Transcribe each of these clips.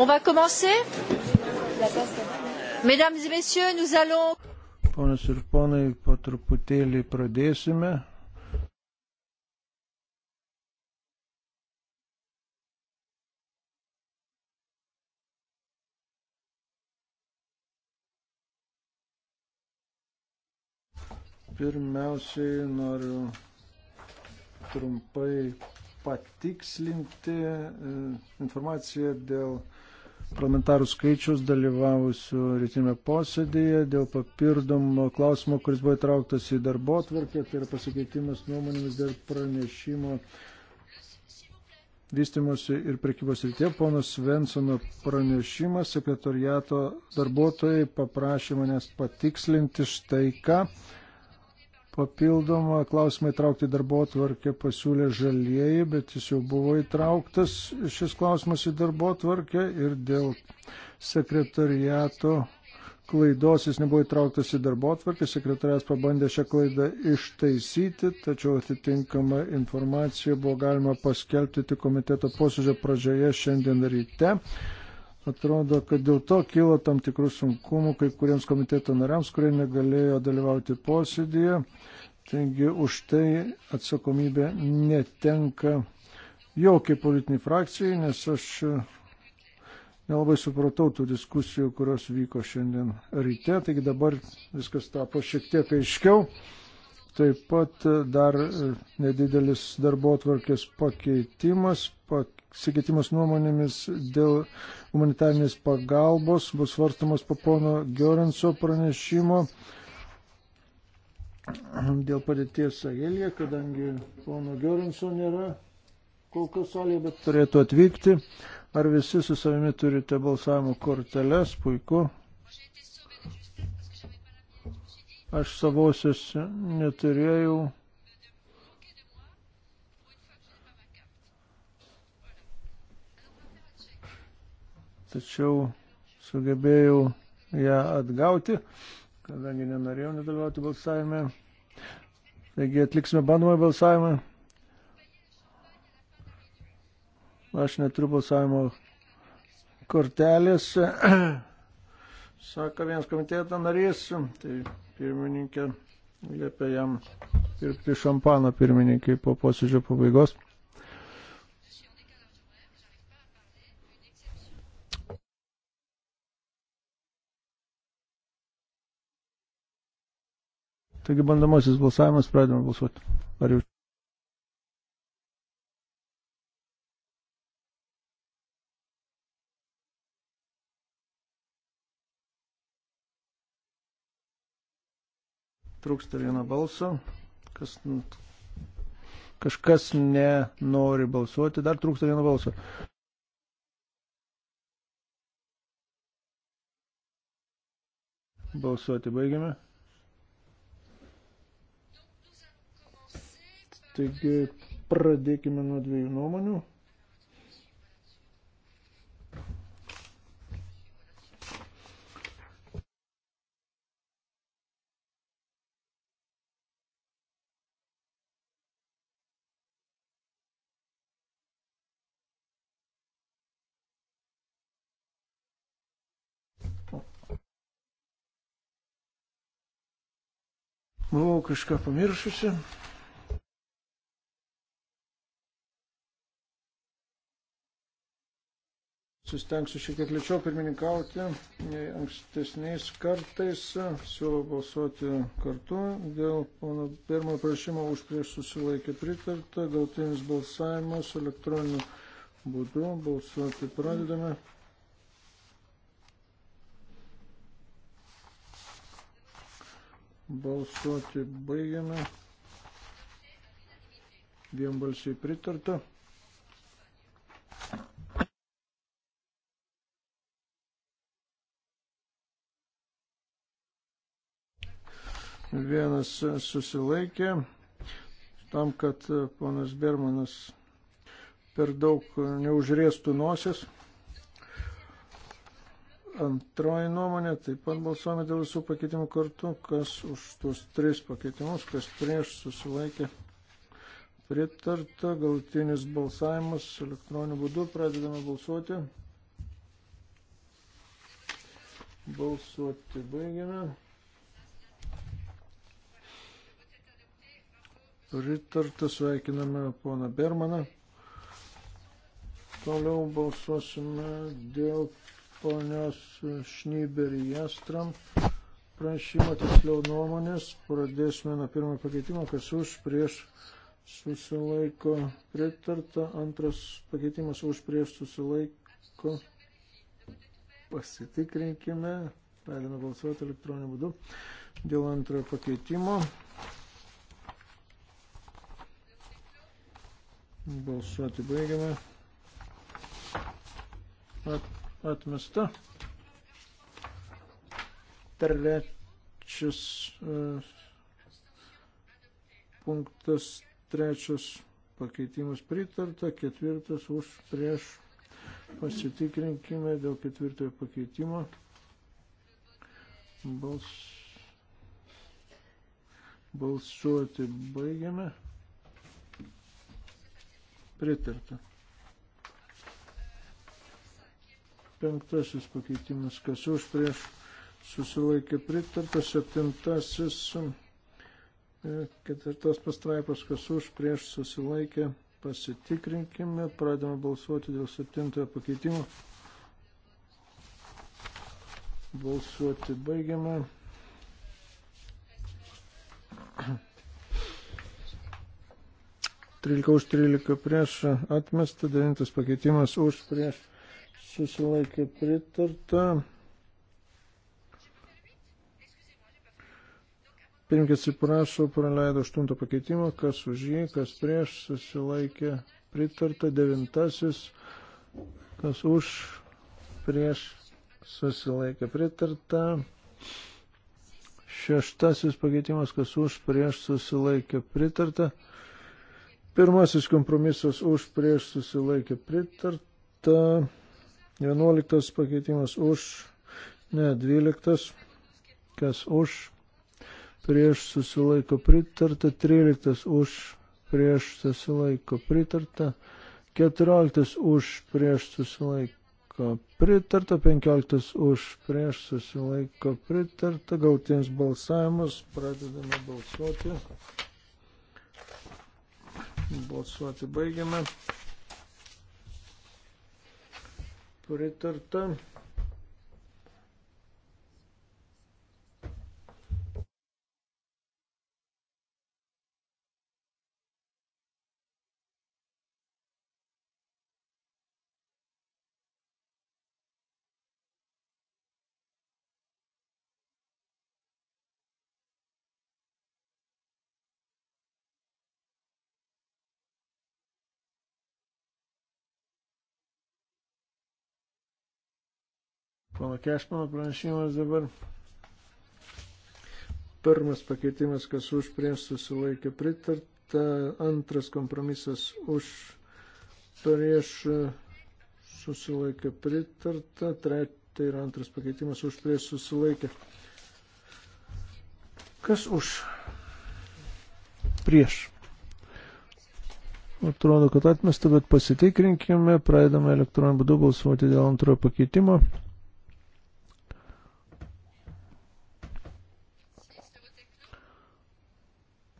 On va commencer Mesdames et messieurs, nous allons. Ponas ir ponai, po truputėlį pradėsime. Pirmiausiai noriu trumpai patikslinti e, informaciją dėl parlamentarų skaičius dalyvavusių rytinėme posėdėje dėl papirdomo klausimo, kuris buvo įtrauktas į darbo atvarkę, tai yra pasikeitimas nuomonėmis dėl pranešimo vystimosi ir prekybos rytie. Pono Svensono pranešimas, sekretoriato darbuotojai paprašė manęs patikslinti štai ką papildomą klausimą įtraukti darbo tvarkę pasiūlė žalieji, bet jis jau buvo įtrauktas šis klausimas į darbo tvarkę ir dėl sekretariato klaidos jis nebuvo įtrauktas į darbo tvarkę. Sekretarias pabandė šią klaidą ištaisyti, tačiau atitinkamą informaciją buvo galima paskelbti tik komiteto posėdžio pradžioje šiandien ryte. Atrodo, kad dėl to kilo tam tikrų sunkumų kai kuriems komiteto nariams, kurie negalėjo dalyvauti posėdėje. Taigi už tai atsakomybė netenka jokiai politiniai frakcijai, nes aš nelabai supratau tų diskusijų, kurios vyko šiandien ryte, taigi dabar viskas tapo šiek tiek aiškiau. Taip pat dar nedidelis darbo tvarkės pakeitimas, pak, apsikeitimas nuomonėmis dėl humanitarnės pagalbos bus svarstamas po pono Giorenso pranešimo dėl padėties Sahelėje, kadangi pono Giorenso nėra kol kas salėje, bet turėtų atvykti. Ar visi su savimi turite balsavimo korteles? Puiku. Aš savosios neturėjau, tačiau sugebėjau ją atgauti, kadangi nenorėjau nedalyvauti balsavime. Taigi atliksime bandomą balsavimą. Aš neturiu balsavimo kortelės, sako vienas komiteto narys, tai pirmininkė liepia jam pirkti šampaną pirmininkai po posėdžio pabaigos. Taigi bandomasis balsavimas, pradėjome balsuoti. Ar jau... Trūksta vieno balso. Kas, kažkas nenori balsuoti, dar trūksta vieno balso. Balsuoti baigiame. Taigi pradėkime nuo dviejų nuomonių. Buvau kažką pamiršusi. Sustengsiu šiek tiek lėčiau pirmininkauti. Ankstesniais kartais siūlau balsuoti kartu. Dėl pirmojo prašymo už prieš susilaikė pritarta. Gautinis balsavimas elektroniniu būdu. Balsuoti pradedame. Balsuoti baigiame. Vienbalsiai pritarta. vienas susilaikė, tam, kad e, ponas Bermanas per daug neužrėstų nosis. Antroji nuomonė, taip pat balsuojame dėl visų pakeitimų kartu, kas už tuos tris pakeitimus, kas prieš susilaikė. Pritarta, galtinis balsavimas elektroniniu būdu, pradedame balsuoti. Balsuoti baigiame. pritarta, sveikiname poną Bermaną. Toliau balsuosime dėl ponios Šnyberį Jastram pranešimo, tiksliau nuomonės. Pradėsime nuo pirmo pakeitimo, kas už, prieš susilaiko pritarta, antras pakeitimas už, prieš susilaiko. Pasitikrinkime, pradėme balsuoti elektroniniu būdu dėl antrojo pakeitimo. Balsuoti baigiame. At, atmesta. Trečias uh, punktas, trečias pakeitimas pritarta, ketvirtas už prieš. Pasitikrinkime dėl ketvirtojo pakeitimo. Bals... Balsuoti baigiame. Pritarta. Penktasis pakeitimas, kas už prieš susilaikė pritarta. Septintasis, e, ketvirtos pastraipos, kas už prieš susilaikė. Pasitikrinkime, pradėme balsuoti dėl septintojo pakeitimo. Balsuoti baigiame. 13 už 13 prieš atmestą, 9 pakeitimas už prieš susilaikė pritarta. Pirmkis įprašo, praleido 8 pakeitimą, kas už jį, kas prieš susilaikė pritarta, 9 kas už prieš susilaikė pritarta. Šeštasis pakeitimas, kas už prieš susilaikė pritarta. Pirmasis kompromisas už prieš susilaikė pritarta. 11 pakeitimas už, ne, 12, kas už, prieš susilaiko pritarta, 13 už, prieš susilaiko pritarta, 14 už, prieš susilaiko pritarta, 15 už, prieš susilaiko pritarta, gautinis balsavimas, pradedame balsuoti. Balsuoti baigiame. Pritarta. Pono Kešmano pranešimas dabar. Pirmas pakeitimas, kas už prieš susilaikė pritarta. Antras kompromisas už prieš susilaikė pritarta. Trečia, tai yra antras pakeitimas už prieš susilaikė. Kas už prieš? Atrodo, kad atmesta, bet pasitikrinkime, pradedame elektroniniu būdu balsuoti dėl antrojo pakeitimo.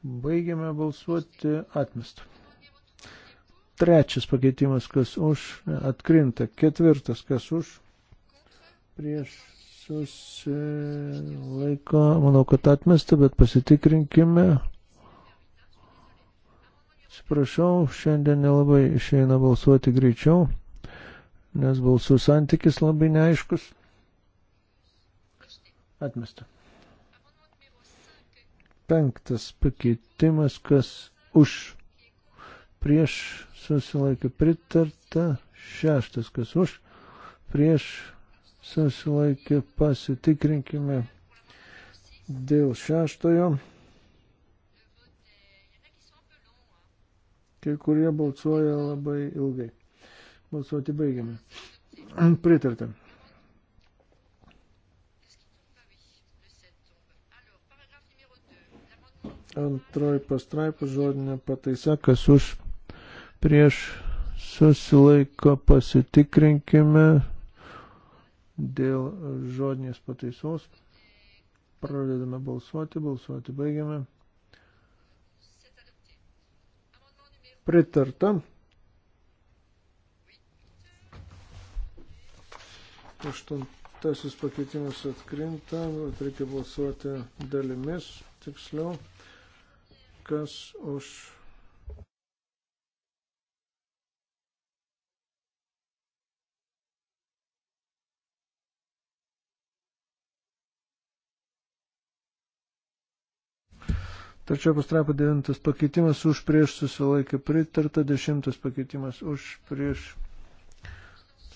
Baigiame balsuoti atmestą. Trečias pakeitimas, kas už, atkrinta. Ketvirtas, kas už, prieš susilaiko, manau, kad atmestą, bet pasitikrinkime. Atsiprašau, šiandien nelabai išeina balsuoti greičiau, nes balsų santykis labai neaiškus. Atmestą penktas pakeitimas, kas už, prieš susilaikė pritarta, šeštas, kas už, prieš susilaikė pasitikrinkime dėl šeštojo. Kai kurie balsuoja labai ilgai. Balsuoti baigiame. Pritartam. antroji pastraipa žodinė pataisa, kas už prieš susilaiko pasitikrinkime dėl žodinės pataisos. Pradedame balsuoti, balsuoti baigiame. Pritarta. Aštuntasis pakeitimas atkrinta, reikia balsuoti dalimis, tiksliau kas už. Tačiau pastraipo devintas pakeitimas už prieš susilaikė pritarta, dešimtas pakeitimas už prieš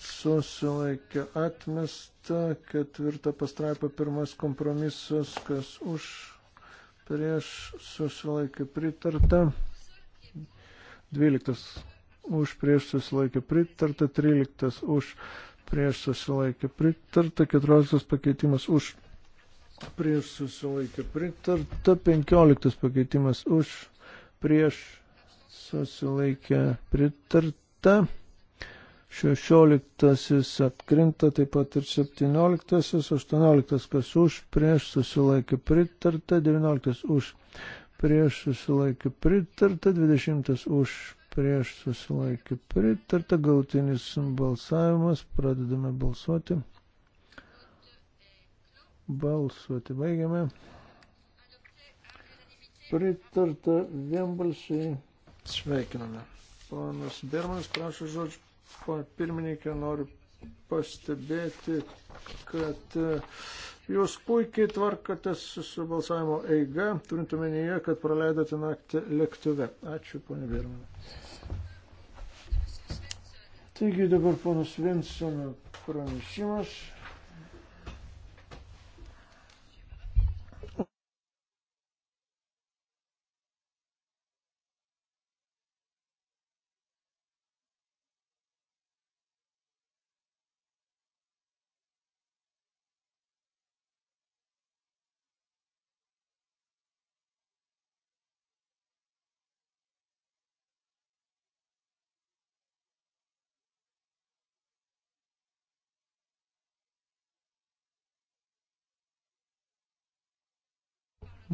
susilaikė atmesta, ketvirta pastraipa pirmas kompromisas, kas už prieš susilaikė pritarta. 12 už prieš susilaikė pritarta. 13 už prieš susilaikė pritarta. 14 pakeitimas už prieš susilaikė pritarta. 15 pakeitimas už prieš susilaikė pritarta. 16 atkrinta, taip pat ir 17, 18, kas už, prieš susilaikė pritarta, 19 už, prieš susilaikė pritarta, 20 už, prieš susilaikė pritarta, gautinis balsavimas, pradedame balsuoti. Balsuoti baigiame. Pritarta vienbalsiai. Sveikiname. Ponas Bermanas prašo žodžiu. Pone pirmininkė, noriu pastebėti, kad e, jūs puikiai tvarkatės su balsavimo eiga, turint omenyje, kad praleidote naktį lėktuve. Ačiū, ponė Birmanė. Taigi dabar ponas Vinsono pranešimas.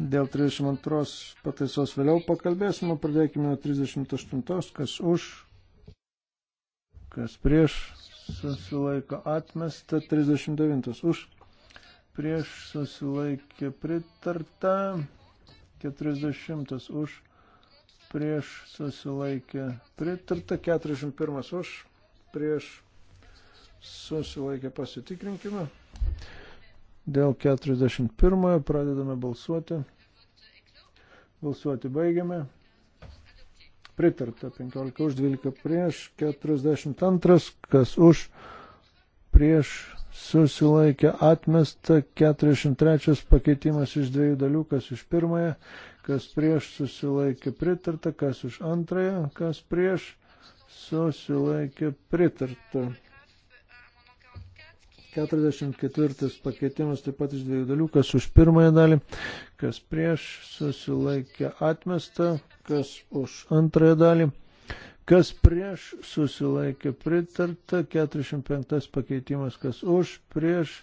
Dėl 32 pataisos vėliau pakalbėsime, pradėkime nuo 38, kas už, kas prieš, susilaiko atmesta, 39 už, prieš susilaikė pritarta, 40 už, prieš susilaikė pritarta, 41 už, prieš susilaikė pasitikrinkime. Dėl 41 pradedame balsuoti. Balsuoti baigiame. Pritarta 15 už 12 prieš, 42 kas už, prieš susilaikė atmesta 43 pakeitimas iš dviejų dalių, kas už pirmąją, kas prieš susilaikė pritarta, kas už antrąją, kas prieš susilaikė pritarta. 44 pakeitimas taip pat iš dviejų dalių, kas už pirmąją dalį, kas prieš, susilaikė atmesta, kas už antrąją dalį, kas prieš, susilaikė pritarta, 45 pakeitimas, kas už, prieš,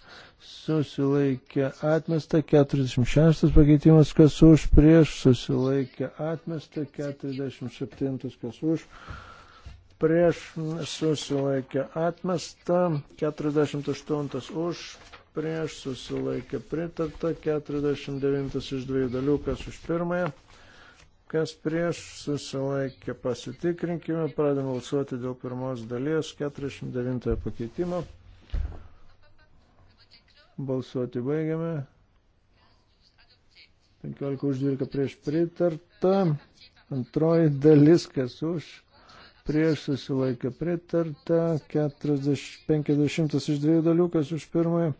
susilaikė atmesta, 46 pakeitimas, kas už, prieš, susilaikė atmesta, 47 kas už prieš susilaikė atmesta, 48 už, prieš susilaikė pritarta, 49 iš dviejų dalių, kas už pirmąją, kas prieš susilaikė pasitikrinkime, pradėm balsuoti dėl pirmos dalies, 49 pakeitimo. Balsuoti baigiame. 15 už 12 prieš pritarta. Antroji dalis, kas už prieš susilaikė pritarta, 40, 50 iš dviejų dalių, kas už pirmąją,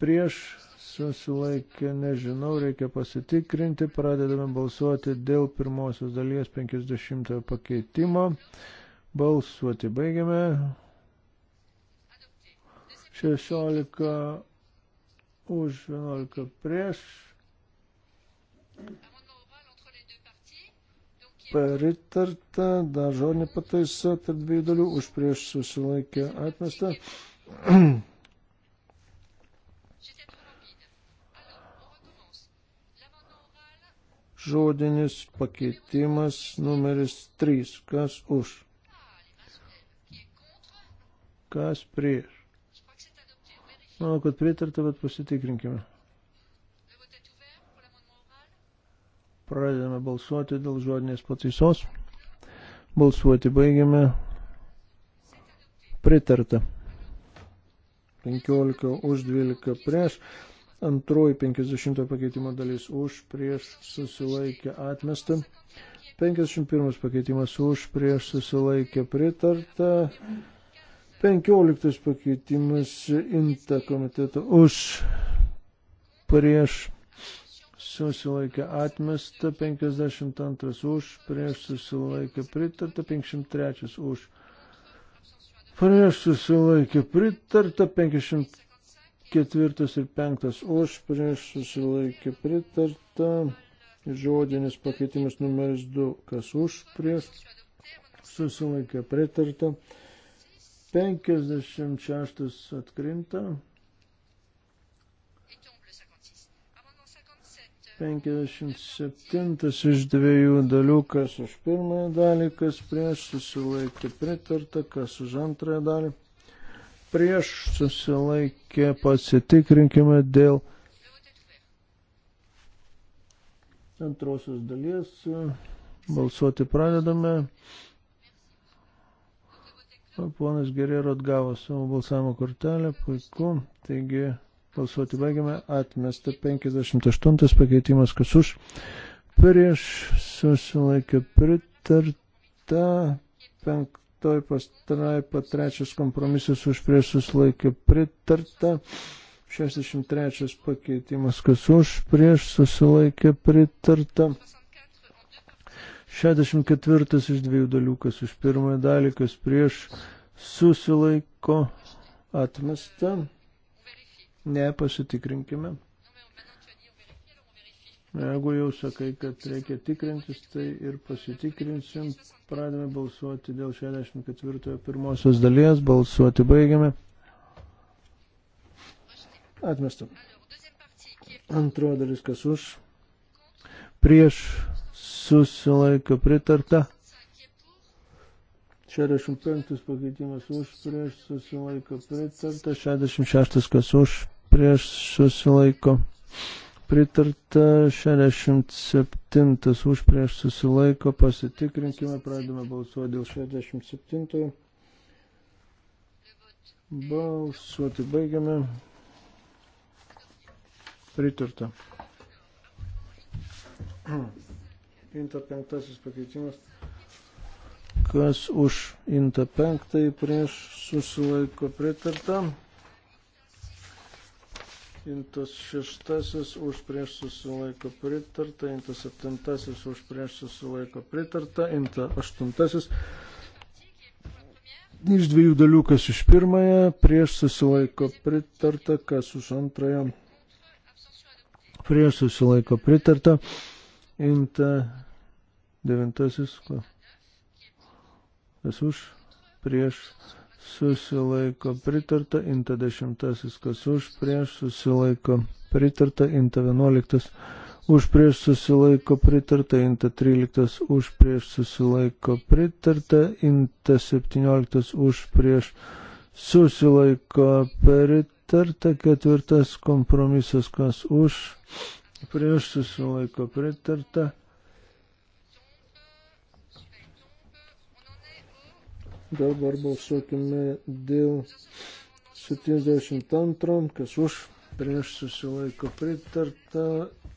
prieš susilaikė, nežinau, reikia pasitikrinti, pradedame balsuoti dėl pirmosios dalies 50 pakeitimo, balsuoti baigiame, 16 už 11 prieš pritarta, dar žodinė pataisa tarp dviejų dalių, už prieš susilaikė atmesta. Žodinis pakeitimas numeris 3. Kas už? Kas prieš? Manau, kad pritarta, bet pasitikrinkime. Pradedame balsuoti dėl žodinės pataisos. Balsuoti baigiame. Pritarta. 15 už 12 prieš. Antroji 50 pakeitimo dalis už prieš susilaikę atmestą. 51 pakeitimas už prieš susilaikę pritarta. 15 pakeitimas inta komiteto už prieš susilaikė atmesta, 52 už, prieš susilaikė pritarta, 503 už, prieš susilaikė pritarta, 504 ir 5 už, prieš susilaikė pritarta, žodinis pakeitimas numeris 2, kas už, prieš susilaikė pritarta, 56 atkrinta. 57 iš dviejų dalių, kas už pirmąją dalį, kas prieš susilaikė pritarta, kas už antrąją dalį. Prieš susilaikė pasitikrinkime dėl antrosios dalies. Balsuoti pradedame. Ponas Gerėro atgavo savo balsavimo kortelę, puiku. Taigi Balsuoti baigiame. Atmesta 58 pakeitimas, kas už. Prieš susilaikė pritarta. Penktoj pastraipa trečias kompromisas už prieš susilaikė pritarta. 63 pakeitimas, kas už prieš susilaikė pritarta. 64 iš dviejų dalių, kas už pirmąją dalį, kas prieš susilaiko atmesta. Ne, pasitikrinkime. Jeigu jau sakai, kad reikia tikrintis, tai ir pasitikrinsim. Pradėme balsuoti dėl 64 pirmosios dalies, balsuoti baigiame. Atmestam. Antro dalis, kas už. Prieš susilaiko pritarta. 65 pakeitimas už, prieš susilaiko pritarta. 66 kas už prieš susilaiko. Pritarta 67 už prieš susilaiko. Pasitikrinkime, pradėme balsuoti dėl 67. Balsuoti baigiame. Pritarta. Inta penktasis pakeitimas. Kas už Inta penktąjį prieš susilaiko pritarta. Intas šeštasis už prieš susilaiko pritarta, intas septintasis už prieš susilaiko pritarta, intas aštuntasis iš dviejų dalių, kas už pirmąją, prieš susilaiko pritarta, kas už antrąją, prieš susilaiko pritarta, inta devintasis, kas už, prieš susilaiko pritarta, inta dešimtasis, kas už prieš susilaiko pritarta, inta vienuoliktas, už prieš susilaiko pritarta, inta tryliktas, už prieš susilaiko pritarta, inta septynioliktas, už prieš susilaiko pritarta, ketvirtas kompromisas, kas už prieš susilaiko pritarta. Dabar balsuokime dėl 72, kas už, prieš susilaiko pritarta,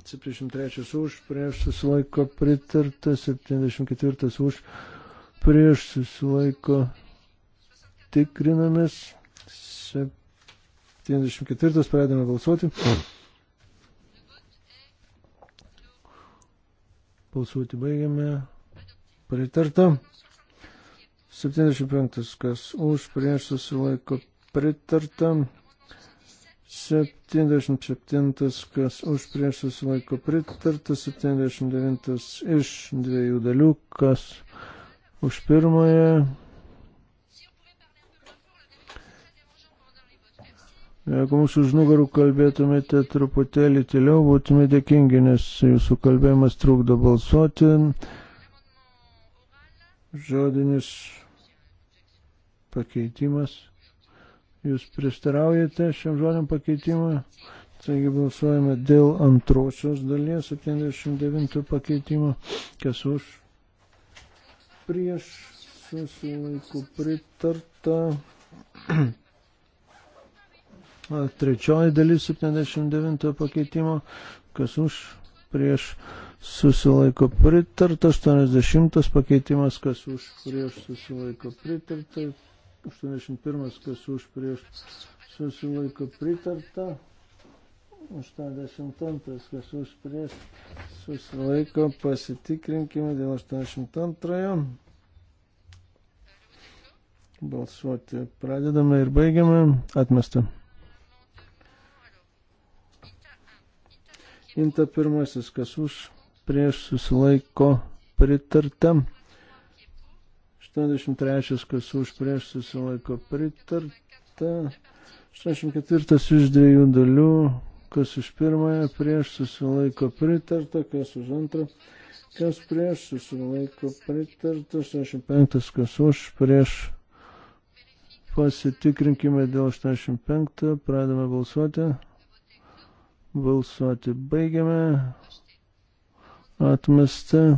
73 už, prieš susilaiko pritarta, 74 už, prieš susilaiko tikrinamės, 74 pradėjome balsuoti. Balsuoti baigiame. Pritarta. 75. Kas už prieš susilaiko pritarta. 77. Kas už prieš susilaiko pritarta. 79. Iš dviejų dalių. Kas už pirmąją. Jeigu mūsų už nugarų kalbėtumėte truputėlį tyliau, būtume dėkingi, nes jūsų kalbėjimas trukdo balsuoti žodinis pakeitimas. Jūs pristaraujate šiam žodiniam pakeitimui. Taigi balsuojame dėl antrosios dalies 79 pakeitimo. Kas už? Prieš susilaikų pritarta. Trečioji dalis 79 pakeitimo. Kas už? Prieš susilaiko pritarta, 80 pakeitimas, kas už prieš susilaiko pritarta, 81 kas už prieš susilaiko pritarta, 82 kas už prieš susilaiko pasitikrinkime dėl 82. Balsuoti pradedame ir baigiame. Atmesta. Inta pirmasis, kas už prieš susilaiko pritarta. 83 kas už prieš susilaiko pritarta. 84 iš dviejų dalių, kas už pirmąją prieš susilaiko pritarta, kas už antrą, kas prieš susilaiko pritarta. 85 kas už prieš pasitikrinkime dėl 85, pradame balsuoti. Balsuoti baigiame atmesta.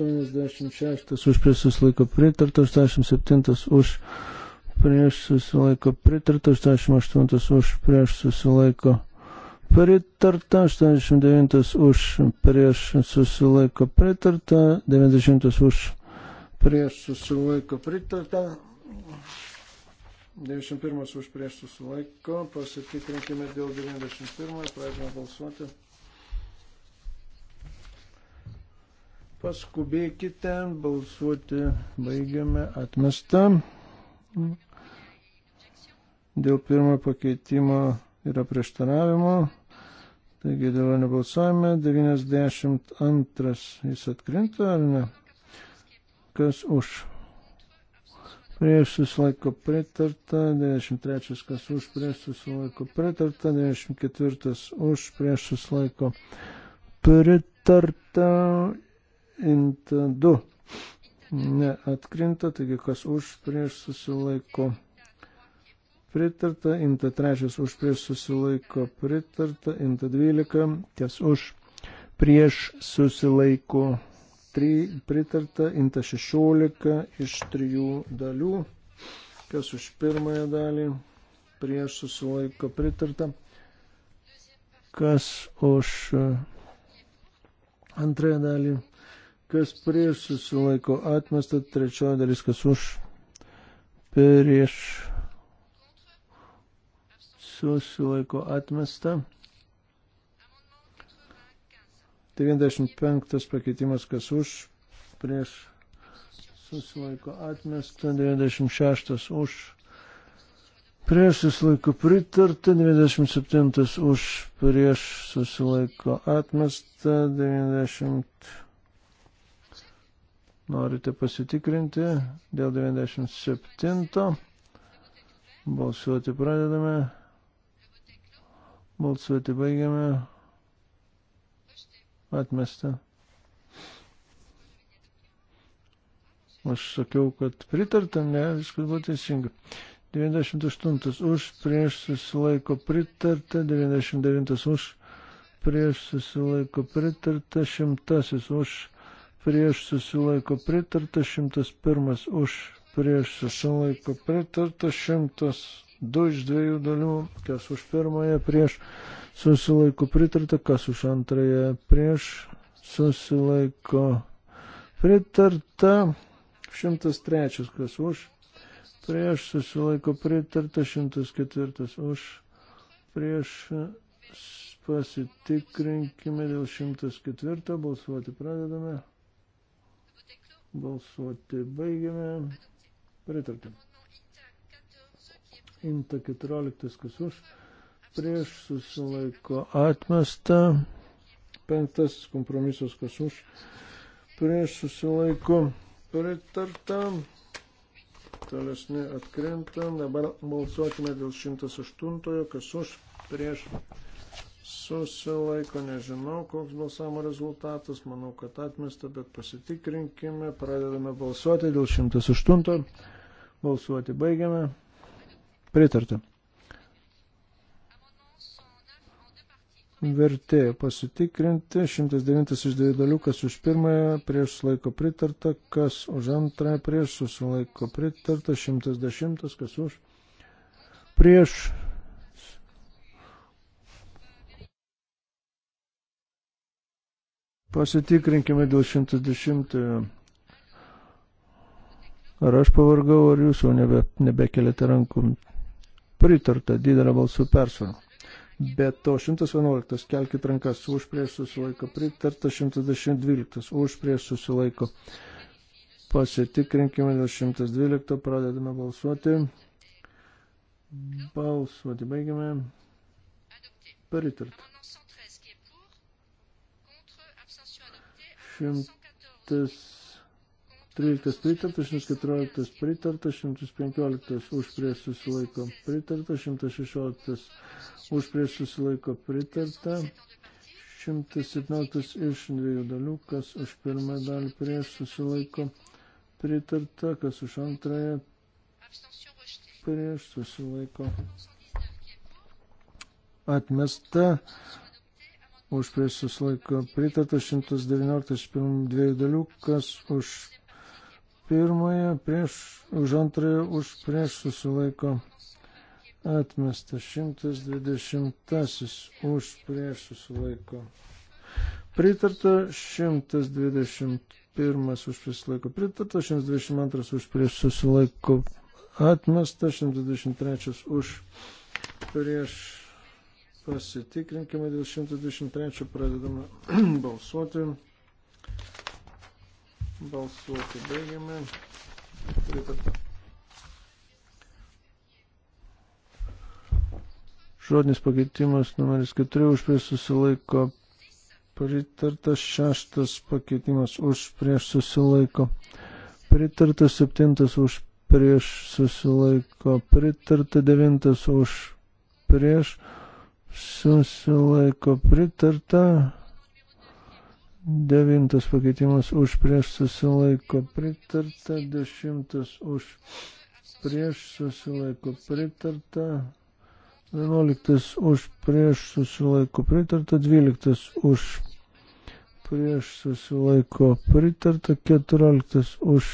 86 už prieš susilaiko pritarta, 87 už prieš susilaiko pritarta, 88 už prieš susilaiko pritarta, 89 už prieš susilaiko pritarta, 90 už prieš susilaiko pritarta. 91 už prieš susilaiko, pasitikrinkime dėl 91, pradėjome balsuoti. Paskubėkite, balsuoti baigiame, atmesta. Dėl pirmo pakeitimo yra prieštaravimo. Taigi dėl nebalsuojame. 92 jis atkrinta ar ne? Kas už? Prieš susilaiko pritarta. 93 kas už? Prieš susilaiko pritarta. 94 už? Prieš susilaiko pritarta int 2 neatkrinta, taigi kas už prieš susilaiko pritarta, int 3 už prieš susilaiko pritarta, int 12 ties už prieš susilaiko tri, pritarta, int 16 iš trijų dalių, kas už pirmąją dalį prieš susilaiko pritarta, kas už e, antrąją dalį kas prieš susilaiko atmesta, trečioji dalis kas už, prieš susilaiko atmesta. 95 pakeitimas kas už, prieš susilaiko atmesta, 96 už, prieš susilaiko pritarta, 97 už, prieš susilaiko atmesta, 90 norite pasitikrinti dėl 97. Balsuoti pradedame. Balsuoti baigiame. Atmesta. Aš sakiau, kad pritarta, ne, viskas buvo teisinga. 98 už, prieš susilaiko pritarta, 99 už, prieš susilaiko pritarta, šimtasis už prieš susilaiko pritarta, 101 už prieš susilaiko pritarta, 102 iš dviejų dalių, kas už pirmąją prieš susilaiko pritarta, kas už antrąją prieš susilaiko pritarta, 103 kas už prieš susilaiko pritarta, 104 už prieš pasitikrinkime dėl 104 balsuoti pradedame. Balsuoti baigiame. Pritarkim. Inta 14, kas už. Prieš susilaiko atmesta. Penktasis kompromisas, kas už. Prieš susilaiko pritarta. Tolesni atkrenta. Dabar balsuokime dėl 108, kas už. Prieš susilaiko, nežinau, koks balsavimo rezultatas, manau, kad atmesta, bet pasitikrinkime, pradedame balsuoti dėl 108, balsuoti baigiame, pritarta. Vertė pasitikrinti, 109 iš dviejų dalių, kas už pirmąją, prieš laiko pritarta, kas už antrąją, prieš susilaiko pritarta, 110, kas už, prieš Pasitikrinkime dėl 110. Ar aš pavargau, ar jūs jau nebe, nebekeliate rankų. Pritarta didelę balsų persvarą. Be to 111 kelkit rankas už prieš susilaiko. Pritarta 112 už prieš susilaiko. Pasitikrinkime dėl 112. Pradedame balsuoti. Balsuoti baigiame. Pritarta. 113 pritarta, 114 pritarta, 115 už prieš susilaiko pritarta, 116 už prieš susilaiko pritarta, 117 iš dviejų dalių, kas už pirmąją dalį prieš susilaiko pritarta, kas už antrąją prieš susilaiko atmesta už prieš susilaiko pritarta 119 dviejų dalių, kas už pirmąją, prieš, už antrąją, už prieš susilaiko atmesta 120 už prieš susilaiko. Pritarta 121 už prieš laiko. Pritarta 122 už prieš susilaiko. Atmesta 123 už prieš Pasitikrinkime dėl 123 pradedame balsuoti. Balsuoti baigiame. Pritarta. Žodinis pakeitimas numeris 4 už prieš susilaiko pritartas šeštas pakeitimas už prieš susilaiko, pritartas septintas už prieš susilaiko, pritarta devintas už prieš susilaiko pritarta. Devintas pakeitimas už prieš susilaiko pritarta. Dešimtas už prieš susilaiko pritarta. Vienuoliktas už prieš susilaiko pritarta. Dvyliktas už prieš susilaiko pritarta. Keturioliktas už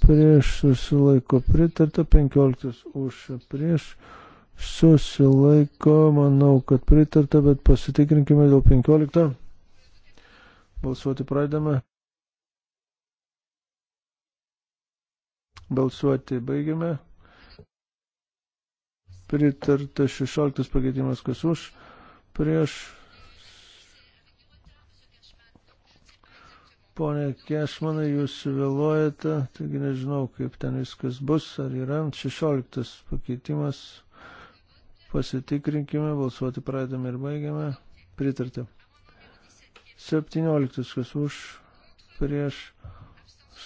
prieš susilaiko pritarta. Penkioliktas už prieš susilaiko pritarta susilaiko, manau, kad pritarta, bet pasitikrinkime dėl 15. Balsuoti pradedame. Balsuoti baigiame. Pritarta 16 pakeitimas, kas už, prieš. Pone Kešmanai, jūs vėluojate, taigi nežinau, kaip ten viskas bus, ar yra 16 pakeitimas. Pasitikrinkime, balsuoti pradame ir baigiame. Pritarta. 17. Kas už, prieš,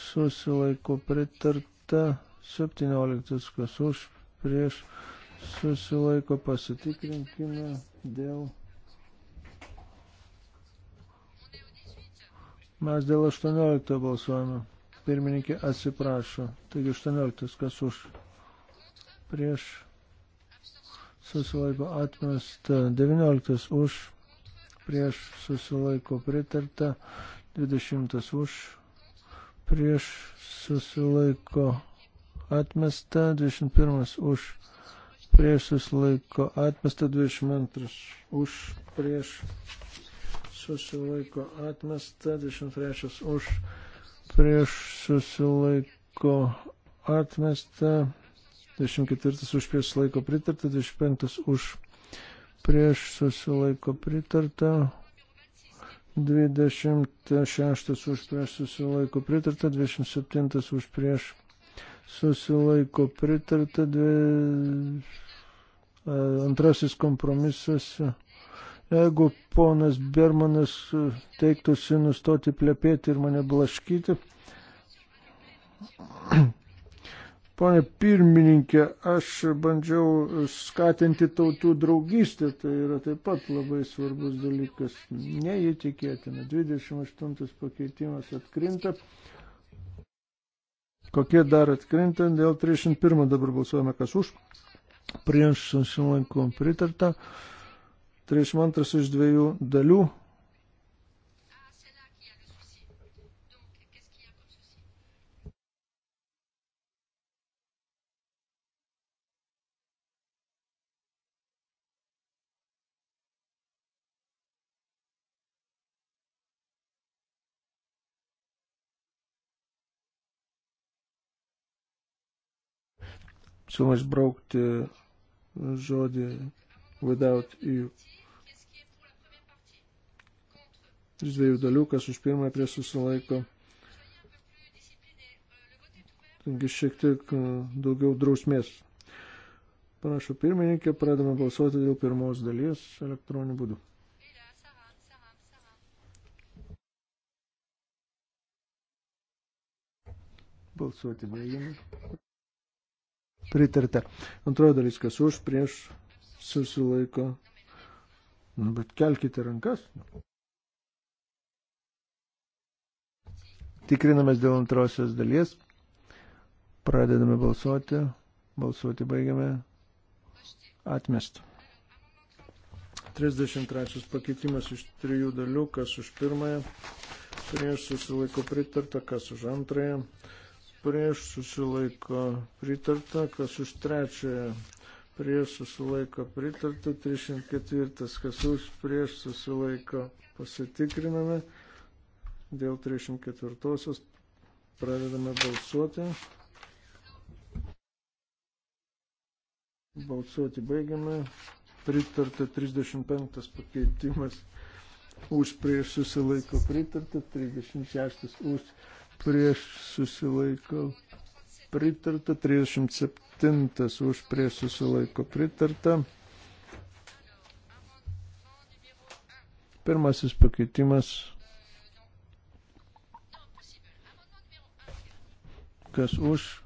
susilaiko pritarta. 17. Kas už, prieš, susilaiko pasitikrinkime dėl. Mes dėl 18 balsuojame. Pirmininkė atsiprašo. Taigi 18. Kas už, prieš, susilaiko atmesta, 19 už, prieš susilaiko pritarta, 20 už, prieš susilaiko atmesta, 21 už, prieš susilaiko atmesta, 22 už, prieš susilaiko atmesta, 23 už, prieš susilaiko atmesta, 24 už prieš laiko pritarta, 25 už prieš susilaiko pritarta, 26 už prieš susilaiko pritarta, 27 už prieš susilaiko pritarta, dvi... E, antrasis kompromisas. Jeigu ponas Bermanas teiktųsi nustoti plepėti ir mane blaškyti, Pone pirmininkė, aš bandžiau skatinti tautų draugystę, tai yra taip pat labai svarbus dalykas. Neįtikėtina. 28 pakeitimas atkrinta. Kokie dar atkrinta? Dėl 31 dabar balsuojame, kas už. Prieš susilankom pritarta. 32 iš dviejų dalių Siūloma išbraukti žodį without EU. Iš dviejų dalių, kas už pirmąją prie susilaiko. Taigi šiek tiek e, daugiau drausmės. Panašu, pirmininkė, pradame balsuoti dėl pirmos dalies elektroniniu būdu. Balsuoti baigiame pritarta. Antroji dalis, kas už, prieš, susilaiko. Nu, bet kelkite rankas. Tikrinamės dėl antrosios dalies. Pradedame balsuoti. Balsuoti baigiame. Atmest. 33 pakeitimas iš trijų dalių, kas už pirmąją, prieš susilaiko pritarta, kas už antrąją, prieš susilaiko pritarta, kas už trečiąją prieš susilaiko pritarta, 304, kas už prieš susilaiko pasitikriname, dėl 304 pradedame balsuoti. Balsuoti baigiame. Pritarta 35 pakeitimas už prieš susilaiko pritarta, 36 už prieš susilaiko pritarta, 37 už prieš susilaiko pritarta. Pirmasis pakeitimas. Kas už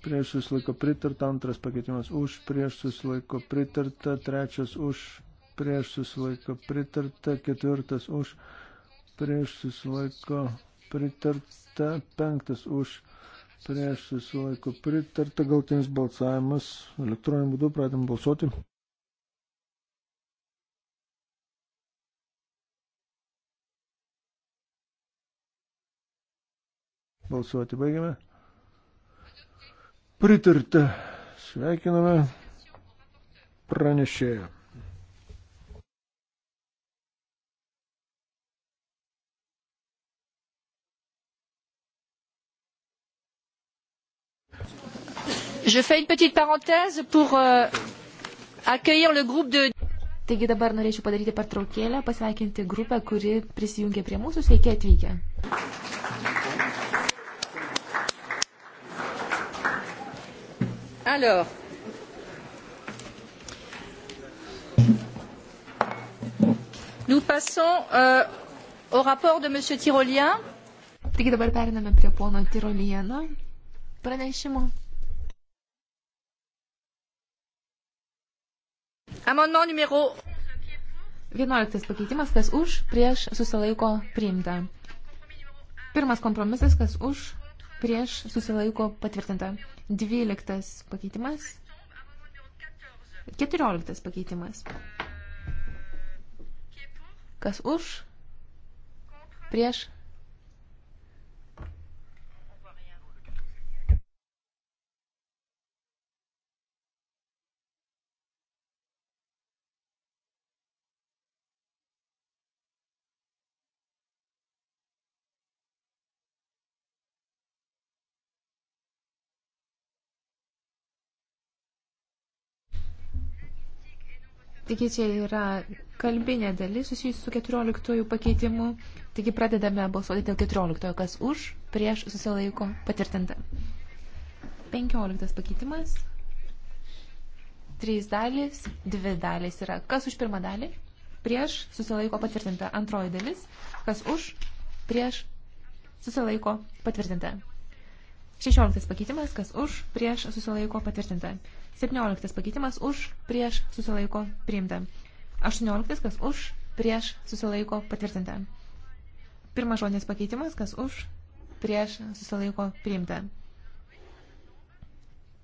prieš susilaiko pritarta, antras pakeitimas už prieš susilaiko pritarta, trečias už prieš susilaiko pritarta, ketvirtas už prieš susilaiko pritarta pritarta, penktas už, prieš susilaiko pritarta, galtinis balsavimas, elektroniniu būdu pradėm balsuoti. Balsuoti baigiame. Pritarta. Sveikiname pranešėją. Je fais une petite parenthèse pour euh, accueillir le groupe de. Taigi dabar norėčiau padaryti pertraukėlę, pasveikinti grupę, kuri prisijungė prie mūsų. Sveiki atvykę. Alors. Nous passons euh, au rapport de M. Tyrolien. Taigi dabar periname prie pono Tyrolieno pranešimo. Amendement numéro 11 pakeitimas, kas už, prieš, susilaiko, priimta. Pirmas kompromisas, kas už, prieš, susilaiko, patvirtinta. 12 pakeitimas. 14 pakeitimas. Kas už, prieš, Taigi čia yra kalbinė dalis susijusi su 14 pakeitimu. Taigi pradedame balsuoti dėl 14, kas už, prieš susilaiko patvirtinta. 15 pakeitimas. Trys dalys, dvi dalys yra. Kas už pirmą dalį? Prieš susilaiko patvirtinta. Antroji dalis. Kas už, prieš susilaiko patvirtinta. 16 pakeitimas, kas už, prieš susilaiko patvirtinta. 17 pakeitimas už, prieš susilaiko priimta. 18 kas už, prieš susilaiko patvirtinta. Pirmas žodinis pakeitimas, kas už, prieš susilaiko priimta.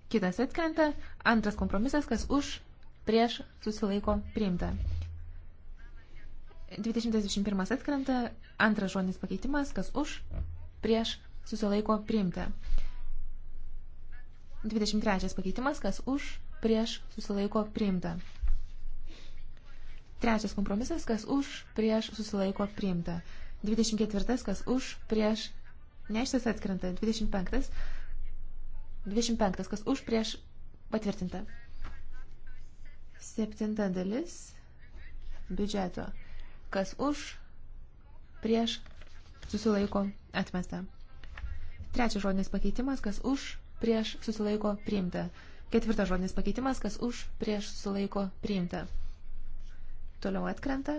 Kitas atkrenta. Antras kompromisas, kas už, prieš susilaiko priimta. 2021 atkrenta. Antras žodinis pakeitimas, kas už, prieš susilaiko priimta. 23 pakeitimas, kas už, prieš, susilaiko priimta. Trečias kompromisas, kas už, prieš, susilaiko priimta. 24, kas už, prieš, ne šitas atkrenta. 25, 25, kas už, prieš, patvirtinta. Septinta dalis biudžeto, kas už, prieš, susilaiko atmesta. Trečias žodinis pakeitimas, kas už, prieš, susilaiko, priimta. Ketvirtas žodinis pakeitimas, kas už, prieš, susilaiko, priimta. Toliau atkrenta.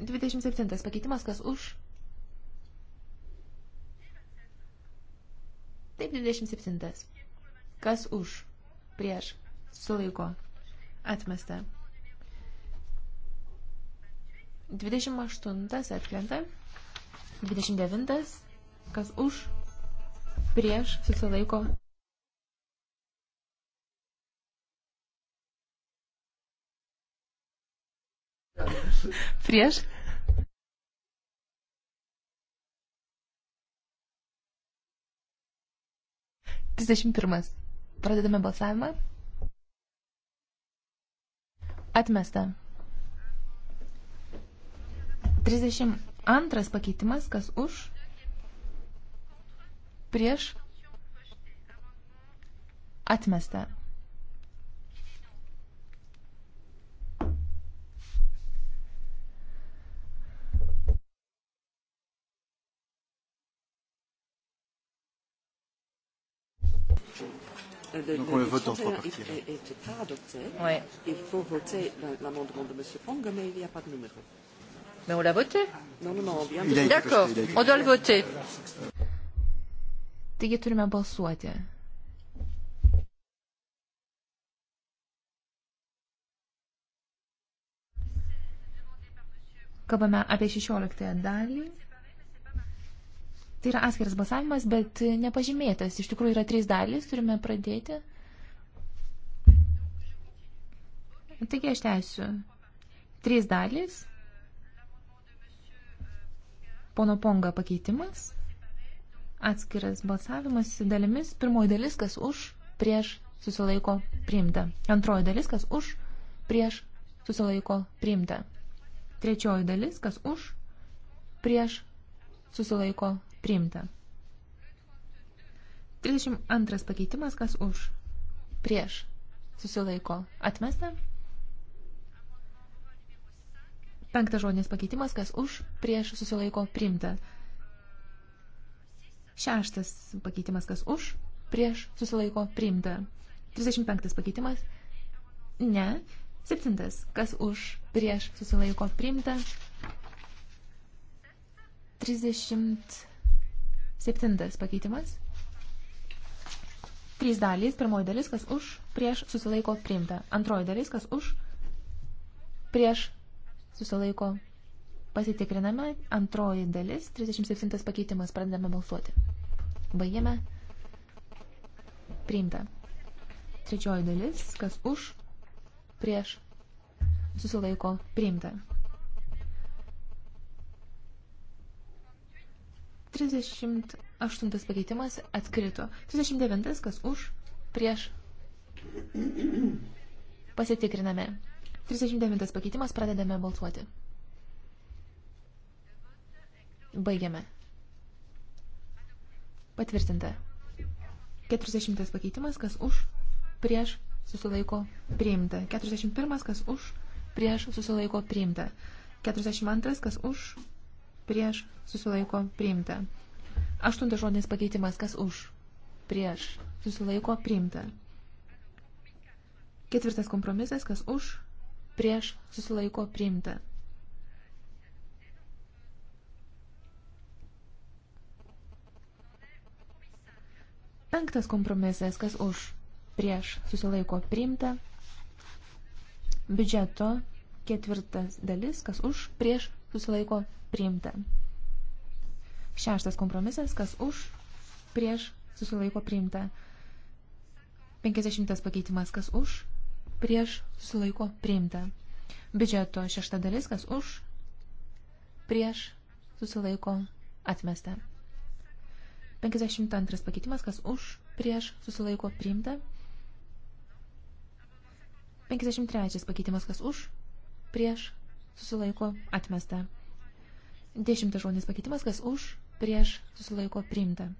27 pakeitimas, kas už. Taip, 27. Kas už, prieš, susilaiko, atmesta. 28 atkrenta. 29. Kas už, prieš, susilaiko. Prieš. Trisdešimt pirmas. Pradedame balsavimą. Atmesta. Trisdešimt Antras pakeitimas, kas už, prieš, atmesta. Le, Donc on le vote en trois parties. Est, est, est pas adopté. Ouais. Il faut voter l'amendement de M. Fong, mais il n'y a pas de numéro. Mais on l'a voté D'accord, on doit le voter. Taigi turime balsuoti. Kalbame apie 16 dalį. Tai yra atskiras balsavimas, bet nepažymėtas. Iš tikrųjų yra trys dalys, turime pradėti. Taigi aš tęsiu. Trys dalys. Pono Ponga pakeitimas. Atskiras balsavimas dalimis. Pirmoji dalis, kas už, prieš, susilaiko, priimta. Antroji dalis, kas už, prieš, susilaiko, priimta. Trečioji dalis, kas už, prieš, susilaiko, priimta. 32 pakeitimas, kas už, prieš, susilaiko, atmesta. Penktas žodinis pakeitimas, kas už, prieš susilaiko priimta. Šeštas pakeitimas, kas už, prieš susilaiko priimta. 35 pakeitimas. Ne. Septintas, kas už, prieš susilaiko priimta. 37 pakeitimas. Trys dalys. Pirmoji dalis, kas už, prieš susilaiko priimta. Antroji dalis, kas už, prieš susilaiko. Pasitikriname antroji dalis, 37 pakeitimas, pradedame balsuoti. Baigiame. Priimta. Trečioji dalis, kas už, prieš, susilaiko, priimta. 38 pakeitimas atkrito. 39, kas už, prieš. Pasitikriname. 39 pakeitimas, pradedame balsuoti. Baigiame. Patvirtinta. 40 pakeitimas, kas už, prieš, susilaiko, priimta. 41, kas už, prieš, susilaiko, priimta. 42, kas už, prieš, susilaiko, priimta. 8 žodinis pakeitimas, kas už, prieš, susilaiko, priimta. Ketvirtas kompromisas, kas už, prieš susilaiko priimta. Penktas kompromisas, kas už prieš susilaiko priimta. Biudžeto ketvirtas dalis, kas už prieš susilaiko priimta. Šeštas kompromisas, kas už prieš susilaiko priimta. Penkisdešimtas pakeitimas, kas už prieš sulaiko priimta. Biudžeto šešta dalis, kas už, prieš susilaiko atmesta. 52 pakeitimas, kas už, prieš susilaiko priimta. 53 pakeitimas, kas už, prieš susilaiko atmesta. 10 žodis pakeitimas, kas už, prieš susilaiko priimta.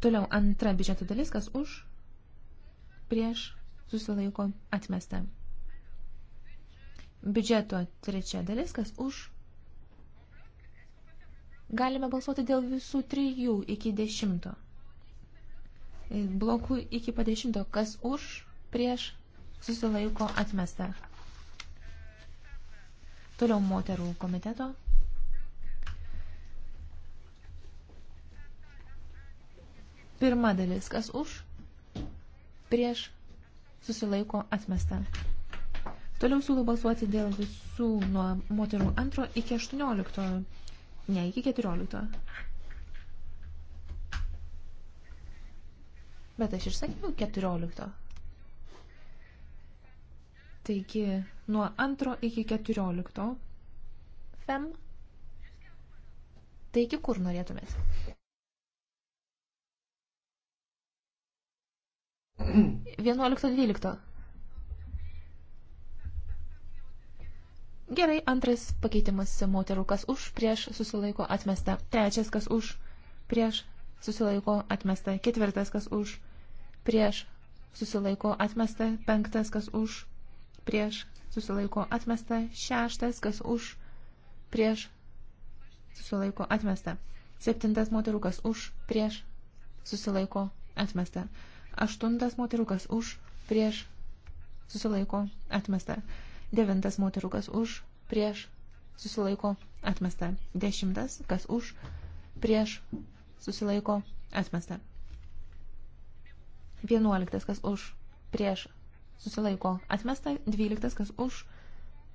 Toliau antra biudžeto dalis, kas už, prieš, susilaiko, atmesta. Biudžeto trečia dalis, kas už. Galime balsuoti dėl visų trijų iki dešimto. Blokų iki padešimto, kas už, prieš, susilaiko, atmesta. Toliau moterų komiteto Pirma dalis, kas už, prieš, susilaiko atmesta. Toliau siūlau balsuoti dėl visų nuo moterų antro iki 18, ne iki 14. Bet aš išsakiau 14. Taigi, nuo antro iki 14. Fem. Taigi, kur norėtumėt? 11.12. Gerai, antras pakeitimas moterų, kas už, prieš, susilaiko, atmesta. Trečias, kas už, prieš, susilaiko, atmesta. Ketvirtas, kas už, prieš, susilaiko, atmesta. Penktas, kas už, prieš, susilaiko, atmesta. Šeštas, kas už, prieš, susilaiko, atmesta. Septintas, moterų, kas už, prieš, susilaiko, atmesta. Aštuntas moterukas už, prieš, susilaiko, atmesta. Devintas moterukas už, prieš, susilaiko, atmesta. Dešimtas, kas už, prieš, susilaiko, atmesta. Vienuoliktas, kas už, prieš, susilaiko, atmesta. Dvyliktas, kas už,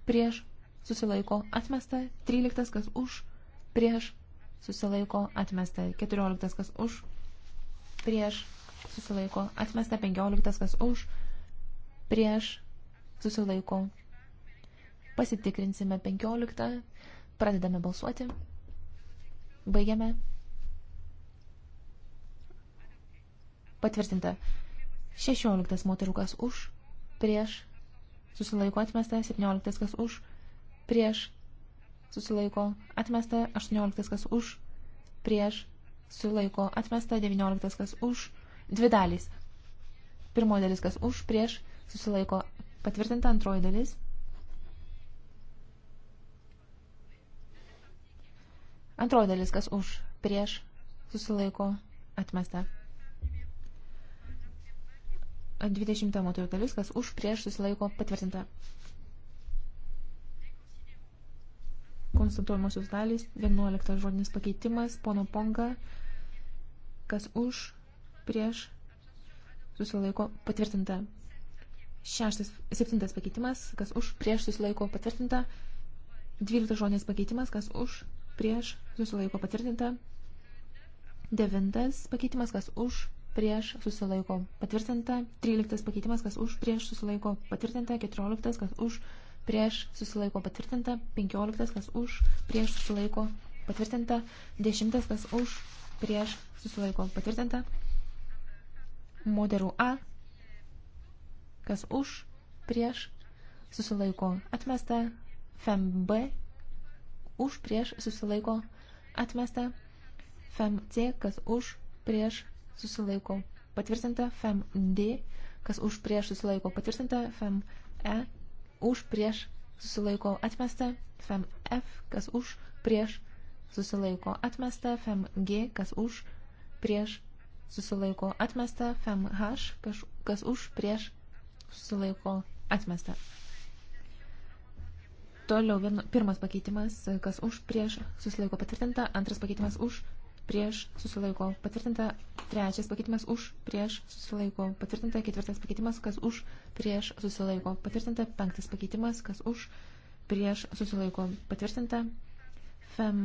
prieš, susilaiko, atmesta. Tryliktas, kas už, prieš, susilaiko, atmesta. Keturioliktas, kas už, prieš, susilaiko, atmesta 15, kas už, prieš, susilaiko. Pasitikrinsime 15, pradedame balsuoti, baigiame. Patvirtinta 16 moterų, kas už, prieš, susilaiko, atmesta 17, kas už, prieš, susilaiko, atmesta 18, kas už, prieš, susilaiko, atmesta 19, kas už, prieš Dvi dalys. Pirmoji dalis, kas už, prieš, susilaiko patvirtinta antroji dalis. Antroji dalis, kas už, prieš, susilaiko atmesta. 20 moterų dalis, kas už, prieš, susilaiko patvirtinta. Konstatuojamosios dalys, 11 žodinis pakeitimas, pono ponga, kas už, prieš susilaiko patvirtinta. Šeštas, septintas pakeitimas, kas už, prieš susilaiko patvirtinta. Dvyliktas žodinės pakeitimas, kas už, prieš susilaiko patvirtinta. Devintas pakeitimas, kas už, prieš susilaiko patvirtinta. Tryliktas pakeitimas, kas už, prieš susilaiko patvirtinta. Keturioliktas, kas už, prieš susilaiko patvirtinta. Penkioliktas, kas už, prieš susilaiko patvirtinta. Dešimtas, kas už, prieš susilaiko patvirtinta moterų A, kas už, prieš, susilaiko atmesta, fem B, už, prieš, susilaiko atmesta, fem C, kas už, prieš, susilaiko patvirtinta, fem D, kas už, prieš, susilaiko patvirtinta, fem E, už, prieš, susilaiko atmesta, fem F, kas už, prieš, susilaiko atmesta, fem G, kas už, prieš, susilaiko atmesta, FemH, kas už, prieš, susilaiko atmesta. Toliau vienu, pirmas pakeitimas, kas už, prieš, susilaiko patvirtinta, antras pakeitimas už, prieš, susilaiko patvirtinta, trečias pakeitimas už, prieš, susilaiko patvirtinta, ketvirtas pakeitimas, kas už, prieš, susilaiko patvirtinta, penktas pakeitimas, kas už, prieš, susilaiko patvirtinta, fem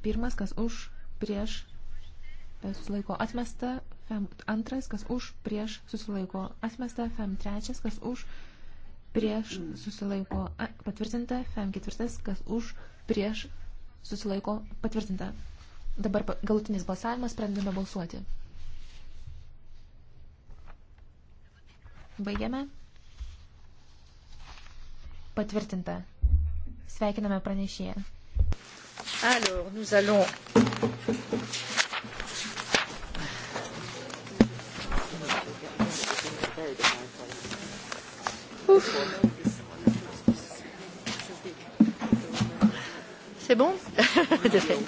pirmas, kas už, prieš, susilaiko atmesta, fem antras, kas už, prieš susilaiko atmesta, fem trečias, kas už, prieš susilaiko a, patvirtinta, fem ketvirtas, kas už, prieš susilaiko patvirtinta. Dabar galutinis balsavimas, pradedame balsuoti. Baigiame. Patvirtinta. Sveikiname pranešėją. Alors, nous allons very defined color. C'est bon De fait.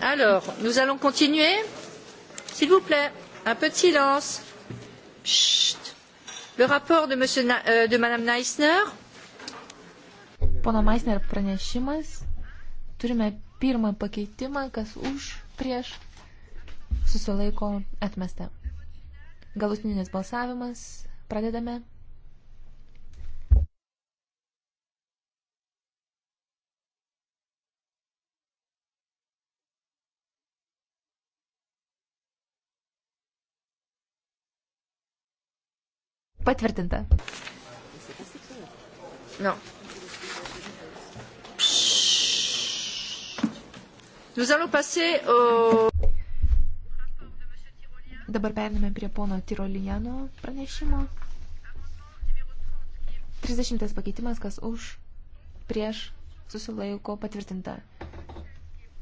Alors, nous allons continuer. S'il vous plaît, un peu de silence. Chut. Le rapport de, monsieur, euh, de Madame Neissner. Pono Meissner pranešimas. Turime pirmą pakeitimą, kas už, prieš, susilaiko atmesta. Galutinis balsavimas. Pradedame. Patvirtinta. No. Nous allons passer au... Dabar periname prie pono Tirolijano pranešimo. 30 pakeitimas, kas už, prieš, susilaiko patvirtinta.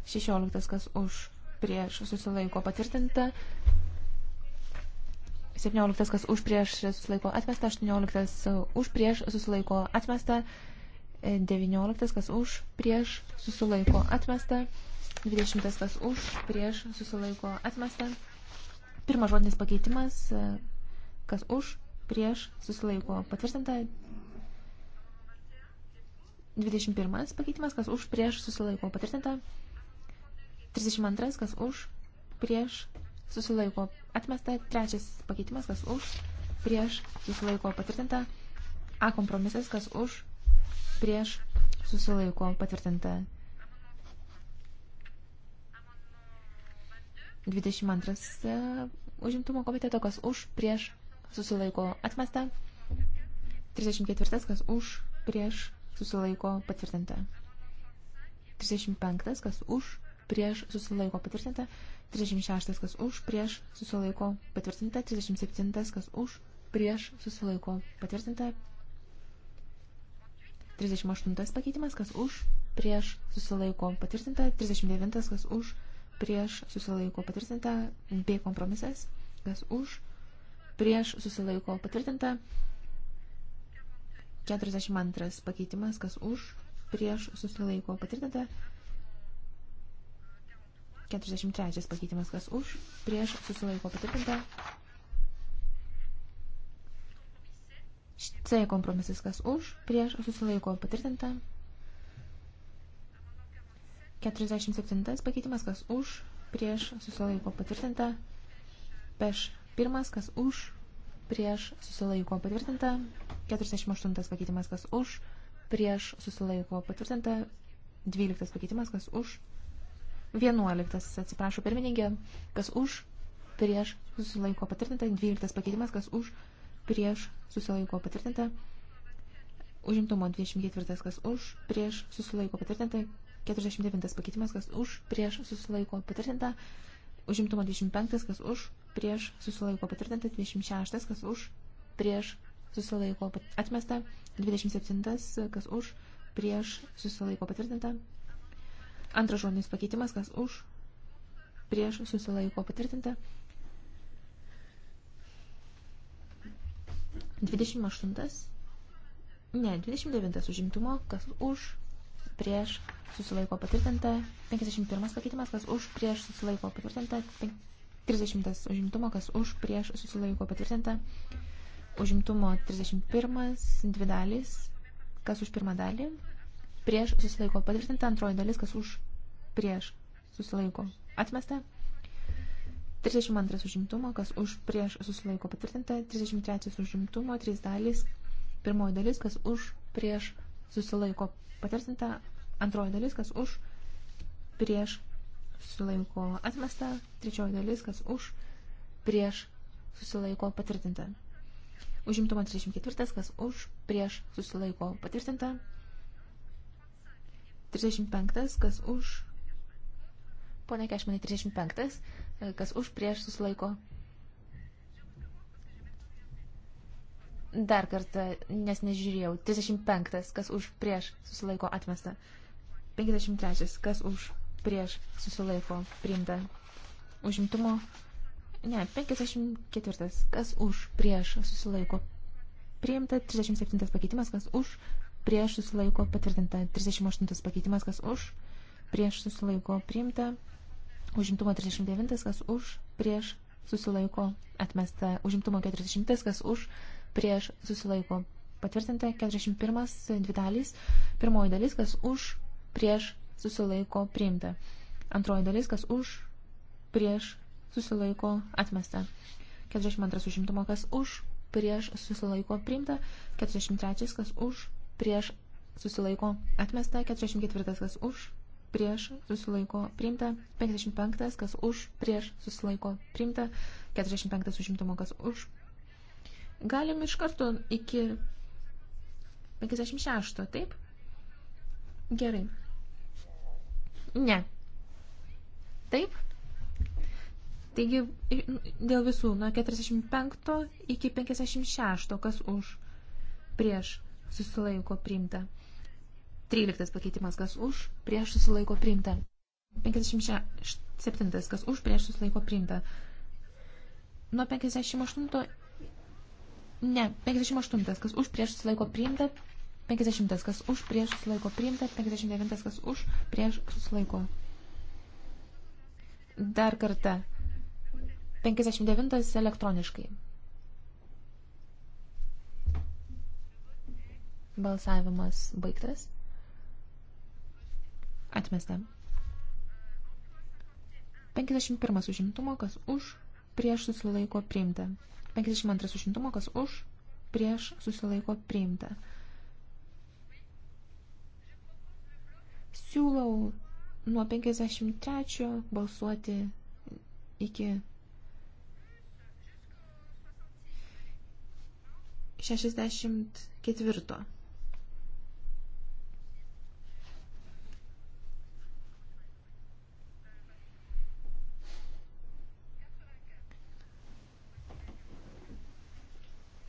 16, kas už, prieš, susilaiko patvirtinta. 17, kas už, prieš, susilaiko atmesta. 18, už, prieš, susilaiko atmesta. 19, kas už, prieš, susilaiko atmesta. 20, kas už, prieš, susilaiko atmesta. Pirmas žodinis e, pakeitimas, kas už, prieš, susilaiko patvirtinta. 21 pakeitimas, kas už, prieš, susilaiko patvirtinta. 32, kas už, prieš, susilaiko atmesta. Trečias pakeitimas, kas už, prieš, susilaiko patvirtinta. A kompromisas, kas už, prieš, susilaiko patvirtinta. 22 e, užimtumo komiteto, kas už, prieš, susilaiko atmesta. 34 kas už, prieš, susilaiko patvirtinta. 35 kas už, prieš, susilaiko patvirtinta. 36 kas už, prieš, susilaiko patvirtinta. 37 kas už, prieš, susilaiko patvirtinta. 38 pakeitimas kas už, prieš, susilaiko patvirtinta. 39 kas už, prieš, prieš susilaiko patvirtinta, B kompromisas, kas už, prieš susilaiko patvirtinta, 42 pakeitimas, kas už, prieš susilaiko patvirtinta, 43 pakeitimas, kas už, prieš susilaiko patvirtinta, C kompromisas, kas už, prieš susilaiko patvirtinta, 44 47 pakeitimas, kas už, prieš, susilaiko patvirtinta. Peš pirmas, kas už, prieš, susilaiko patvirtinta. 48 pakeitimas, kas už, prieš, susilaiko patvirtinta. 12 pakeitimas, kas už. 11, atsiprašau, pirmininkė, kas už, prieš, susilaiko patvirtinta. 12 pakeitimas, kas už, prieš, susilaiko patvirtinta. Užimtumo 24, kas už, prieš, susilaiko patvirtinta. 49 pakeitimas, kas už, prieš susilaiko patvirtinta. Užimtumo 25, kas už, prieš susilaiko patvirtinta. 26, kas už, prieš susilaiko atmesta. 27, kas už, prieš susilaiko patvirtinta. Antras žodinis pakeitimas, kas už, prieš susilaiko patvirtinta. 28. Ne, 29 užimtumo, kas už, prieš susilaiko patvirtinta, 51 pakeitimas, kas už prieš susilaiko patvirtinta, 30 užimtumo, kas už prieš susilaiko patvirtinta, užimtumo 31, dvi dalys, kas už pirmą dalį, prieš susilaiko patvirtinta, antroji dalis, kas už prieš susilaiko atmesta. 32 užimtumo, kas už prieš susilaiko patvirtinta, 33 užimtumo, 3 dalys, pirmoji dalis, kas už prieš susilaiko Patvirtinta antroji dalis, kas už, prieš, susilaiko atmesta. Trečioji dalis, kas už, prieš, susilaiko patvirtinta. Užimtumo 34, kas už, prieš, susilaiko patvirtinta. 35, kas už, ponia Kešmanai, 35, kas už, prieš, susilaiko Dar kartą, nes nežiūrėjau. 35. Kas už prieš susilaiko atmesta. 53. Kas už prieš susilaiko priimta. Užimtumo. Ne, 54. Kas už prieš susilaiko priimta. 37. pakeitimas. Kas už prieš susilaiko patvirtinta. 38. pakeitimas. Kas už prieš susilaiko priimta. Užimtumo 39. Kas už prieš susilaiko atmesta. Užimtumo 40. Kas už prieš prieš susilaiko. Patvirtinta 41 dvi dalys. Pirmoji dalis, kas už, prieš susilaiko priimta. Antroji dalis, kas už, prieš susilaiko atmesta. 42 užimtumo, kas už, prieš susilaiko priimta. 43 kas už, prieš susilaiko atmesta. 44 kas už, prieš susilaiko priimta, 55, kas už prieš susilaiko priimta, 45 užimtumo, kas už Galim iš karto iki 56, taip? Gerai. Ne. Taip? Taigi, dėl visų, nuo 45 iki 56, kas už, prieš, susilaiko priimta. 13 pakeitimas, kas už, prieš, susilaiko priimta. 57, kas už, prieš, susilaiko priimta. Nuo 58 Ne, 58, kas už prieš susilaiko priimta, 50, kas už prieš susilaiko priimta, 59, kas už prieš susilaiko. Dar kartą. 59 elektroniškai. Balsavimas baigtas. Atmesta. 51 užimtumo, kas už prieš susilaiko priimta. 52 užimtumo, kas už, prieš, susilaiko priimta. Siūlau nuo 53 balsuoti iki 64.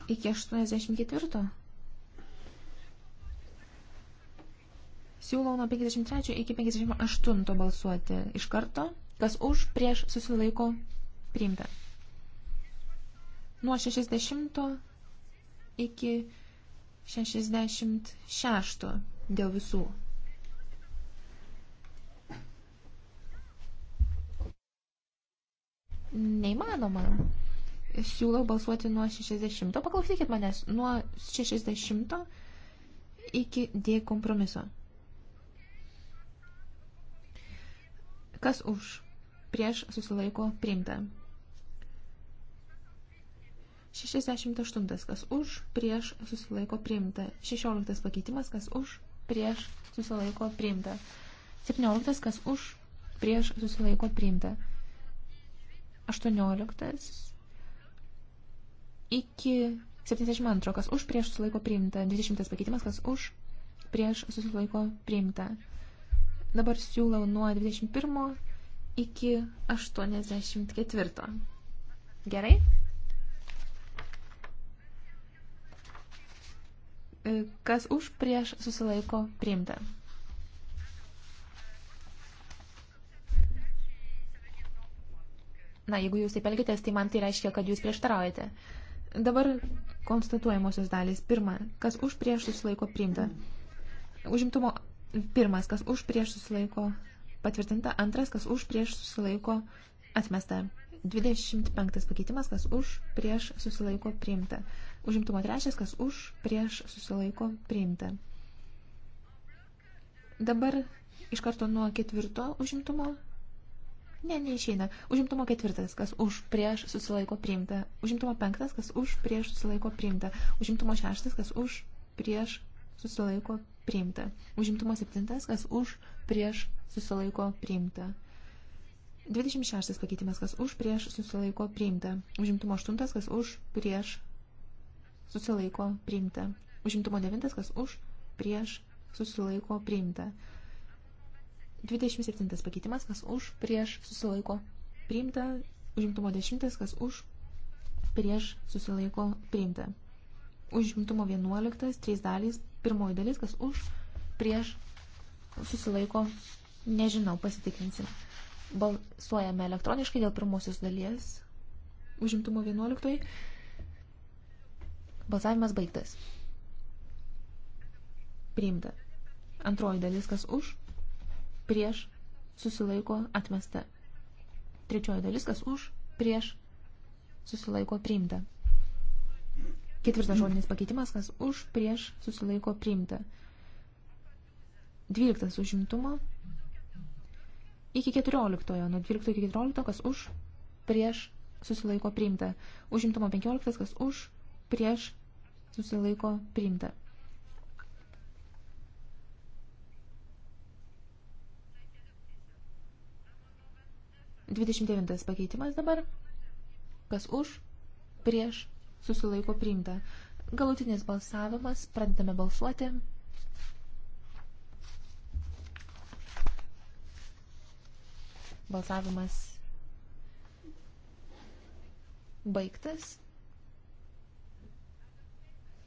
iki 84. Siūlau nuo 53 iki 58 balsuoti iš karto, kas už prieš susilaiko priimta. Nuo 60 iki 66 dėl visų. Neįmanoma siūlau balsuoti nuo 60. Paklausykit manęs, nuo 60 iki D kompromiso. Kas už? Prieš susilaiko priimta. 68. Kas už? Prieš susilaiko priimta. 16. Pakeitimas. Kas už? Prieš susilaiko priimta. 17. Kas už? Prieš susilaiko priimta. 18 iki 72, kas už prieš susilaiko priimta. 20 pakeitimas, kas už prieš susilaiko priimta. Dabar siūlau nuo 21 iki 84. Gerai? E, kas už prieš susilaiko priimta. Na, jeigu jūs taip elgitės, tai man tai reiškia, kad jūs prieštaraujate. Uh, Dabar konstatuojamosios dalys. Pirma, kas už prieš susilaiko priimta. Užimtumo pirmas, kas už prieš susilaiko patvirtinta. Antras, kas už prieš susilaiko atmesta. 25 pakeitimas, kas už prieš susilaiko priimta. Užimtumo trečias, kas už prieš susilaiko priimta. Dabar iš karto nuo ketvirto užimtumo Ne, neišeina. Užimtumo ketvirtas, kas už prieš susilaiko priimta. Užimtumo penktas, kas už prieš susilaiko priimta. Užimtumo šeštas, kas už prieš susilaiko priimta. Užimtumo septintas, kas už prieš susilaiko priimta. 26 pakeitimas, kas už prieš susilaiko priimta. Užimtumo 8, kas už prieš susilaiko priimta. Užimtumo 9, kas už prieš susilaiko priimta. 27 pakeitimas, kas už, prieš, susilaiko, priimta. Užimtumo 10, kas už, prieš, susilaiko, priimta. Užimtumo 11, 3 dalys, pirmoji dalis, kas už, prieš, susilaiko, nežinau, pasitikrinsim. Balsuojame elektroniškai dėl pirmosios dalies. Užimtumo 11. Balsavimas baigtas. Priimta. Antroji dalis, kas už, prieš, susilaiko, atmesta. Trečioji dalis, kas už, prieš, susilaiko, priimta. Ketvirtas žodinis pakeitimas, kas už, prieš, susilaiko, priimta. Dvyliktas užimtumo. Iki keturioliktojo, nuo dvylikto iki keturiolikto, kas už, prieš, susilaiko, priimta. Užimtumo penkioliktas, kas už, prieš, susilaiko, priimta. 29 pakeitimas dabar. Kas už, prieš, susilaiko priimta. Galutinis balsavimas, pradedame balsuoti. Balsavimas baigtas.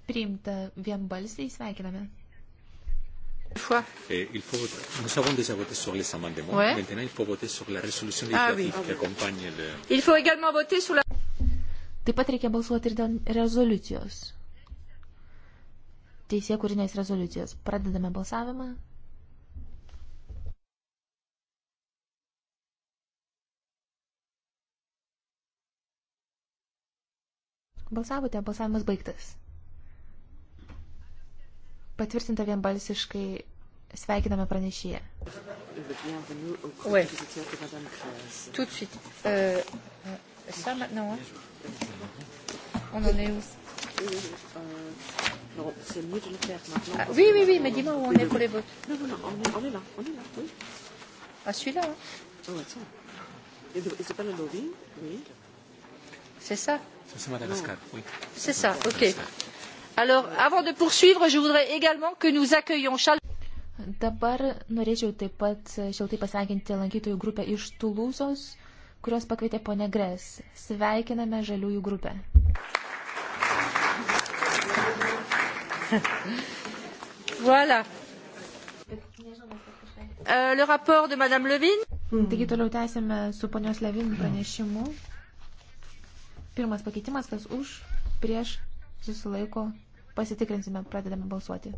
Priimta vienbalsiai, sveikiname. Fois. Et eh, il faut voter. Nous avons déjà voté sur les amendements. Ouais. Maintenant, il faut voter sur la résolution législative ah, oui. qui accompagne le. Il faut également voter sur la. Taip pat reikia balsuoti ir dėl rezoliucijos. Teisė kūrinės rezoliucijos. Pradedame balsavimą. Balsavote, balsavimas baigtas. Patvirtinta vienbalsiškai sveikiname pranešėją. Euh, ah, oui, oui, oui, mais dis-moi où on est pour les votes. Non, non, non, on est, on est là, on est là, oui. Ah, celui-là hein. Oh, attends. Il s'appelle le lobby, oui. C'est ça C'est Madagascar, oui. C'est ça, ok. Madagascar. Alors, avant de poursuivre, je voudrais également que nous accueillions Charles. Dabar norėčiau taip pat e, šiltai pasveikinti lankytojų grupę iš Tulūzos, kurios pakvietė ponė Gres. Sveikiname žaliųjų grupę. Voilà. Euh, le rapport de Madame Levin. Hmm. Taigi toliau tęsėme su ponios Levin pranešimu. Pirmas pakeitimas, kas už, prieš, susilaiko, Pasitikrinsime, pradedame balsuoti.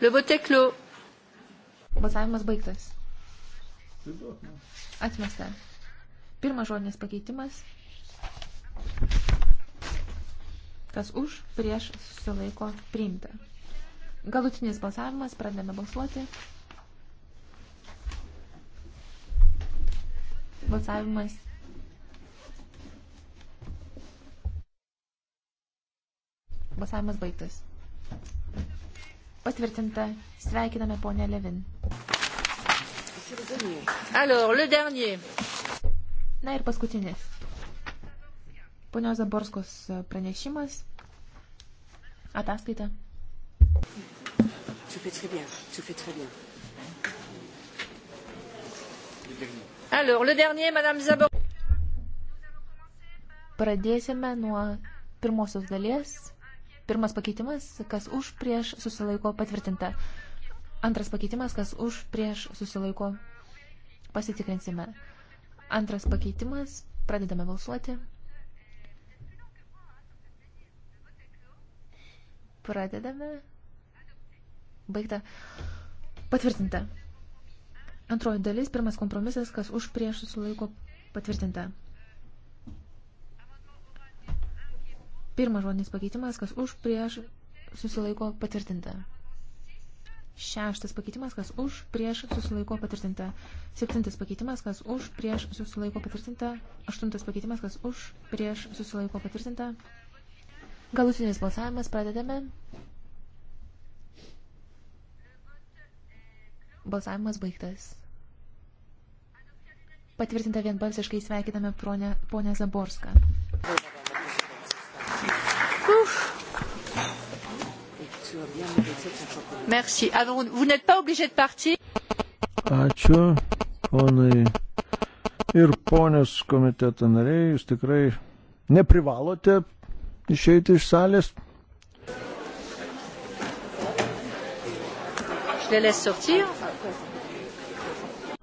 Liuboteklių. Balsavimas baigtas. Atmesta. Pirmas žodinis pakeitimas. Kas už, prieš, susilaiko, priimta. Galutinis balsavimas, pradedame balsuoti. Balsavimas. Balsavimas baigtas. Patvirtinta. Sveikiname ponę Levin. Alors, le dernier. Na ir paskutinis. Ponios Zaborskos pranešimas. Ataskaita. Tu fais très bien, tu fais très bien. Le dernier. Alors, le dernier, Madame Zabor. Pradėsime nuo pirmosios dalies. Pirmas pakeitimas, kas už prieš susilaiko patvirtinta. Antras pakeitimas, kas už prieš susilaiko pasitikrinsime. Antras pakeitimas, pradedame balsuoti. Pradedame. Baigta. Patvirtinta. Antroji dalis, pirmas kompromisas, kas už prieš susilaiko patvirtinta. Pirmas žodinis pakeitimas, kas už prieš susilaiko patvirtinta. Šeštas pakeitimas, kas už prieš susilaiko patvirtinta. Septintas pakeitimas, kas už prieš susilaiko patvirtinta. Aštuntas pakeitimas, kas už prieš susilaiko patvirtinta. Galutinis balsavimas pradedame. Balsavimas baigtas patvirtinta vienbalsiškai sveikiname ponę, ponę Zaborską. Uf. Merci. Alors, ah, vous n'êtes pas obligé de partir. Ačiū, ponai ir ponios komiteto nariai, jūs tikrai neprivalote išeiti iš salės. Je les laisse sortir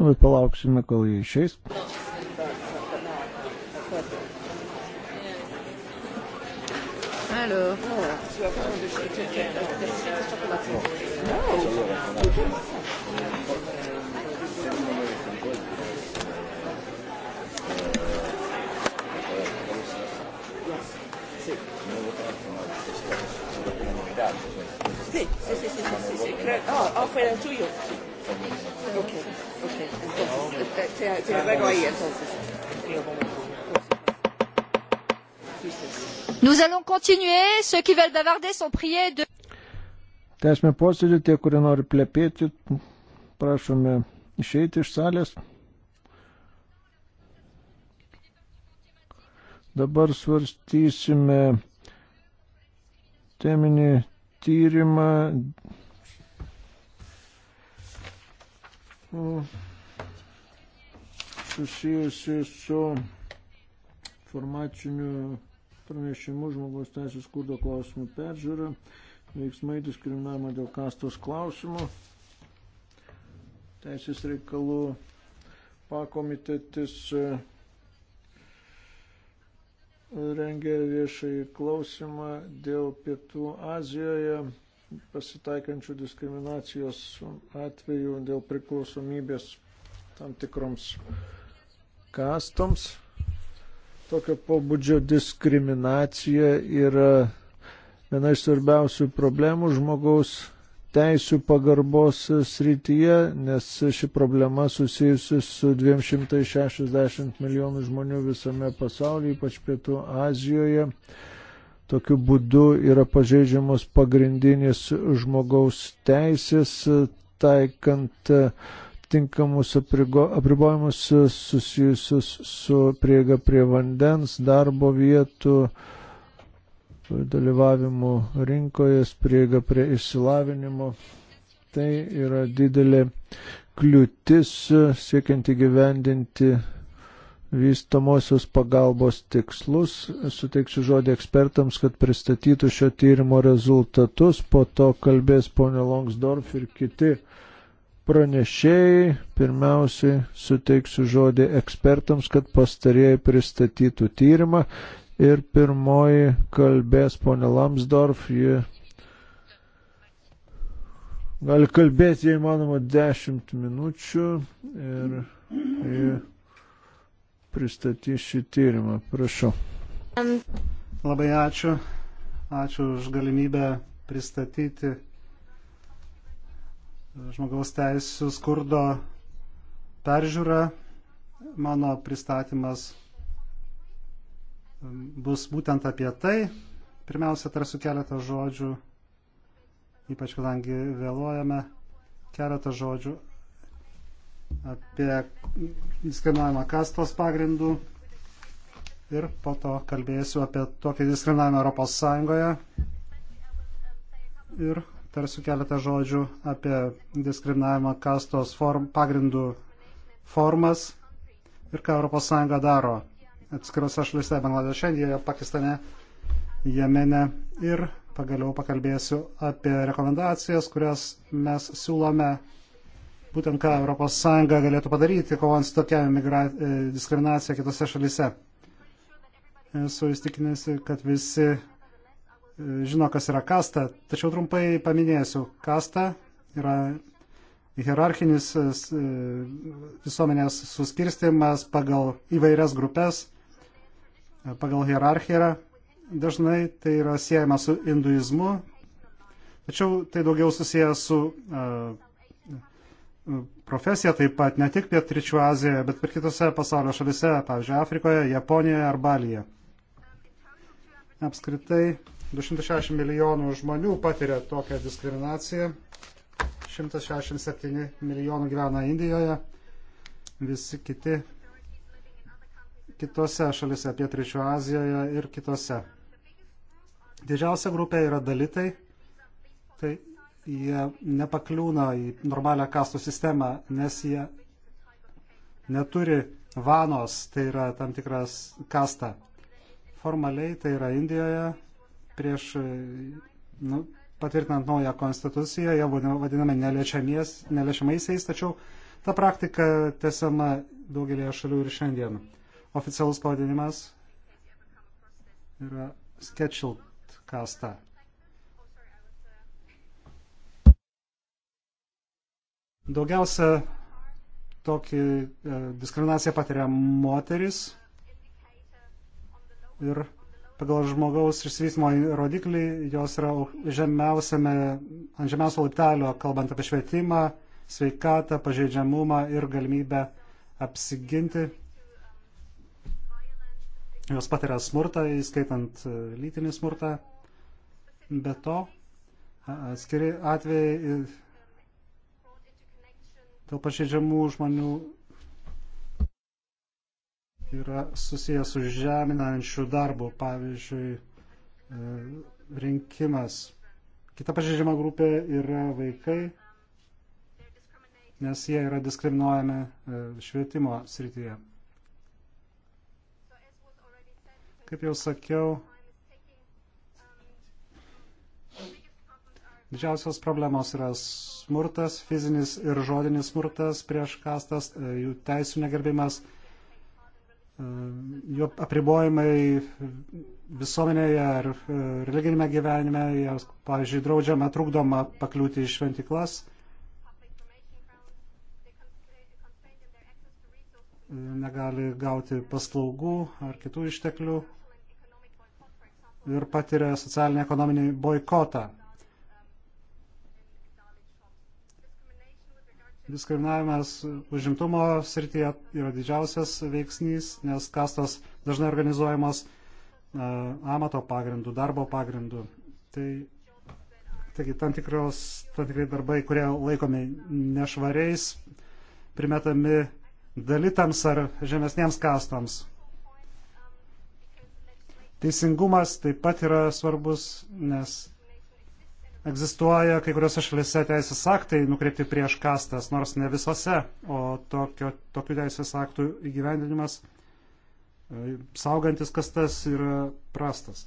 bet palauksime, kol jie išeis. Alors, Sí, sí, sí, sí, sí, sí, sí, sí, sí, sí, sí, sí, sí, sí, sí, sí, Ok, ok. Entonces, te, te agrego ahí entonces. Nous allons continuer. Ceux qui veulent bavarder sont priés de. Tęsime posėdį, tie, kurie nori plepėti, prašome išeiti iš salės. Dabar svarstysime teminį tyrimą susijusi su formaciniu pranešimu žmogaus teisės skurdo klausimų peržiūra, veiksmai diskriminavimo dėl kastos klausimų, teisės reikalų pakomitetis e, rengia viešai klausimą dėl Pietų Azijoje pasitaikančių diskriminacijos atvejų dėl priklausomybės tam tikroms kastoms. Tokio pobūdžio diskriminacija yra viena iš svarbiausių problemų žmogaus teisų pagarbos srityje, nes ši problema susijusi su 260 milijonų žmonių visame pasaulyje, ypač Pietų Azijoje. Tokiu būdu yra pažeidžiamos pagrindinės žmogaus teisės, taikant e, tinkamus apribojimus susijusius su prieiga prie vandens, darbo vietų, dalyvavimu rinkoje, prieiga prie išsilavinimo. Tai yra didelė kliūtis siekiant įgyvendinti vystomosios pagalbos tikslus. Suteiksiu žodį ekspertams, kad pristatytų šio tyrimo rezultatus. Po to kalbės ponė Longsdorf ir kiti pranešėjai. Pirmiausiai suteiksiu žodį ekspertams, kad pastarėjai pristatytų tyrimą. Ir pirmoji kalbės ponė Lamsdorf, ji gali kalbėti, jei manoma, 10 minučių. Ir ji pristatys šį tyrimą. Prašau. Labai ačiū. Ačiū už galimybę pristatyti žmogaus teisų skurdo peržiūrą. Mano pristatymas bus būtent apie tai. Pirmiausia, tarsiu keletą žodžių, ypač kadangi vėluojame, keletą žodžių apie diskriminuojamą kastos pagrindų ir po to kalbėsiu apie tokį diskriminavimą Europos Sąjungoje ir tarsiu keletą žodžių apie diskriminavimą kastos form, pagrindų formas ir ką ES daro atskirose šalise, Bangladeše, Indijoje, Pakistane, Jemene ir pagaliau pakalbėsiu apie rekomendacijas, kurias mes siūlome būtent ką ES galėtų padaryti, kovant su tokia migra... E, diskriminacija kitose šalise. Esu įstikinęs, kad visi e, žino, kas yra kasta, tačiau trumpai paminėsiu. Kasta yra hierarchinis e, visuomenės suskirstimas pagal įvairias grupės, pagal hierarchiją. Dažnai tai yra siejama su hinduizmu, tačiau tai daugiau susijęs su uh, profesiją taip pat ne tik Pietričių Azijoje, bet ir kitose pasaulio šalise, pavyzdžiui, Afrikoje, Japonijoje ar Balyje. Apskritai 260 milijonų žmonių patiria tokią diskriminaciją, 167 milijonų gyvena Indijoje, visi kiti kitose šalise, Pietričių Azijoje ir kitose. Didžiausia grupė yra dalitai, tai jie nepakliūna į normalią kastų sistemą, nes jie neturi vanos, tai yra tam tikras kasta. Formaliai tai yra Indijoje prieš nu, patvirtinant naują konstituciją, jie vadinami neliečiamaisiais, tačiau ta praktika tesama daugelėje šalių ir šiandien. Oficialus pavadinimas yra Scheduled kasta. Daugiausia tokį e, diskriminaciją patiria moteris ir pagal žmogaus išsivystymo rodiklį jos yra žemiausiame, ant žemiausio laiptelio, kalbant apie švietimą, sveikatą, pažeidžiamumą ir galimybę apsiginti. Jos patiria smurtą, įskaitant e, lytinį smurtą. Be to, atskiri atvejai dėl pažeidžiamų žmonių yra susijęs su žeminančiu darbu, pavyzdžiui, e, rinkimas. Kita pažeidžiama grupė yra vaikai, nes jie yra diskriminuojami e, švietimo srityje. Kaip jau sakiau, Didžiausios problemos yra smurtas, fizinis ir žodinis smurtas prieš kastas, e, jų teisų negerbimas, e, jų apribojimai visuomenėje ar e, religinėme gyvenime, jas, pavyzdžiui, draudžiama, trukdoma pakliūti į šventiklas. negali gauti paslaugų ar kitų išteklių ir patiria socialinį ekonominį boikotą. Diskriminavimas užimtumo srityje yra didžiausias veiksnys, nes kastos dažnai organizuojamos e, amato pagrindų, darbo pagrindų. Tai taigi, tam, tikros, tam tikrai darbai, kurie laikomi nešvariais, primetami dalitams ar žemesniems kastams. Teisingumas taip pat yra svarbus, nes egzistuoja kai kuriuose šalise teisės aktai nukreipti prieš kastas, nors ne visose, o tokio, tokių teisės aktų įgyvendinimas e, saugantis kastas yra prastas.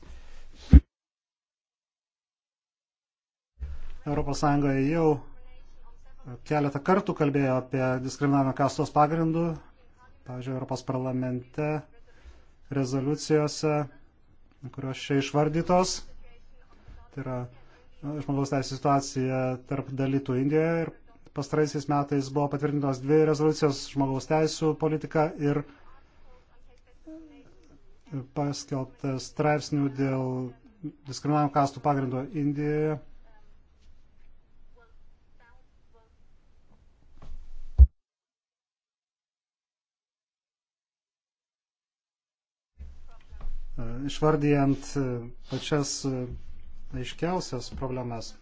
ES jau keletą kartų kalbėjo apie diskriminavimą kastos pagrindų, pavyzdžiui, Europos parlamente rezoliucijose, kurios čia išvardytos. Tai yra žmogaus teisų situacija tarp dalytų Indijoje ir pastaraisiais metais buvo patvirtintos dvi rezoliucijos žmogaus teisų politika ir paskelbta straipsnių dėl diskriminavimo kastų pagrindo Indijoje. Išvardijant pačias aiškiausias problemas.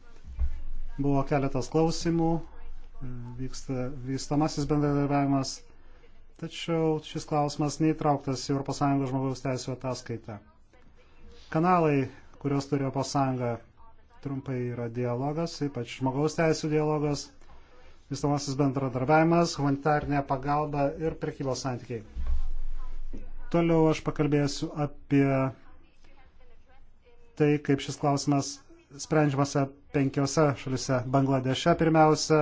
Buvo keletas klausimų, vyksta, vystamasis bendradarbiavimas, tačiau šis klausimas neįtrauktas į ES žmogaus teisų ataskaitą. Kanalai, kuriuos turi ES, trumpai yra dialogas, ypač žmogaus teisų dialogas, vystamasis bendradarbiavimas, humanitarnė pagalba ir prekybos santykiai. Toliau aš pakalbėsiu apie tai, kaip šis klausimas sprendžiamose penkiose šalise. Bangladeše pirmiausia,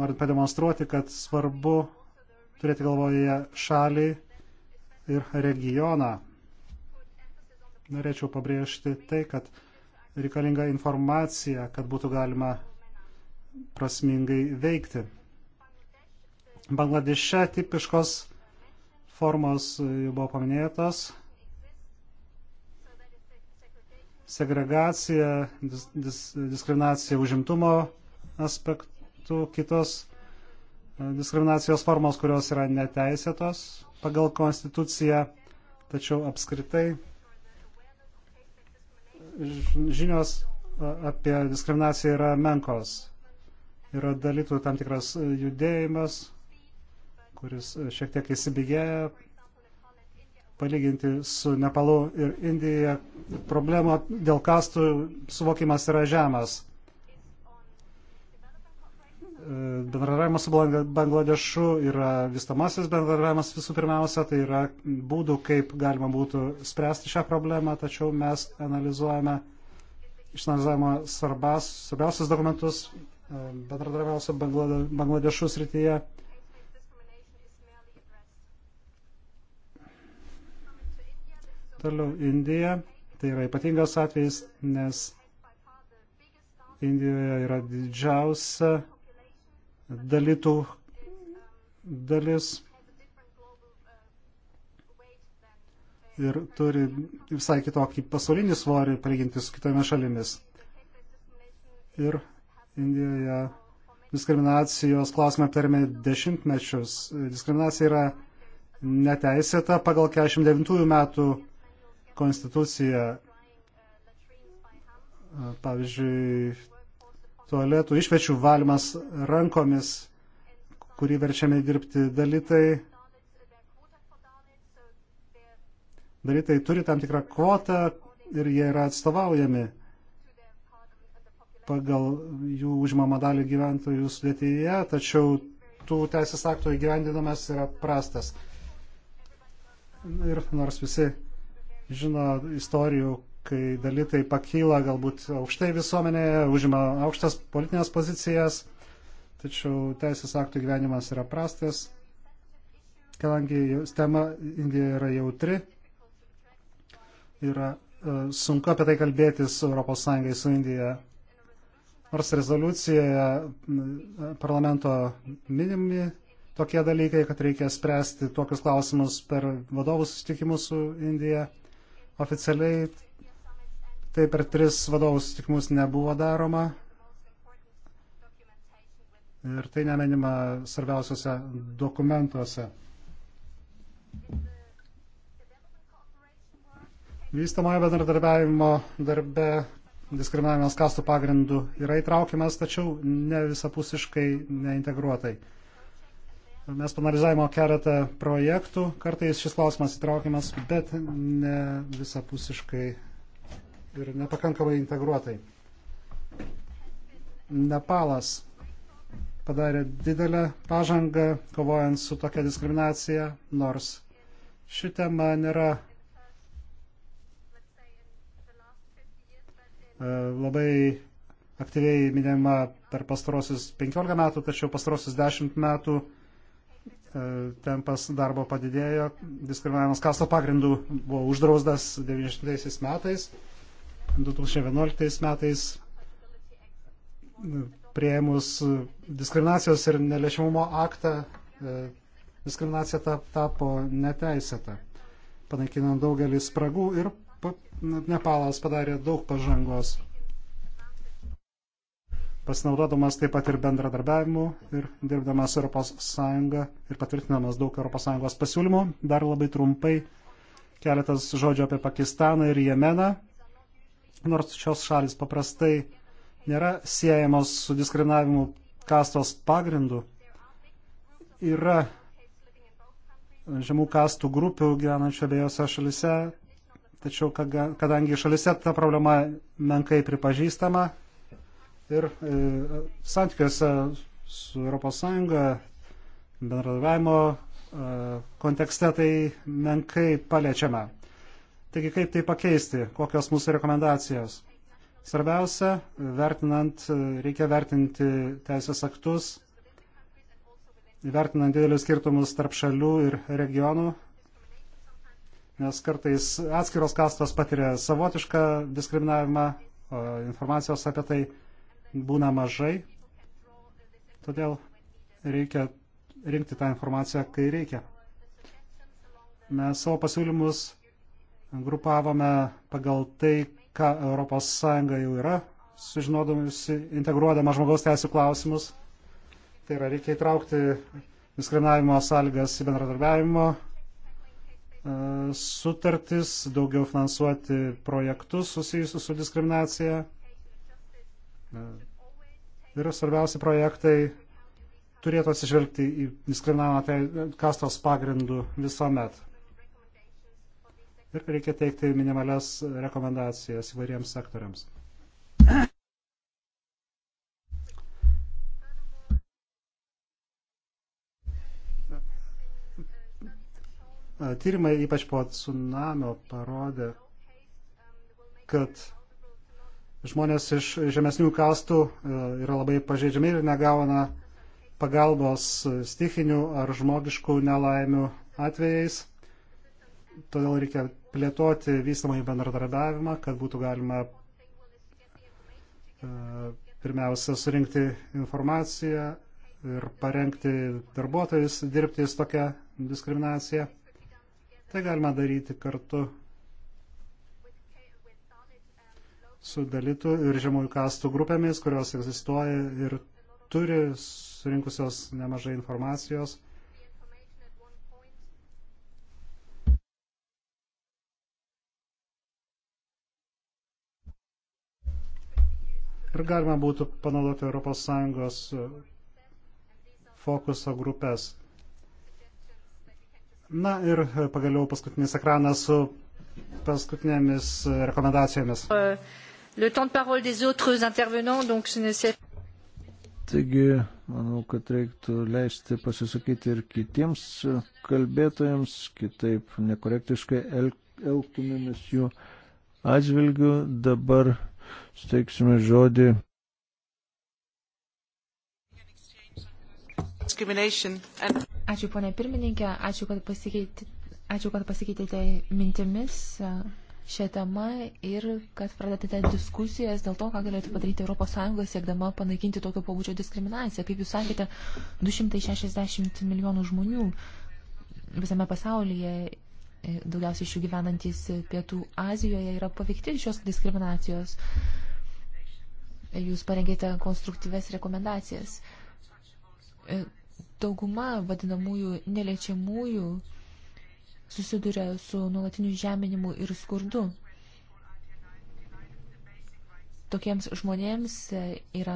norint pademonstruoti, kad svarbu turėti galvoje šalį ir regioną. Norėčiau pabrėžti tai, kad reikalinga informacija, kad būtų galima prasmingai veikti. Bangladeše tipiškos formos jau buvo paminėtos segregacija, dis, dis, diskriminacija užimtumo aspektų, kitos e, diskriminacijos formos, kurios yra neteisėtos pagal konstituciją, tačiau apskritai žinios apie diskriminaciją yra menkos. Yra dalytų tam tikras e, judėjimas, kuris e, šiek tiek įsibėgėja palyginti su Nepalu ir Indija, problema dėl kastų suvokimas yra žemas. Bendradarbiavimas su Bangladešu yra vystamasis bendradarbiavimas visų pirmiausia, tai yra būdų, kaip galima būtų spręsti šią problemą, tačiau mes analizuojame, išanalizavome svarbiausius dokumentus e, bendradarbiavimo su Bangladešu srityje Toliau Indija. Tai yra ypatingas atvejis, nes Indijoje yra didžiausia dalytų dalis ir turi visai kitokį pasaulinį svorį palyginti su kitomis šalimis. Ir Indijoje diskriminacijos klausimą aptarėme dešimtmečius. Diskriminacija yra neteisėta pagal 49 metų konstitucija, pavyzdžiui, tualetų išvečių valymas rankomis, kurį verčiame dirbti dalytai. Dalytai turi tam tikrą kvotą ir jie yra atstovaujami pagal jų užmamą dalį gyventojų sudėtyje, tačiau tų teisės aktų įgyvendinamas yra prastas. Ir nors visi žino istorijų, kai dalytai pakyla galbūt aukštai visuomenėje, užima aukštas politinės pozicijas, tačiau teisės aktų gyvenimas yra prastas, kadangi tema Indijoje yra jautri, yra e, sunku apie tai kalbėti su ES, su Indija. Nors rezoliucijoje parlamento minimi tokie dalykai, kad reikia spręsti tokius klausimus per vadovų susitikimus su Indija. Oficialiai tai per tris vadovus sutikimus nebuvo daroma. Ir tai nemenima svarbiausiuose dokumentuose. Vystamojo bendradarbiavimo darbe diskriminavimas kastų pagrindų yra įtraukiamas, tačiau ne visapusiškai neintegruotai. Mes panalizavimo keletą projektų, kartais šis klausimas įtraukiamas, bet ne visapusiškai ir nepakankamai integruotai. Nepalas padarė didelę pažangą, kovojant su tokia diskriminacija, nors ši tema nėra e, labai aktyviai minima per pastarosius 15 metų, tačiau pastarosius 10 metų E, tempas darbo padidėjo, diskriminavimas kasto pagrindų buvo uždraustas 90 metais, 2011 metais prieimus diskriminacijos ir neliečiamumo aktą, e, diskriminacija tapo neteisėta, panaikinant daugelį spragų ir Nepalas padarė daug pažangos pasinaudodamas taip pat ir bendradarbiavimu ir dirbdamas ES ir patvirtinamas daug ES pasiūlymų. Dar labai trumpai keletas žodžių apie Pakistaną ir Jemeną. Nors šios šalis paprastai nėra siejamos su diskriminavimu kastos pagrindu, yra žemų kastų grupių gyvenančių abiejose šalise, tačiau kadangi šalise ta problema menkai pripažįstama, ir e, santykiuose su ES bendradarbiavimo e, kontekste tai menkai paliečiama. Taigi kaip tai pakeisti, kokios mūsų rekomendacijos? Svarbiausia, vertinant, e, reikia vertinti teisės aktus, vertinant didelius skirtumus tarp šalių ir regionų, nes kartais atskiros kastos patiria savotišką diskriminavimą, informacijos apie tai būna mažai, todėl reikia rinkti tą informaciją, kai reikia. Mes savo pasiūlymus grupavome pagal tai, ką ES jau yra, sužinodamusi, integruodama žmogaus teisų klausimus. Tai yra, reikia įtraukti diskriminavimo sąlygas į bendradarbiavimo e, sutartis, daugiau finansuoti projektus susijusius su diskriminacija, ir svarbiausi projektai turėtų atsižvelgti į diskriminavimą tai kastos pagrindų visuomet. Ir reikia teikti minimalias rekomendacijas įvairiems sektoriams. Tyrimai ypač po tsunamio parodė, kad žmonės iš žemesnių kastų e, yra labai pažeidžiami ir negauna pagalbos stichinių ar žmogiškų nelaimių atvejais. Todėl reikia plėtoti vystamą į bendradarbiavimą, kad būtų galima e, pirmiausia surinkti informaciją ir parengti darbuotojus dirbti su tokia diskriminacija. Tai galima daryti kartu su dalitų ir žemųjų kastų grupėmis, kurios egzistuoja ir turi surinkusios nemažai informacijos. Ir galima būtų panaudoti ES fokuso grupės. Na ir pagaliau paskutinis ekranas su paskutinėmis rekomendacijomis. Uh le temps de parole des autres intervenants, donc je ne sais pas. Taigi, manau, kad reiktų leisti pasisakyti ir kitiems kalbėtojams, kitaip nekorektiškai elgtumėmės jų atžvilgių. Dabar steiksime žodį. Ačiū, ponė pirmininkė, ačiū, kad pasikeitėte mintimis šią temą ir kad pradedate diskusijas dėl to, ką galėtų padaryti ES siekdama panaikinti tokio pobūdžio diskriminaciją. Kaip jūs sakėte, 260 milijonų žmonių visame pasaulyje, e, daugiausiai iš jų gyvenantis Pietų Azijoje, yra paveikti šios diskriminacijos. Jūs parengėte konstruktyves rekomendacijas. E, dauguma vadinamųjų neliečiamųjų susiduria su nuolatiniu žeminimu ir skurdu. Tokiems žmonėms e, yra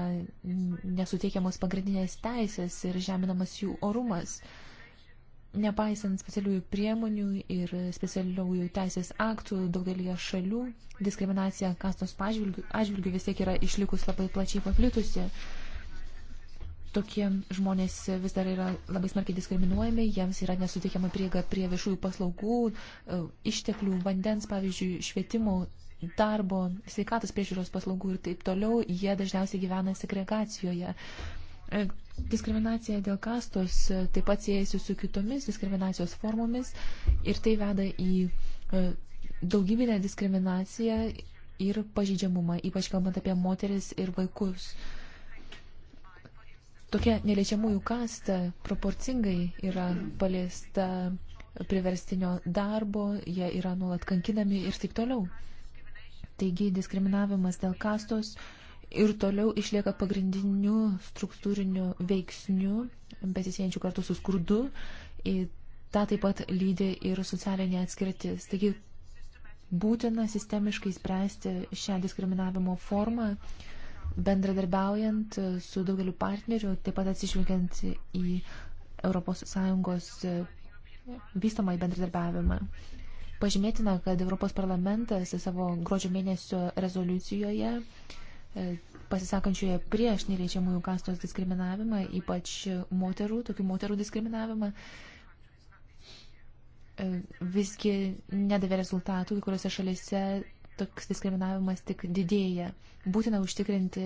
nesuteikiamos pagrindinės teisės ir žeminamas jų orumas. Nepaisant specialiųjų priemonių ir specialiųjų teisės aktų daugelie šalių, diskriminacija kastos atžvilgių vis tiek yra išlikus labai plačiai paplitusi. Tokie žmonės vis dar yra labai smarkiai diskriminuojami, jiems yra nesuteikiama prieiga prie viešųjų paslaugų, e, išteklių, vandens, pavyzdžiui, švietimo, darbo, sveikatos priežiūros paslaugų ir taip toliau. Jie dažniausiai gyvena segregacijoje. E, diskriminacija dėl kastos e, taip pat siejasi su kitomis diskriminacijos formomis ir tai veda į daugybinę diskriminaciją ir pažydžiamumą, ypač kalbant apie moteris ir vaikus. Uh, Tokia neliečiamųjų kasta proporcingai yra paliesta priverstinio darbo, jie yra nuolat kankinami ir taip toliau. Taigi diskriminavimas dėl kastos ir toliau išlieka pagrindiniu struktūriniu veiksniu, besisėjančiu kartu su skurdu. Ta taip pat lydi ir socialinė atskirtis. Taigi būtina sistemiškai spręsti šią diskriminavimo formą bendradarbiaujant su daugeliu partnerių, taip pat atsižvelgiant į ES e, vystomą į bendradarbiavimą. Pažymėtina, kad Europos parlamentas savo gruodžio mėnesio rezoliucijoje e, pasisakančioje prieš nereičiamųjų kastos diskriminavimą, ypač moterų, tokių moterų diskriminavimą, e, visgi nedavė rezultatų, kai kuriuose šalyse toks diskriminavimas tik didėja. Būtina užtikrinti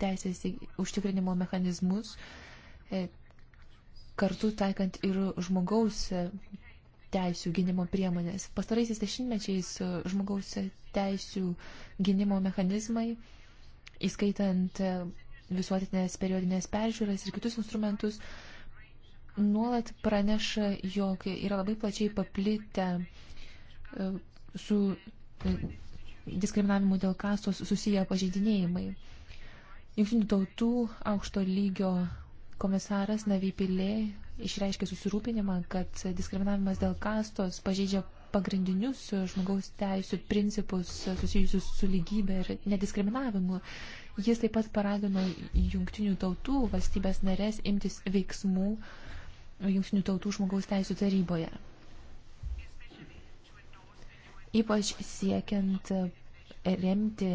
teisės užtikrinimo mechanizmus, e, kartu taikant ir žmogaus e, teisų gynimo priemonės. Pastaraisiais dešimtmečiais e, žmogaus teisų gynimo mechanizmai, įskaitant visuotinės periodinės peržiūras ir kitus instrumentus, nuolat praneša, jog yra labai plačiai paplitę su diskriminavimu dėl kastos susiję pažeidinėjimai. Junktinių tautų aukšto lygio komisaras Navipilė išreiškė susirūpinimą, kad diskriminavimas dėl kastos pažeidžia pagrindinius žmogaus teisų principus susijusius su lygybė ir nediskriminavimu. Jis taip pat paragino jungtinių tautų valstybės narės imtis veiksmų jungtinių tautų žmogaus teisų taryboje ypač siekiant e, remti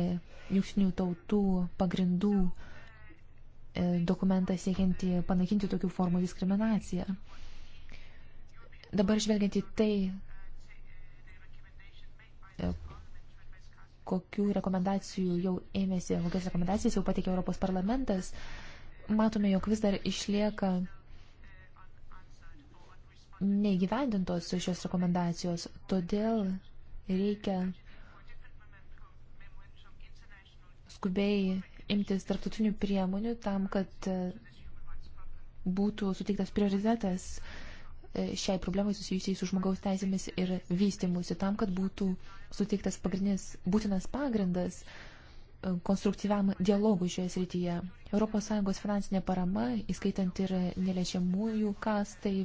jungtinių tautų pagrindų e, dokumentą siekiantį panaikinti tokių formų diskriminaciją. Dabar žvelgiant į tai, e, kokių rekomendacijų jau ėmėsi, kokias rekomendacijas jau pateikė Europos parlamentas, matome, jog vis dar išlieka neįgyvendintos šios rekomendacijos. Todėl reikia skubiai imtis tarptautinių priemonių tam, kad e, būtų suteiktas prioritetas e, šiai problemai susijusiai su žmogaus teisėmis ir vystimusi, tam, kad būtų suteiktas pagrindinis būtinas pagrindas e, konstruktyviam dialogui šioje srityje. ES finansinė parama, įskaitant ir neliečiamųjų kastai,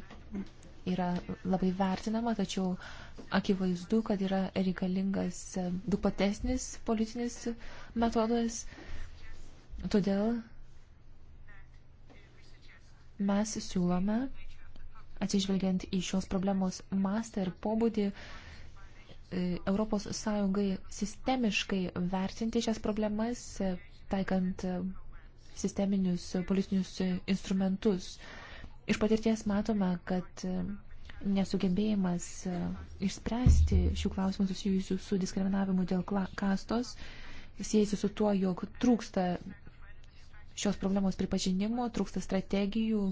yra labai vertinama, tačiau akivaizdu, kad yra reikalingas e, dupatesnis politinis metodas. Todėl mes siūlome, atsižvelgiant į šios problemos mastą ir pobūdį, ES sistemiškai vertinti šias problemas, e, taikant e, sisteminius politinius instrumentus. Iš patirties matome, kad e, nesugebėjimas e, išspręsti šių klausimų susijusių su diskriminavimu dėl kastos siejasi su tuo, jog trūksta šios problemos pripažinimo, trūksta strategijų,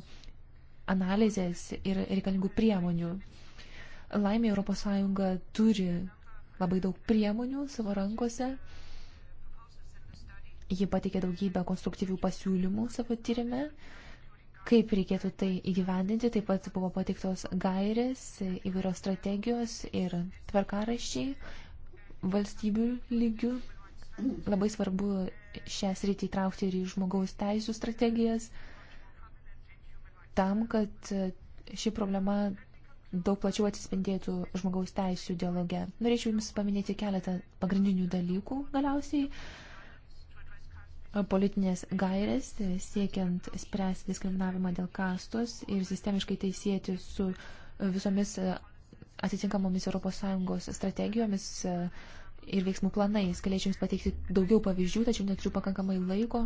analizės ir reikalingų priemonių. Laimė ES turi labai daug priemonių savo rankose. Ji pateikė daugybę konstruktyvių pasiūlymų savo tyrimę kaip reikėtų tai įgyvendinti. Taip pat buvo pateiktos gairės, įvairios strategijos ir tvarkaraščiai valstybių lygių. Labai svarbu šią sritį įtraukti ir į žmogaus teisų strategijas, tam, kad ši problema daug plačiau atsispindėtų žmogaus teisų dialoge. Norėčiau Jums paminėti keletą pagrindinių dalykų galiausiai politinės gairės e, siekiant spręsti diskriminavimą dėl kastos ir sistemiškai tai sieti su visomis e, atitinkamomis ES strategijomis e, ir veiksmų planais. Galėčiau Jums pateikti daugiau pavyzdžių, tačiau neturiu pakankamai laiko.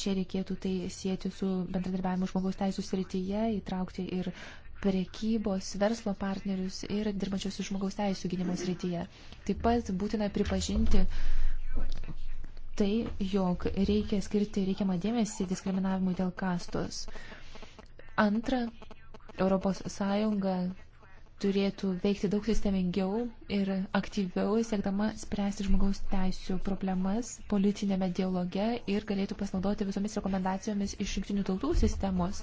Čia reikėtų tai sieti su bendradarbiavimu žmogaus teisų srityje, įtraukti ir prekybos, verslo partnerius ir dirbančius žmogaus teisų gynimo srityje. Taip pat būtina pripažinti tai, jog reikia skirti reikiamą dėmesį diskriminavimui dėl kastos. Antra, ES turėtų veikti daug sistemingiau ir aktyviau, siekdama spręsti žmogaus teisų problemas politinėme dialoge ir galėtų pasinaudoti visomis rekomendacijomis iš jungtinių tautų sistemos.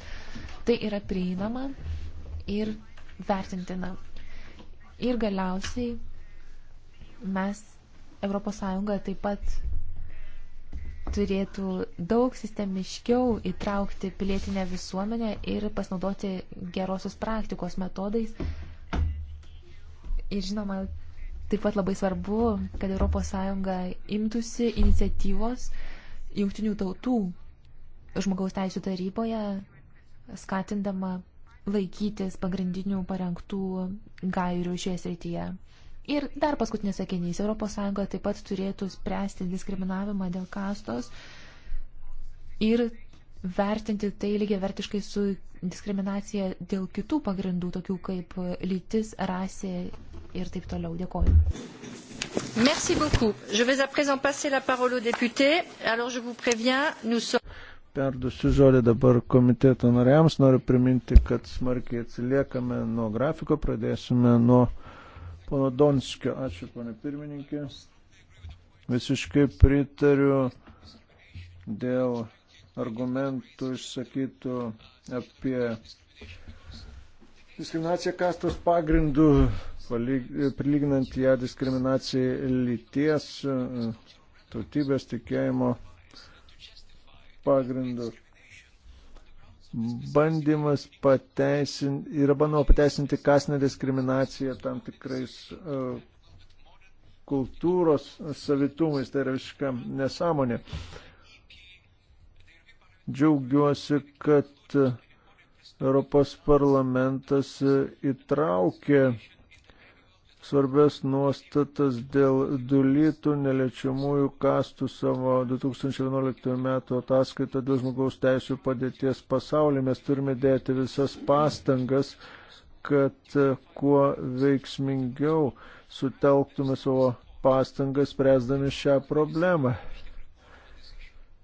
Tai yra prieinama ir vertintina. Ir galiausiai mes, ES, taip pat turėtų daug sistemiškiau įtraukti pilietinę visuomenę ir pasinaudoti gerosios praktikos metodais. Ir žinoma, taip pat labai svarbu, kad ES imtųsi iniciatyvos jungtinių tautų žmogaus teisų taryboje, skatindama laikytis pagrindinių parengtų gairių šioje srityje. Ir dar paskutinis sakinys. ES taip pat turėtų spręsti diskriminavimą dėl kastos ir vertinti tai lygiai vertiškai su diskriminacija dėl kitų pagrindų, tokių kaip lytis, rasė ir taip toliau. Dėkoju. Merci beaucoup. Je vais à présent passer la parole aux députés. Alors je vous préviens, nous sommes. Perdusiu žodį dabar komiteto nariams. Noriu priminti, kad smarkiai atsiliekame nuo grafiko. Pradėsime nuo Pono Donskio, ačiū, pane pirmininkė. Visiškai pritariu dėl argumentų išsakytų apie diskriminaciją kastos pagrindų, prilyginant ją diskriminacijai lyties, tautybės tikėjimo pagrindų bandymas pateisinti, yra bandoma pateisinti kasinę diskriminaciją tam tikrais uh, kultūros savitumais, tai yra visiška nesąmonė. Džiaugiuosi, kad Europos parlamentas e, įtraukė uh, svarbės nuostatas dėl dulytų neliečiamųjų kastų savo 2011 metų ataskaitą dėl žmogaus teisų padėties pasaulyje. Mes turime dėti visas pastangas, kad e, kuo veiksmingiau sutelktume savo pastangas spręsdami šią problemą.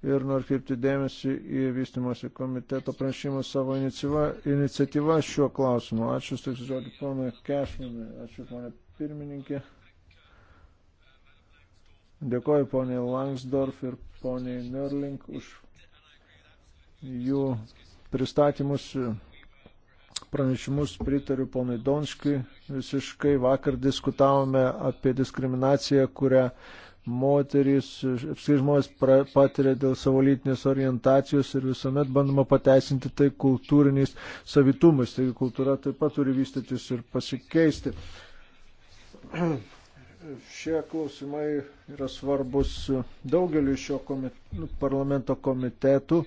Ir noriu kreipti dėmesį į vystimosi komiteto pranešimą savo iniciatyvą, iniciatyvą šiuo klausimu. Ačiū, tik žodį, ponui Kešmanui. Ačiū, ponė pirmininkė. Dėkoju poniai Langsdorf ir poniai Nerling už jų pristatymus, pranešimus. Pritariu ponai Donskiui. Visiškai vakar diskutavome apie diskriminaciją, kurią moterys, apskritai žmonės patiria dėl savo lytinės orientacijos ir visuomet bandoma pateisinti tai kultūriniais savitumais. Taigi kultūra taip pat turi vystytis ir pasikeisti. Šie klausimai yra svarbus daugeliu šio komit nu, parlamento komitetų.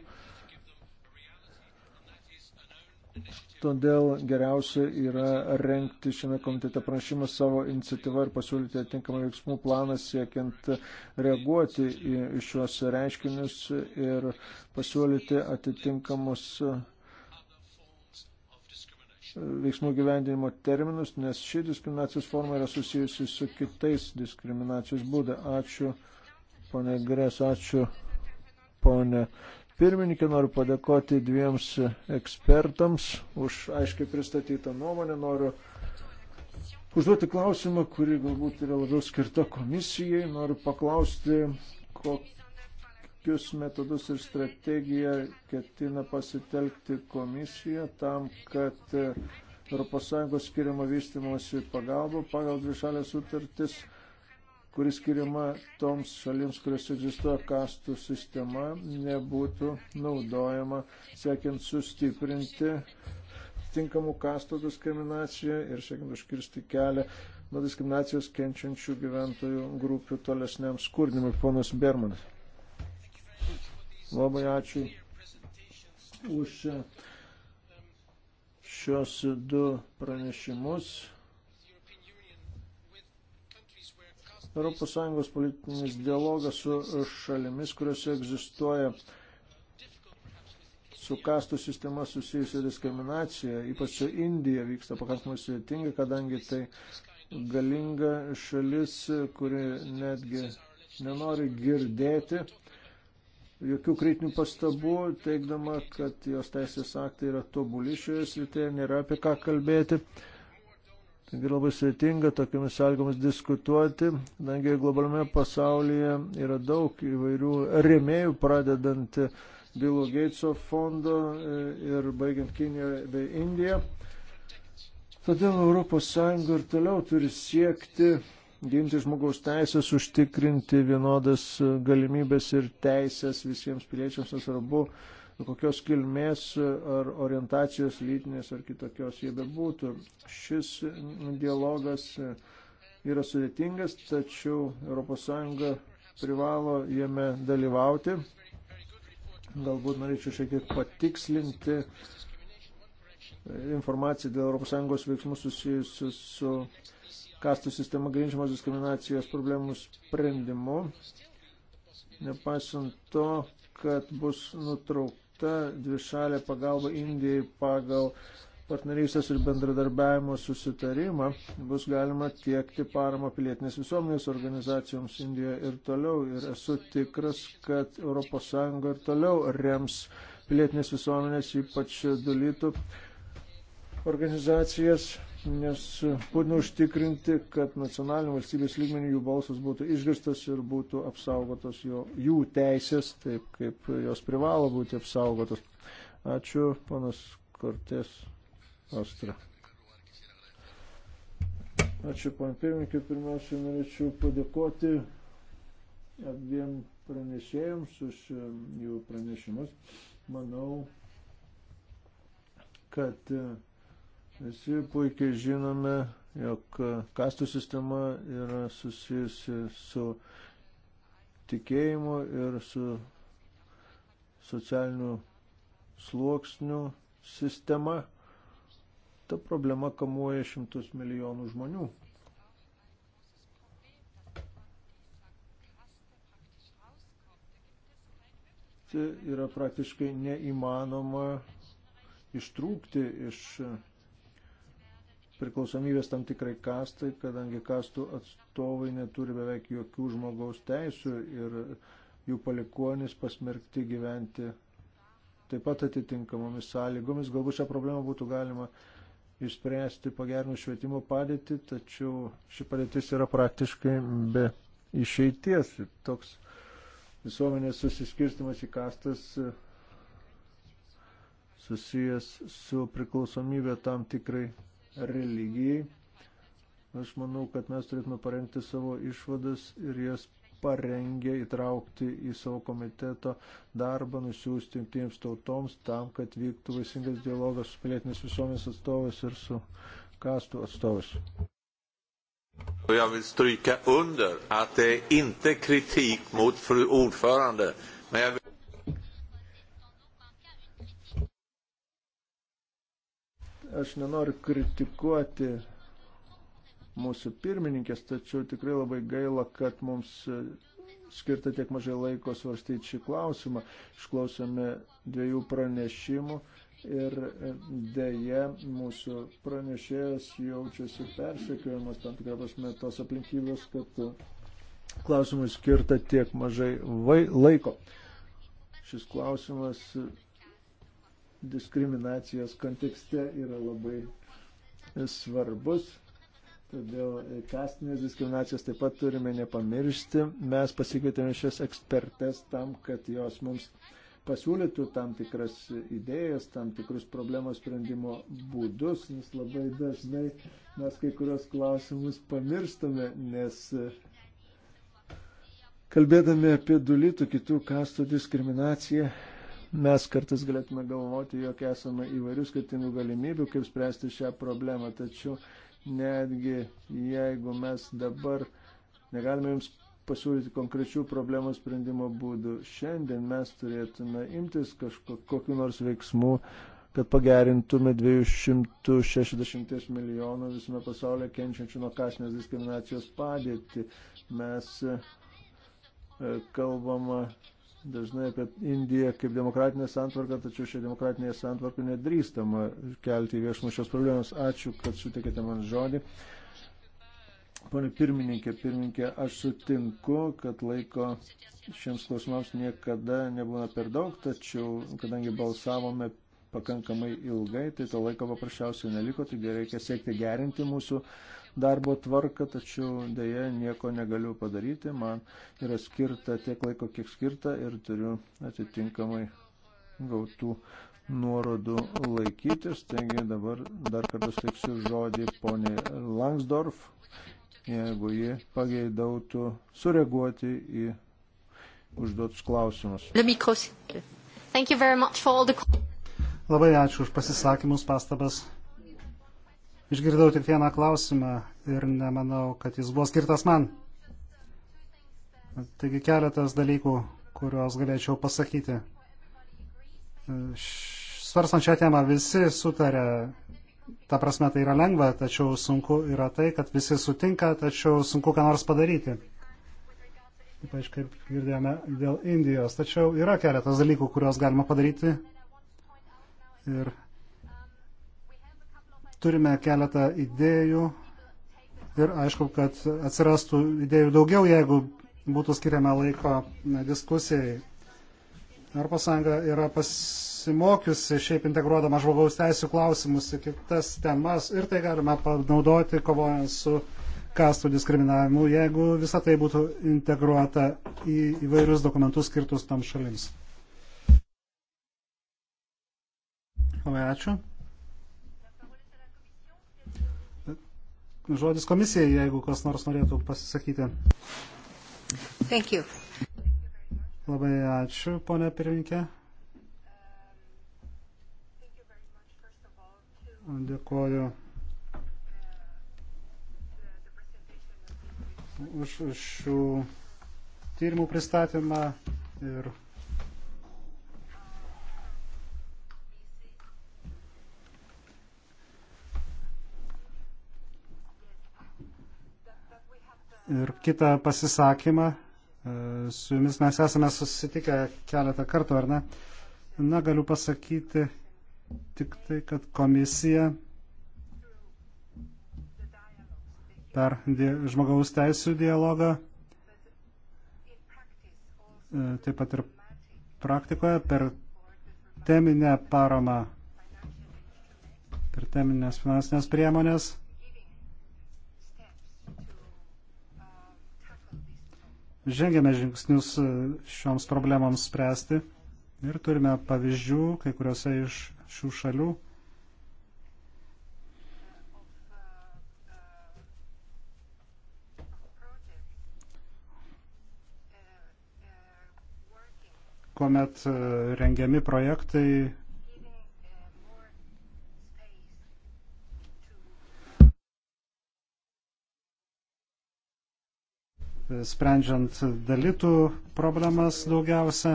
Todėl geriausia yra renkti šiame komitete pranešimą savo iniciatyvą ir pasiūlyti atinkamą veiksmų planą siekiant reaguoti į šiuos reiškinius ir pasiūlyti atitinkamus veiksmų gyvendinimo terminus, nes ši diskriminacijos forma yra susijusi su kitais diskriminacijos būda. Ačiū, ponė Gres, ačiū, ponė pirmininkė. Noriu padėkoti dviems ekspertams už aiškiai pristatytą nuomonę. Noriu užduoti klausimą, kuri galbūt yra labiau skirta komisijai. Noriu paklausti, kokia kokius metodus ir strategiją ketina pasitelkti komisija tam, kad ES skiriama vystimosi pagalba pagal dvišalę sutartis, kuris skiriama toms šalims, kurios egzistuoja kastų sistema, nebūtų naudojama siekiant sustiprinti tinkamų kastų diskriminaciją ir siekiant užkirsti kelią nuo diskriminacijos kenčiančių gyventojų grupių tolesniam skurdimui. Ponas Bermanas. Labai ačiū už šios du pranešimus. ES politinis dialogas su šalimis, kuriuose egzistuoja su kastų sistema susijusi diskriminacija, ypač su Indija vyksta pakankamai sudėtinga, kadangi tai galinga šalis, kuri netgi nenori girdėti jokių kritinių pastabų, teikdama, kad jos teisės aktai yra tobuli šioje srityje, nėra apie ką kalbėti. Taigi labai sveitinga tokiamis sąlygomis diskutuoti, kadangi globaliame pasaulyje yra daug įvairių rėmėjų, pradedant Bilo Gateso fondo e, ir baigiant Kiniją bei Indiją. Todėl ES ir toliau turi siekti ginti žmogaus teisės, užtikrinti vienodas galimybės ir teisės visiems piliečiams, nesvarbu, kokios kilmės ar orientacijos lytinės ar kitokios jie bebūtų. Šis dialogas yra sudėtingas, tačiau ES privalo jame dalyvauti. Galbūt norėčiau šiek tiek patikslinti informaciją dėl ES veiksmų susijusių su kastų sistema grindžiamos diskriminacijos problemų sprendimu, nepaisant to, kad bus nutraukta dvišalė pagalba Indijai pagal partnerystės ir bendradarbiavimo susitarimą, bus galima tiekti paramą pilietinės visuomenės organizacijoms Indijoje ir toliau. Ir esu tikras, kad ES ir toliau rems pilietinės visuomenės, ypač dalytų organizacijas nes būtina užtikrinti, kad nacionalinių valstybės lygmenių jų balsas būtų išgirstas ir būtų apsaugotos jo, jų teisės, taip kaip jos privalo būti apsaugotos. Ačiū, panas Kortės Astra. Ačiū, pan pirmininkė, pirmiausia, norėčiau padėkoti abiem pranešėjams už um, jų pranešimus. Manau, kad uh, Visi puikiai žinome, jog kastų sistema yra susijusi su tikėjimu ir su socialiniu sluoksniu sistema. Ta problema kamuoja šimtus milijonų žmonių. Tai yra praktiškai neįmanoma ištrūkti iš priklausomybės tam tikrai kastai, kadangi kastų atstovai neturi beveik jokių žmogaus teisų ir jų palikonis pasmerkti gyventi taip pat atitinkamomis sąlygomis. Galbūt šią problemą būtų galima išspręsti pagerinus švietimo padėtį, tačiau ši padėtis yra praktiškai be išeities. Toks visuomenės susiskirstimas į kastas susijęs su priklausomybė tam tikrai religijai. Aš manau, kad mes turėtume parengti savo išvadas ir jas parengė įtraukti į savo komiteto darbą, nusiųsti jungtinėms tautoms tam, kad vyktų vaisingas dialogas su pilietinės visuomenės atstovais ir su kastų atstovais. Jag vill stryka under att det är inte kritik mot fru ordförande, men jag vill... Aš nenoriu kritikuoti mūsų pirmininkės, tačiau tikrai labai gaila, kad mums skirta tiek mažai laiko svarstyti šį klausimą. Išklausome dviejų pranešimų ir dėje mūsų pranešėjas jaučiasi persekiojamas tam tikra prasme tos aplinkybės, kad klausimui skirta tiek mažai vai, laiko. Šis klausimas diskriminacijos kontekste yra labai svarbus. Todėl kastinės diskriminacijos taip pat turime nepamiršti. Mes pasikvietėme šias ekspertes tam, kad jos mums pasiūlytų tam tikras idėjas, tam tikrus problemos sprendimo būdus, nes labai dažnai mes kai kurios klausimus pamirštame, nes kalbėdami apie dulytų kitų kastų diskriminaciją Mes kartais galėtume galvoti, jog esame įvairių skirtingų galimybių, kaip spręsti šią problemą, tačiau netgi jeigu mes dabar negalime jums pasiūlyti konkrečių problemų sprendimo būdų, šiandien mes turėtume imtis kažkokiu nors veiksmu, kad pagerintume 260 milijonų visame pasaulyje kenčiančių nuo kasinės diskriminacijos padėtį. Mes e, kalbama dažnai apie Indiją kaip demokratinę santvarką, tačiau šią demokratinę santvarką nedrįstama kelti viešumą šios problemos. Ačiū, kad sutikėte man žodį. Pane pirmininkė, pirmininkė, aš sutinku, kad laiko šiems klausimams niekada nebūna per daug, tačiau kadangi balsavome pakankamai ilgai, tai to laiko paprasčiausiai neliko, taigi reikia siekti gerinti mūsų darbo tvarką, tačiau dėja nieko negaliu padaryti. Man yra skirta tiek laiko, kiek skirta ir turiu atitinkamai gautų nuorodų laikytis. Taigi dabar dar kartą steiksiu žodį poniai Langsdorf, jeigu ji pageidautų sureaguoti į užduotus klausimus. Labai ačiū už pasisakymus, pastabas. Išgirdau tik vieną klausimą ir nemanau, kad jis buvo skirtas man. Taigi keletas dalykų, kuriuos galėčiau pasakyti. Svarstant šią temą visi sutarė, ta prasme tai yra lengva, tačiau sunku yra tai, kad visi sutinka, tačiau sunku ką nors padaryti. Ypač kaip girdėjome dėl Indijos. Tačiau yra keletas dalykų, kuriuos galima padaryti. Ir turime keletą idėjų ir aišku, kad atsirastų idėjų daugiau, jeigu būtų skiriama laiko diskusijai. Europos Sąjunga yra pasimokiusi šiaip integruodama žmogaus teisų klausimus į kitas temas ir tai galima panaudoti kovojant su kastų diskriminavimu, jeigu visa tai būtų integruota į įvairius dokumentus skirtus tam šalims. Labai ačiū. žodis komisijai, jeigu kas nors norėtų pasisakyti. Thank you. Labai ačiū, ponė pirminkė. Dėkuoju už šių tyrimų pristatymą ir ir kitą pasisakymą. E, su jumis mes esame susitikę keletą kartų, ar ne? Na, galiu pasakyti tik tai, kad komisija per žmogaus teisų dialogą, e, taip pat ir praktikoje, per teminę paramą, per teminės finansinės priemonės žengėme žingsnius e, šioms problemams spręsti ir turime pavyzdžių kai kuriuose iš šių šalių. kuomet e, rengiami projektai sprendžiant dalytų problemas daugiausia.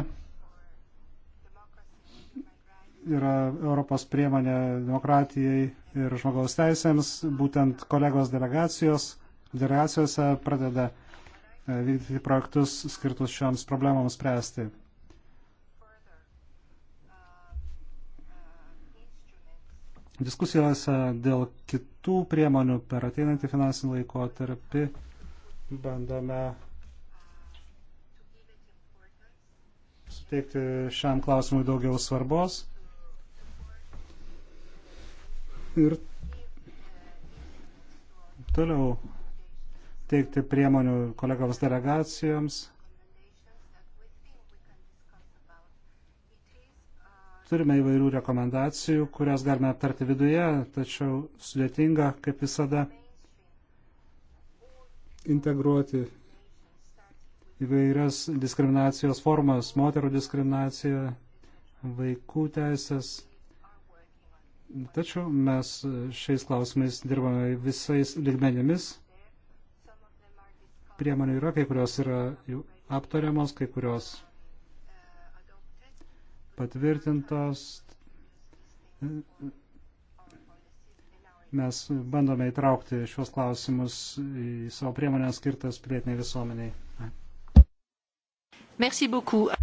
Yra Europos priemonė demokratijai ir žmogaus teisėms. Būtent kolegos delegacijos, delegacijose pradeda e, vykdyti projektus skirtus šioms problemams spręsti. Diskusijose dėl kitų priemonių per ateinantį finansinį laikotarpį bandome suteikti šiam klausimui daugiau svarbos. Ir toliau teikti priemonių kolegams delegacijoms. Turime įvairių rekomendacijų, kurias galime aptarti viduje, tačiau sudėtinga, kaip visada, integruoti įvairias diskriminacijos formas, moterų diskriminacija, vaikų teisės. Tačiau mes šiais klausimais dirbame visais ligmenėmis. Priemonių yra, kai kurios yra jau aptariamos, kai kurios patvirtintos mes bandome įtraukti šios klausimus į savo priemonę skirtas pilietiniai visuomeniai. Merci beaucoup.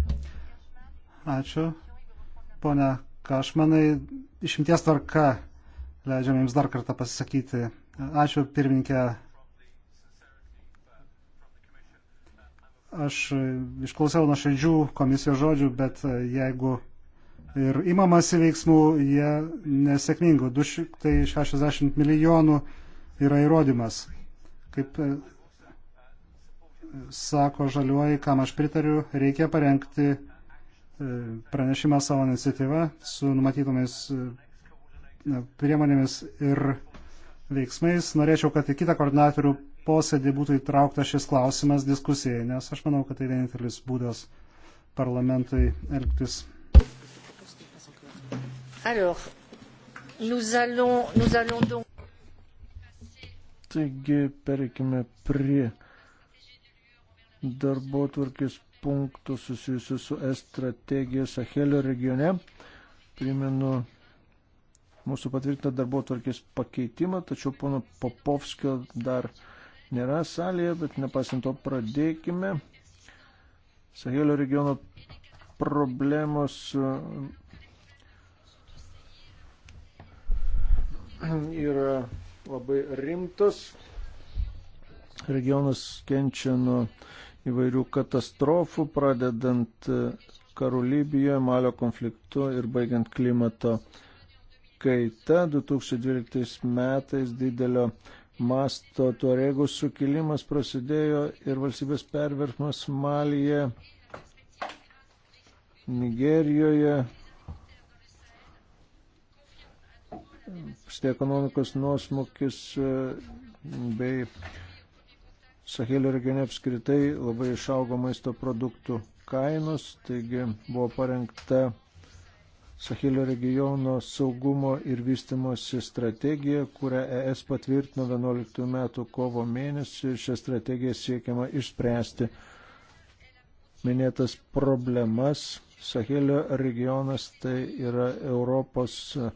Ačiū. Pone Kašmanai, išimties tvarka leidžiame jums dar kartą pasisakyti. Ačiū pirmininkė. Aš išklausiau nuo šeidžių komisijos žodžių, bet jeigu ir imamasi veiksmų, jie nesėkmingų. 260 milijonų yra įrodymas. Kaip e, sako žaliuoji, kam aš pritariu, reikia parengti e, pranešimą savo iniciatyvą su numatytomis e, priemonėmis ir veiksmais. Norėčiau, kad į kitą koordinatorių posėdį būtų įtraukta šis klausimas diskusijai, nes aš manau, kad tai vienintelis būdas parlamentui elgtis Alors, nous allons, nous allons donc... Taigi, pereikime prie darbo tvarkės punktų susijusių su e-strategija Sahelio regione. Primenu mūsų patvirtintą darbo tvarkės pakeitimą, tačiau pono Popovskio dar nėra salėje, bet nepasint to pradėkime. Sahelio regiono problemos yra labai rimtas. Regionas kenčia nuo įvairių katastrofų, pradedant e, karų Libijoje, Malio konfliktu ir baigiant klimato kaita. 2012 metais didelio masto Tuaregų sukilimas prasidėjo ir valstybės perversmas Malyje, Nigerijoje, šitie ekonomikos nuosmukis e, bei Sahelio regione apskritai labai išaugo maisto produktų kainos, taigi buvo parengta Sahelio regiono saugumo ir vystimosi strategija, kurią ES patvirtino 11 metų kovo mėnesį ir šią strategiją siekiama išspręsti minėtas problemas. Sahelio regionas tai yra Europos uh,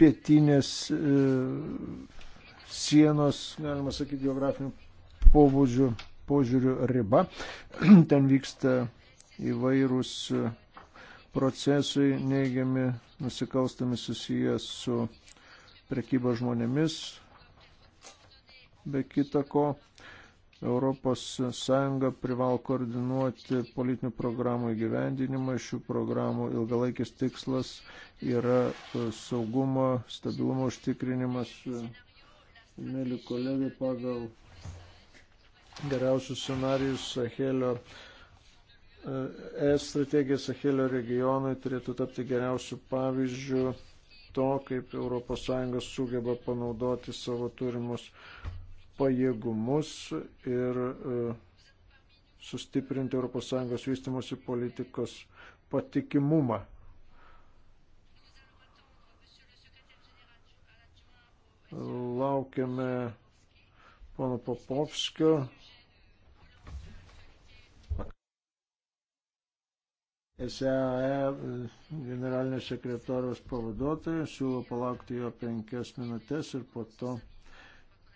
pietinės e, sienos, galima sakyti, geografinių pobūdžių, požiūrių riba. Ten vyksta įvairūs e, procesai neigiami, nusikalstami susijęs su prekyba žmonėmis, be kita ko. ES privalo koordinuoti politinių programų įgyvendinimą. Šių programų ilgalaikis tikslas yra e, saugumo, stabilumo užtikrinimas. Mėly kolegai, pagal geriausius scenarius Sahelio ES e strategija Sahelio regionui turėtų tapti geriausių pavyzdžių to, kaip ES sugeba panaudoti savo turimus pajėgumus ir e, sustiprinti ES vystimosi politikos patikimumą. Laukiame pono Popovskio. SAE e, generalinio sekretoriaus pavaduotojų siūlo palaukti jo penkias minutės ir po to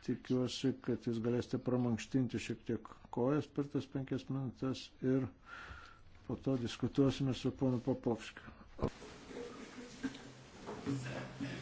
tikiuosi, kad jūs galėsite pramankštinti šiek tiek kojas per tas penkias minutės ir po to diskutuosime su ponu Popovskiu. Thank you.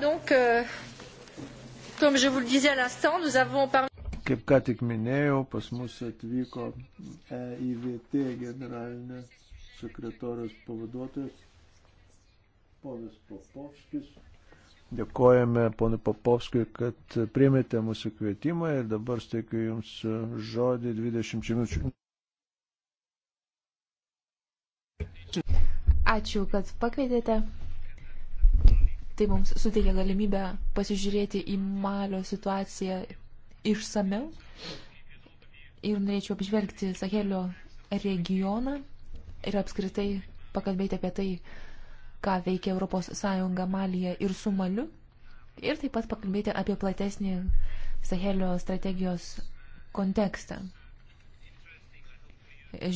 donc, euh, comme je vous le disais à l'instant, nous avons parmi... Kaip ką tik minėjau, pas mus atvyko EIVT generalinė sekretorijos pavaduotojas ponas Popovskis. Dėkojame ponui Popovskui, kad priemėte mūsų kvietimą ir dabar steikiu Jums žodį 20 minučių. Ačiū, kad pakvietėte. Tai mums suteikia galimybę pasižiūrėti į Malio situaciją išsameu. Ir norėčiau apžvelgti Sahelio regioną ir apskritai pakalbėti apie tai, ką veikia ES Malija ir su Maliu. Ir taip pat pakalbėti apie platesnį Sahelio strategijos kontekstą.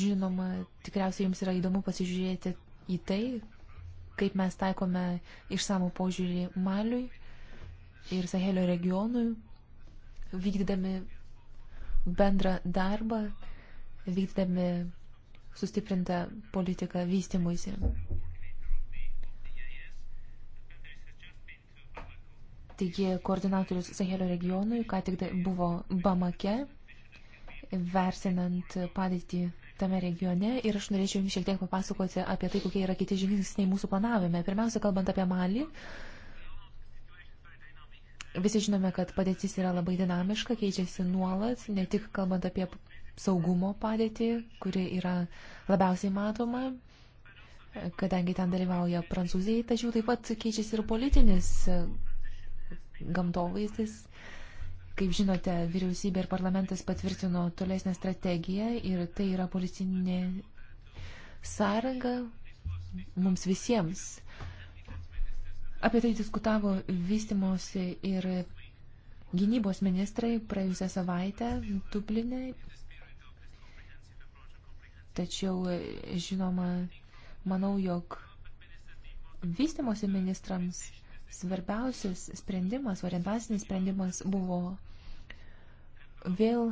Žinoma, tikriausiai jums yra įdomu pasižiūrėti į tai, kaip mes taikome išsamų požiūrį Maliui ir Sahelio regionui, vykdydami bendrą darbą, vykdydami sustiprintą politiką vystimuisi. Taigi koordinatorius Sahelio regionui ką tik buvo Bamake, versinant padėtį tame regione ir aš norėčiau jums šiek tiek papasakoti apie tai, kokie yra kiti žingsniai mūsų planavime. Pirmiausia, kalbant apie Malį, visi žinome, kad padėtis yra labai dinamiška, keičiasi nuolat, ne tik kalbant apie saugumo padėtį, kuri yra labiausiai matoma, kadangi ten dalyvauja prancūzijai, tačiau taip pat keičiasi ir politinis gamtovaizdis. Kaip žinote, vyriausybė ir parlamentas patvirtino tolesnę strategiją ir tai yra policinė sąranga mums visiems. Apie tai diskutavo vystimosi ir gynybos ministrai praėjusią savaitę Dublinė. Tačiau, žinoma, manau, jog vystimosi ministrams svarbiausias sprendimas, orientacinis sprendimas buvo vėl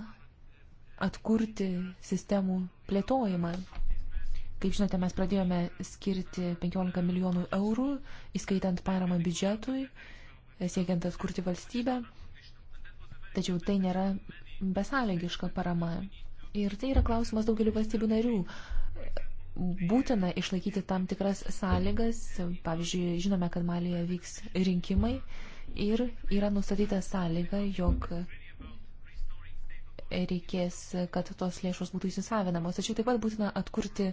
atkurti sistemų plėtojimą. Kaip žinote, mes pradėjome skirti 15 milijonų eurų, įskaitant paramą biudžetui, siekiant atkurti valstybę. Tačiau tai nėra besąlygiška parama. Ir tai yra klausimas daugeliu valstybių narių. Būtina išlaikyti tam tikras sąlygas. Pavyzdžiui, žinome, kad Malėje vyks rinkimai ir yra nustatyta sąlyga, jog reikės, kad tos lėšos būtų įsisavinamos. Tačiau taip pat būtina atkurti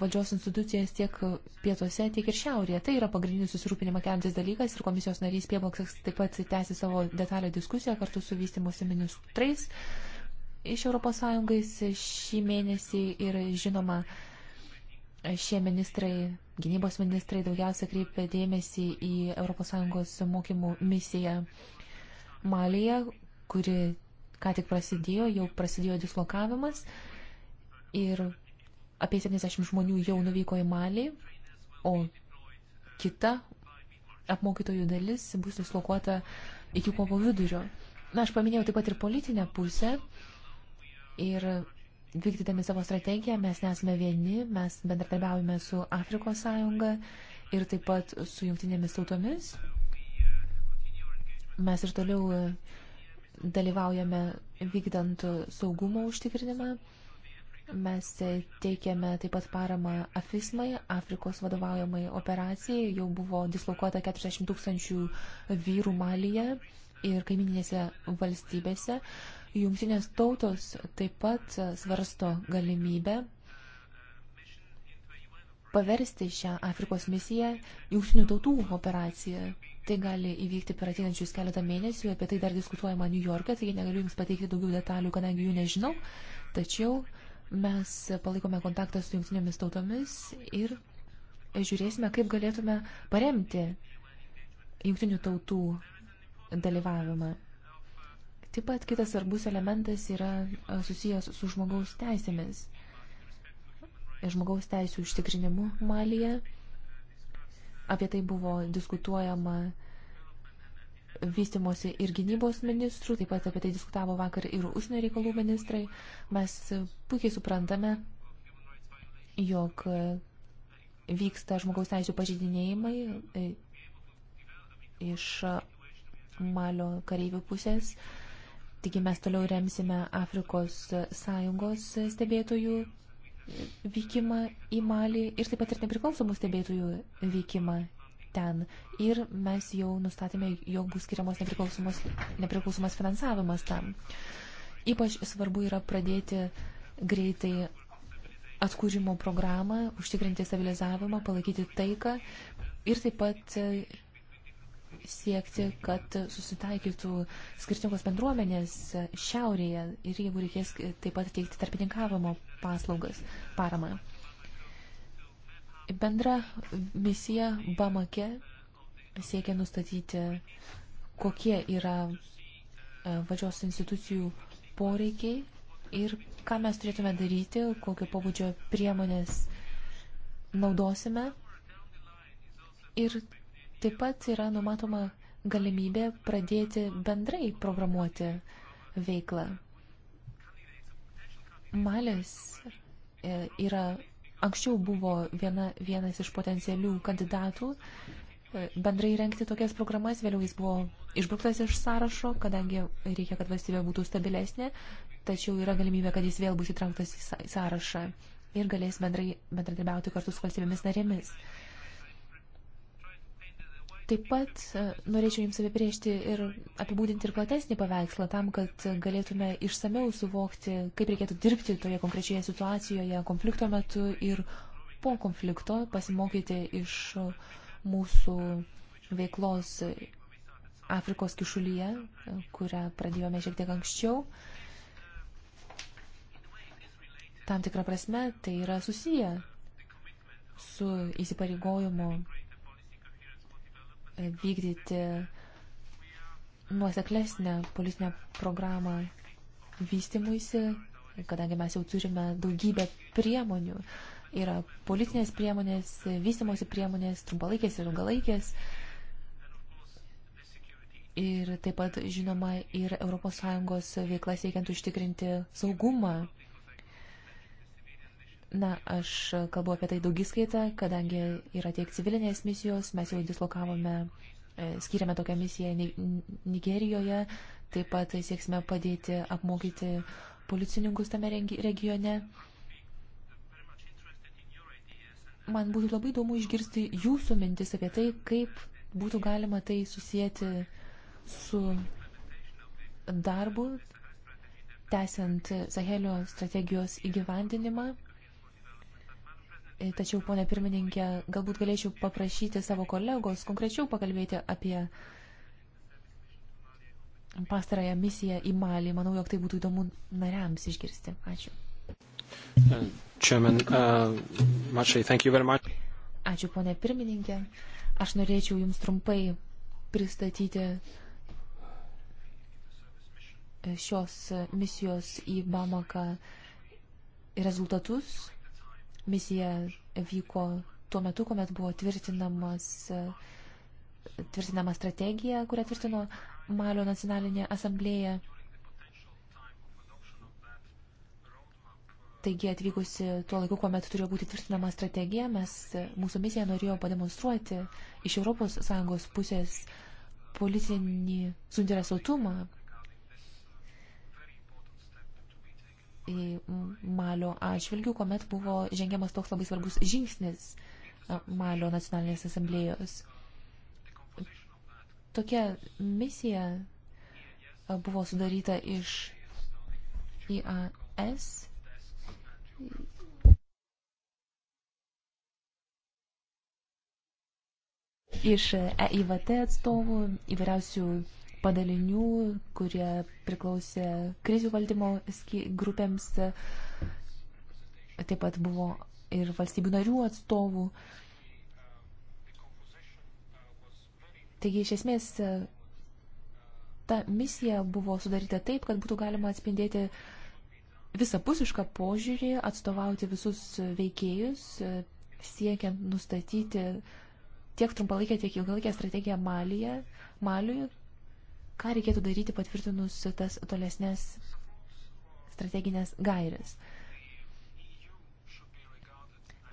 valdžios institucijas tiek pietuose, tiek ir šiaurėje. Tai yra pagrindinis susirūpinimą keliantis dalykas ir komisijos narys Pieboksas taip pat tęsi savo detalę diskusiją kartu su vystimusi ministrais iš ES šį mėnesį ir žinoma, šie ministrai, gynybos ministrai daugiausia kreipia dėmesį į ES mokymų misiją Malyje, kuri ką tik prasidėjo, jau prasidėjo dislokavimas ir apie 70 žmonių jau nuvyko į Malį, o kita apmokytojų dalis bus dislokuota iki kovo vidurio. Na, aš paminėjau taip pat ir politinę pusę ir vykdydami savo strategiją mes nesame vieni, mes bendradarbiaujame su Afrikos sąjunga ir taip pat su jungtinėmis tautomis. Mes ir toliau dalyvaujame vykdant saugumo užtikrinimą. Mes teikiame taip pat paramą AFISMai, Afrikos vadovaujamai operacijai. Jau buvo dislokuota 40 tūkstančių vyrų Malyje ir kaimininėse valstybėse. Jungtinės tautos taip pat svarsto galimybę paversti šią Afrikos misiją jungtinių tautų operaciją. Tai gali įvykti per ateinančius keletą mėnesių, apie tai dar diskutuojama New York'e, taigi negaliu Jums pateikti daugiau detalių, kadangi jų nežinau, tačiau mes palaikome kontaktą su jungtinėmis tautomis ir žiūrėsime, kaip galėtume paremti jungtinių tautų dalyvavimą. Taip pat kitas svarbus elementas yra susijęs su žmogaus teisėmis. Žmogaus teisų užtikrinimu Malyje Apie tai buvo diskutuojama vystimosi ir gynybos ministrų, taip pat apie tai diskutavo vakar ir užsienio reikalų ministrai. Mes puikiai suprantame, jog vyksta žmogaus teisų pažydinėjimai e, iš Malio kareivių pusės. Taigi mes toliau remsime Afrikos sąjungos stebėtojų vykimą į Malį ir taip pat ir nepriklausomų stebėtojų vykimą ten. Ir mes jau nustatėme, jog bus skiriamas nepriklausomas finansavimas tam. Ypač svarbu yra pradėti greitai atkūrimo programą, užtikrinti stabilizavimą, palaikyti taiką ir taip pat siekti, kad susitaikytų skirtingos bendruomenės šiaurėje ir jeigu reikės taip pat teikti tarpininkavimo paslaugas, paramą. Bendra misija Bamake siekia nustatyti, kokie yra e, valdžios institucijų poreikiai ir ką mes turėtume daryti, kokio pobūdžio priemonės naudosime. Ir Taip pat yra numatoma galimybė pradėti bendrai programuoti veiklą. Malis e, yra, anksčiau buvo viena, vienas iš potencialių kandidatų e, bendrai rengti tokias programas, vėliau jis buvo išbruktas iš sąrašo, kadangi reikia, kad valstybė būtų stabilesnė, tačiau yra galimybė, kad jis vėl bus įtrauktas į sąrašą ir galės bendrai bendradarbiauti kartu su valstybėmis narėmis. Taip pat e, norėčiau Jums apibriežti ir apibūdinti ir platesnį paveikslą tam, kad galėtume išsameu suvokti, kaip reikėtų dirbti toje konkrečioje situacijoje konflikto metu ir po konflikto pasimokyti iš mūsų veiklos Afrikos kišulyje, kurią pradėjome šiek tiek anksčiau. Tam tikrą prasme tai yra susiję su įsipareigojimu vykdyti nuoseklesnę politinę programą vystimuisi, kadangi mes jau turime daugybę priemonių. Yra politinės priemonės, vystimosi priemonės, trumpalaikės ir ilgalaikės. Ir taip pat, žinoma, ir ES veikla siekiant užtikrinti saugumą Na, aš kalbu apie tai daugiskaitą, kadangi yra tiek civilinės misijos, mes jau dislokavome, e, skiriame tokią misiją Nigerijoje, taip pat sieksime padėti apmokyti policininkus tame regione. Man būtų labai įdomu išgirsti jūsų mintis apie tai, kaip būtų galima tai susijęti su darbu, tęsiant Sahelio strategijos įgyvendinimą E, tačiau, ponė pirmininkė, galbūt galėčiau paprašyti savo kolegos konkrečiau pakalbėti apie pastarąją misiją į Malį. Manau, jog tai būtų įdomu nariams išgirsti. Ačiū. Uh, Chairman, uh, Mačiai, thank you very much. Ačiū, ponė pirmininkė. Aš norėčiau Jums trumpai pristatyti e, šios misijos į Bamaką rezultatus Misija vyko tuo metu, kuomet buvo tvirtinamas, tvirtinama strategija, kurią tvirtino Malio nacionalinė asamblėja. Taigi atvykusi tuo laiku, kuomet turėjo būti tvirtinama strategija, mes mūsų misija norėjo pademonstruoti iš ES pusės politinį suinteresuotumą Malio atžvilgių, kuomet buvo žengiamas toks labai svarbus žingsnis Malio nacionalinės asamblėjos. Tokia misija buvo sudaryta iš IAS iš EIVT atstovų, įvairiausių padalinių, kurie priklausė krizių valdymo grupėms. Taip pat buvo ir valstybių narių atstovų. Taigi, iš esmės, ta misija buvo sudaryta taip, kad būtų galima atspindėti visapusišką požiūrį, atstovauti visus veikėjus, siekiant nustatyti tiek trumpalaikę, tiek ilgalaikę strategiją Malyje, Maliui, ką reikėtų daryti patvirtinus tas tolesnės strateginės gairės.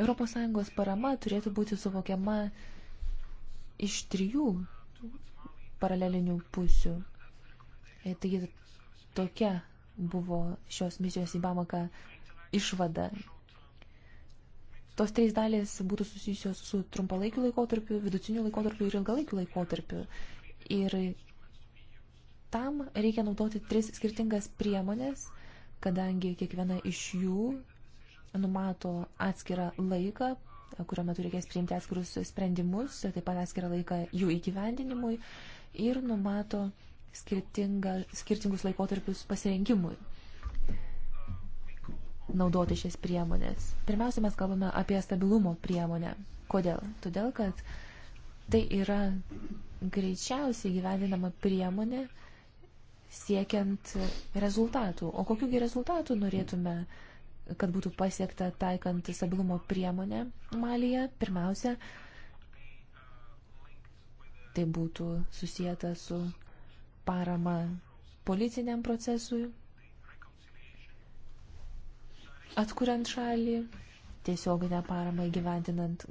ES parama turėtų būti suvokiama iš trijų paralelinių pusių. E, taigi tokia buvo šios misijos į Bamaką išvada. Tos trys dalys būtų susijusios su trumpalaikiu laikotarpiu, vidutiniu laikotarpiu ir ilgalaikiu laikotarpiu. Ir Tam reikia naudoti tris skirtingas priemonės, kadangi kiekviena iš jų numato atskirą laiką, kurio metu reikės priimti atskirus sprendimus, taip pat atskirą laiką jų įgyvendinimui ir numato skirtingus laikotarpius pasirinkimui naudoti šias priemonės. Pirmiausia, mes kalbame apie stabilumo priemonę. Kodėl? Todėl, kad tai yra greičiausiai gyvendinama priemonė, siekiant rezultatų. O kokiugi rezultatų norėtume, kad būtų pasiekta taikant stabilumo priemonę Malyje? Pirmiausia, tai būtų susijęta su parama policiniam procesui, atkuriant šalį, tiesioginę paramą įgyventinant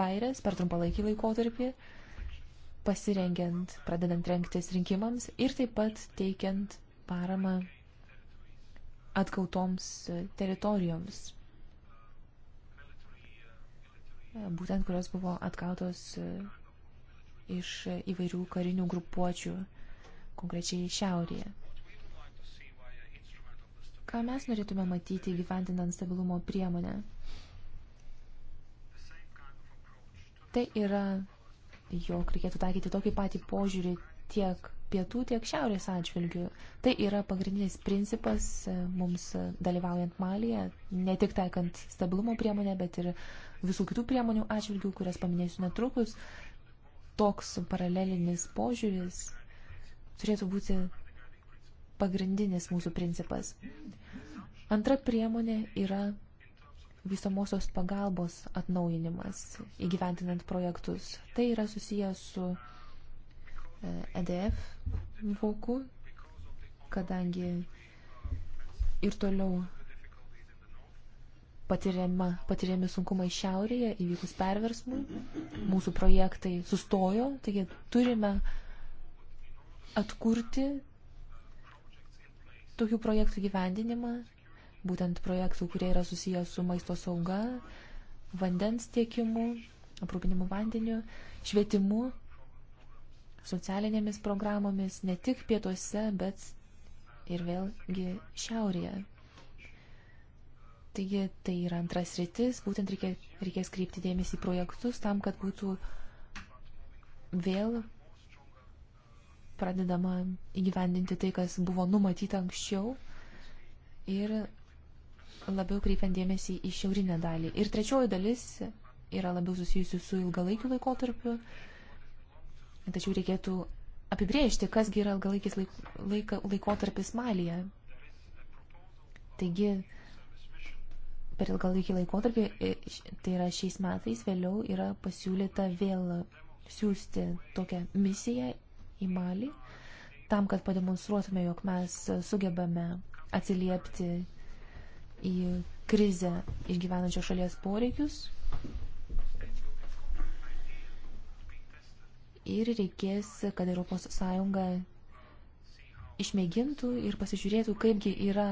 gairias per trumpalaikį laikotarpį. laikotarpį pasirengiant, pradedant renktis rinkimams ir taip pat teikiant paramą atgautoms teritorijoms, būtent kurios buvo atgautos iš įvairių karinių grupuočių, konkrečiai šiaurėje. Ką mes norėtume matyti gyventinant stabilumo priemonę? Tai yra jog reikėtų taikyti tokį patį požiūrį tiek pietų, tiek šiaurės atžvilgių. Tai yra pagrindinis principas e, mums dalyvaujant Malyje, ne tik taikant stabilumo priemonę, bet ir visų kitų priemonių atžvilgių, kurias paminėsiu netrukus. Toks paralelinis požiūris turėtų būti pagrindinis mūsų principas. Antra priemonė yra visamosios pagalbos atnaujinimas įgyventinant projektus. Tai yra susijęs su EDF e voku, kadangi ir toliau patiriama, patiriami sunkumai šiaurėje įvykus perversmui, mūsų projektai sustojo, taigi turime atkurti tokių projektų gyvendinimą būtent projektų, kurie yra susijęs su maisto sauga, vandens tiekimu, aprūpinimu vandeniu, švietimu, socialinėmis programomis ne tik pietuose, bet ir vėlgi šiaurėje. Taigi tai yra antras rytis, būtent reikia, reikės kreipti dėmesį į projektus tam, kad būtų vėl pradedama įgyvendinti tai, kas buvo numatyta anksčiau ir labiau kreipiant dėmesį į šiaurinę dalį. Ir trečioji dalis yra labiau susijusi su ilgalaikiu laikotarpiu, tačiau reikėtų apibrėžti, kasgi yra ilgalaikis laik, laik, laikotarpis Malyje. Taigi, per ilgalaikį laikotarpį, e, tai yra šiais metais, vėliau yra pasiūlyta vėl siūsti tokią misiją į Malį, tam, kad pademonstruotume, jog mes sugebame atsiliepti į krizę išgyvenančios šalies poreikius ir reikės, kad ES išmėgintų ir pasižiūrėtų, kaipgi yra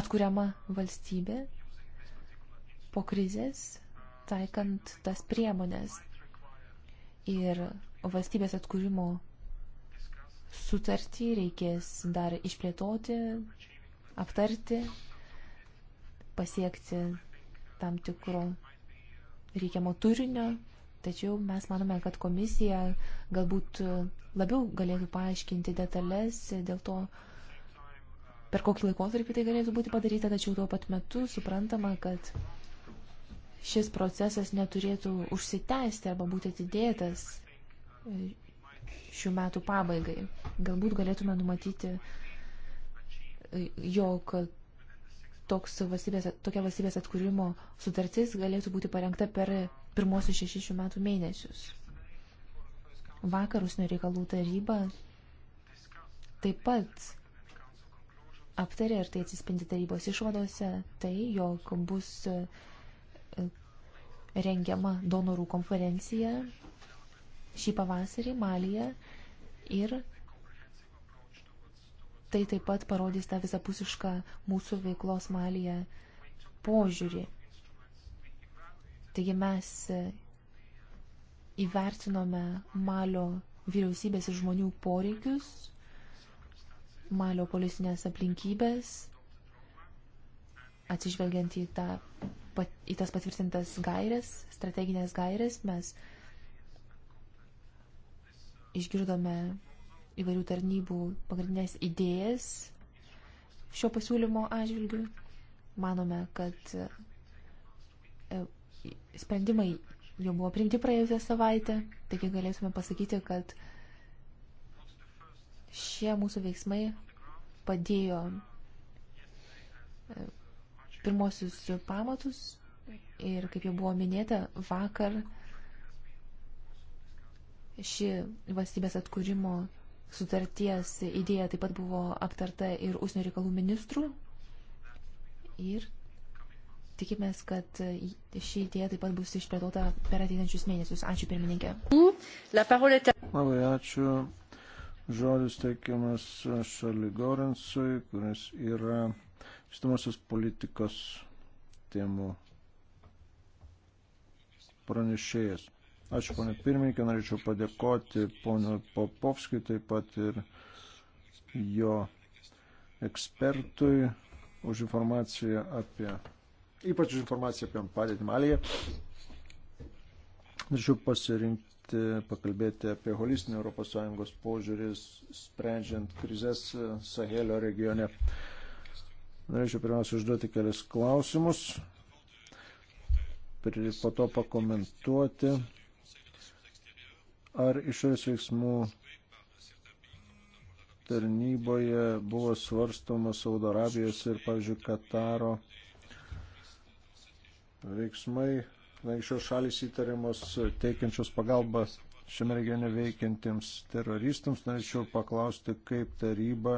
atkuriama valstybė po krizės, taikant tas priemonės. Ir valstybės atkūrimo sutartį reikės dar išplėtoti, aptarti pasiekti tam tikro reikiamo turinio, tačiau mes manome, kad komisija galbūt labiau galėtų paaiškinti detalės dėl to, per kokį laikotarpį tai galėtų būti padaryta, tačiau tuo pat metu suprantama, kad šis procesas neturėtų užsitęsti arba būti atidėtas šių metų pabaigai. Galbūt galėtume numatyti, jog toks valstybės, tokia valstybės atkūrimo sutartis galėtų būti parengta per pirmosius šešišių metų mėnesius. Vakar užsienio reikalų taryba taip pat aptarė ir tai atsispindi tarybos išvadose, tai jog bus e, rengiama donorų konferencija šį pavasarį Malyje ir Tai taip pat parodys tą visapusišką mūsų veiklos malyje požiūrį. Taigi mes e, įvertinome Malio vyriausybės ir žmonių poreikius, Malio policinės aplinkybės, atsižvelgiant į, tą, į tas patvirtintas gairės, strateginės gairės, mes išgirdome įvairių tarnybų pagrindinės idėjas šio pasiūlymo atžvilgių. Manome, kad e, sprendimai jau buvo priimti praėjusią savaitę, taigi galėsime pasakyti, kad šie mūsų veiksmai padėjo e, pirmosius pamatus ir, kaip jau buvo minėta, vakar ši valstybės atkūrimo sutarties idėja taip pat buvo aptarta ir užsienio reikalų ministrų. Ir tikimės, kad ši idėja taip pat bus išplėtota per ateinančius mėnesius. Ačiū pirmininkė. Labai ačiū. Žodis teikiamas Šarli Gorensui, kuris yra vystamosios politikos temų pranešėjas. Ačiū, ponė pirmininkė, norėčiau padėkoti ponui Popovskiui, taip pat ir jo ekspertui už informaciją apie, ypač už informaciją apie padėtį Malyje. Norėčiau pasirinkti pakalbėti apie holistinį ES požiūris, sprendžiant krizės e, Sahelio regione. Norėčiau pirmiausia užduoti kelias klausimus, po to pakomentuoti ar išorės veiksmų tarnyboje buvo svarstoma Saudo Arabijos ir, pavyzdžiui, Kataro veiksmai, kadangi šios šalis įtariamos teikiančios pagalbą šiame regione veikiantiems teroristams. Norėčiau paklausti, kaip taryba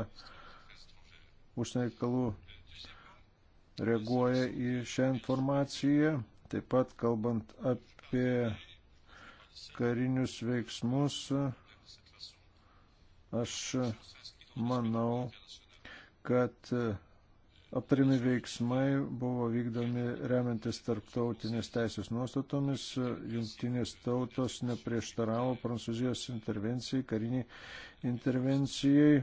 užsienio reikalų reaguoja į šią informaciją. Taip pat kalbant apie karinius veiksmus, aš manau, kad aprimi veiksmai buvo vykdomi remiantis tarptautinės teisės nuostatomis. Jungtinės tautos neprieštaravo Prancūzijos intervencijai, kariniai intervencijai.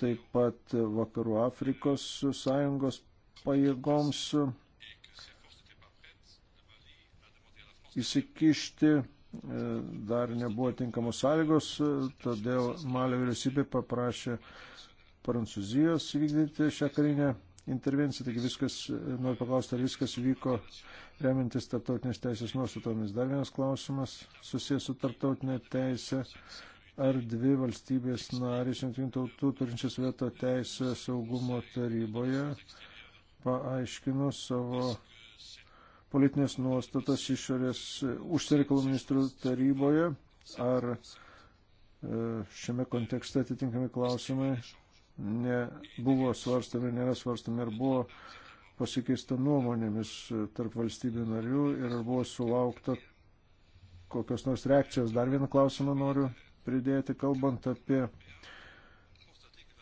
Taip pat Vakarų Afrikos sąjungos pajėgoms įsikišti, e, dar nebuvo tinkamos sąlygos, e, todėl Malio vyriausybė paprašė Prancūzijos vykdyti šią karinę intervenciją, taigi viskas, e, noriu paklausti, ar viskas vyko remintis tarptautinės teisės nuostatomis. Dar vienas klausimas susijęs su tarptautinė teisė. Ar dvi valstybės narys, jungtinių tautų turinčias veto teisę saugumo taryboje, paaiškino savo politinės nuostatas išorės užsireikalų ministrų taryboje, ar e, šiame kontekste atitinkami klausimai nebuvo svarstami, nėra svarstami, ar buvo pasikeista nuomonėmis tarp valstybių narių ir ar buvo sulaukta kokios nors reakcijos. Dar vieną klausimą noriu pridėti, kalbant apie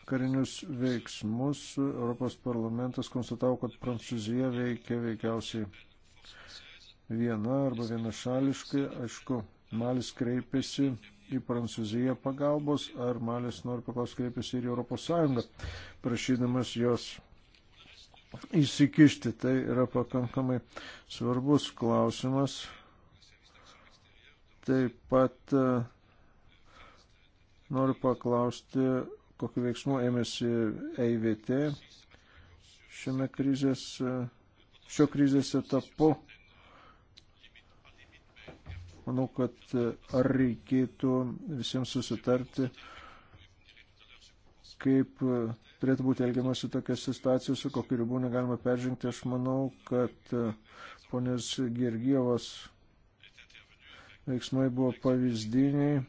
karinius veiksmus. Europos parlamentas konstatavo, kad Prancūzija veikia veikiausiai viena arba vienašališkai, aišku, Malis kreipėsi į Prancūziją pagalbos, ar Malis nori paklausti kreipėsi ir į Europos Sąjungą, prašydamas jos įsikišti. Tai yra pakankamai svarbus klausimas. Taip pat e, noriu paklausti, kokiu veiksmu ėmėsi EIVT šiame krizės e, šio krizės etapu. Manau, kad e, ar reikėtų visiems susitarti, kaip e, turėtų būti elgiamasi tokias situacijas, kokiu ribų negalima peržengti. Aš manau, kad e, ponės Gergievas veiksmai buvo pavyzdiniai.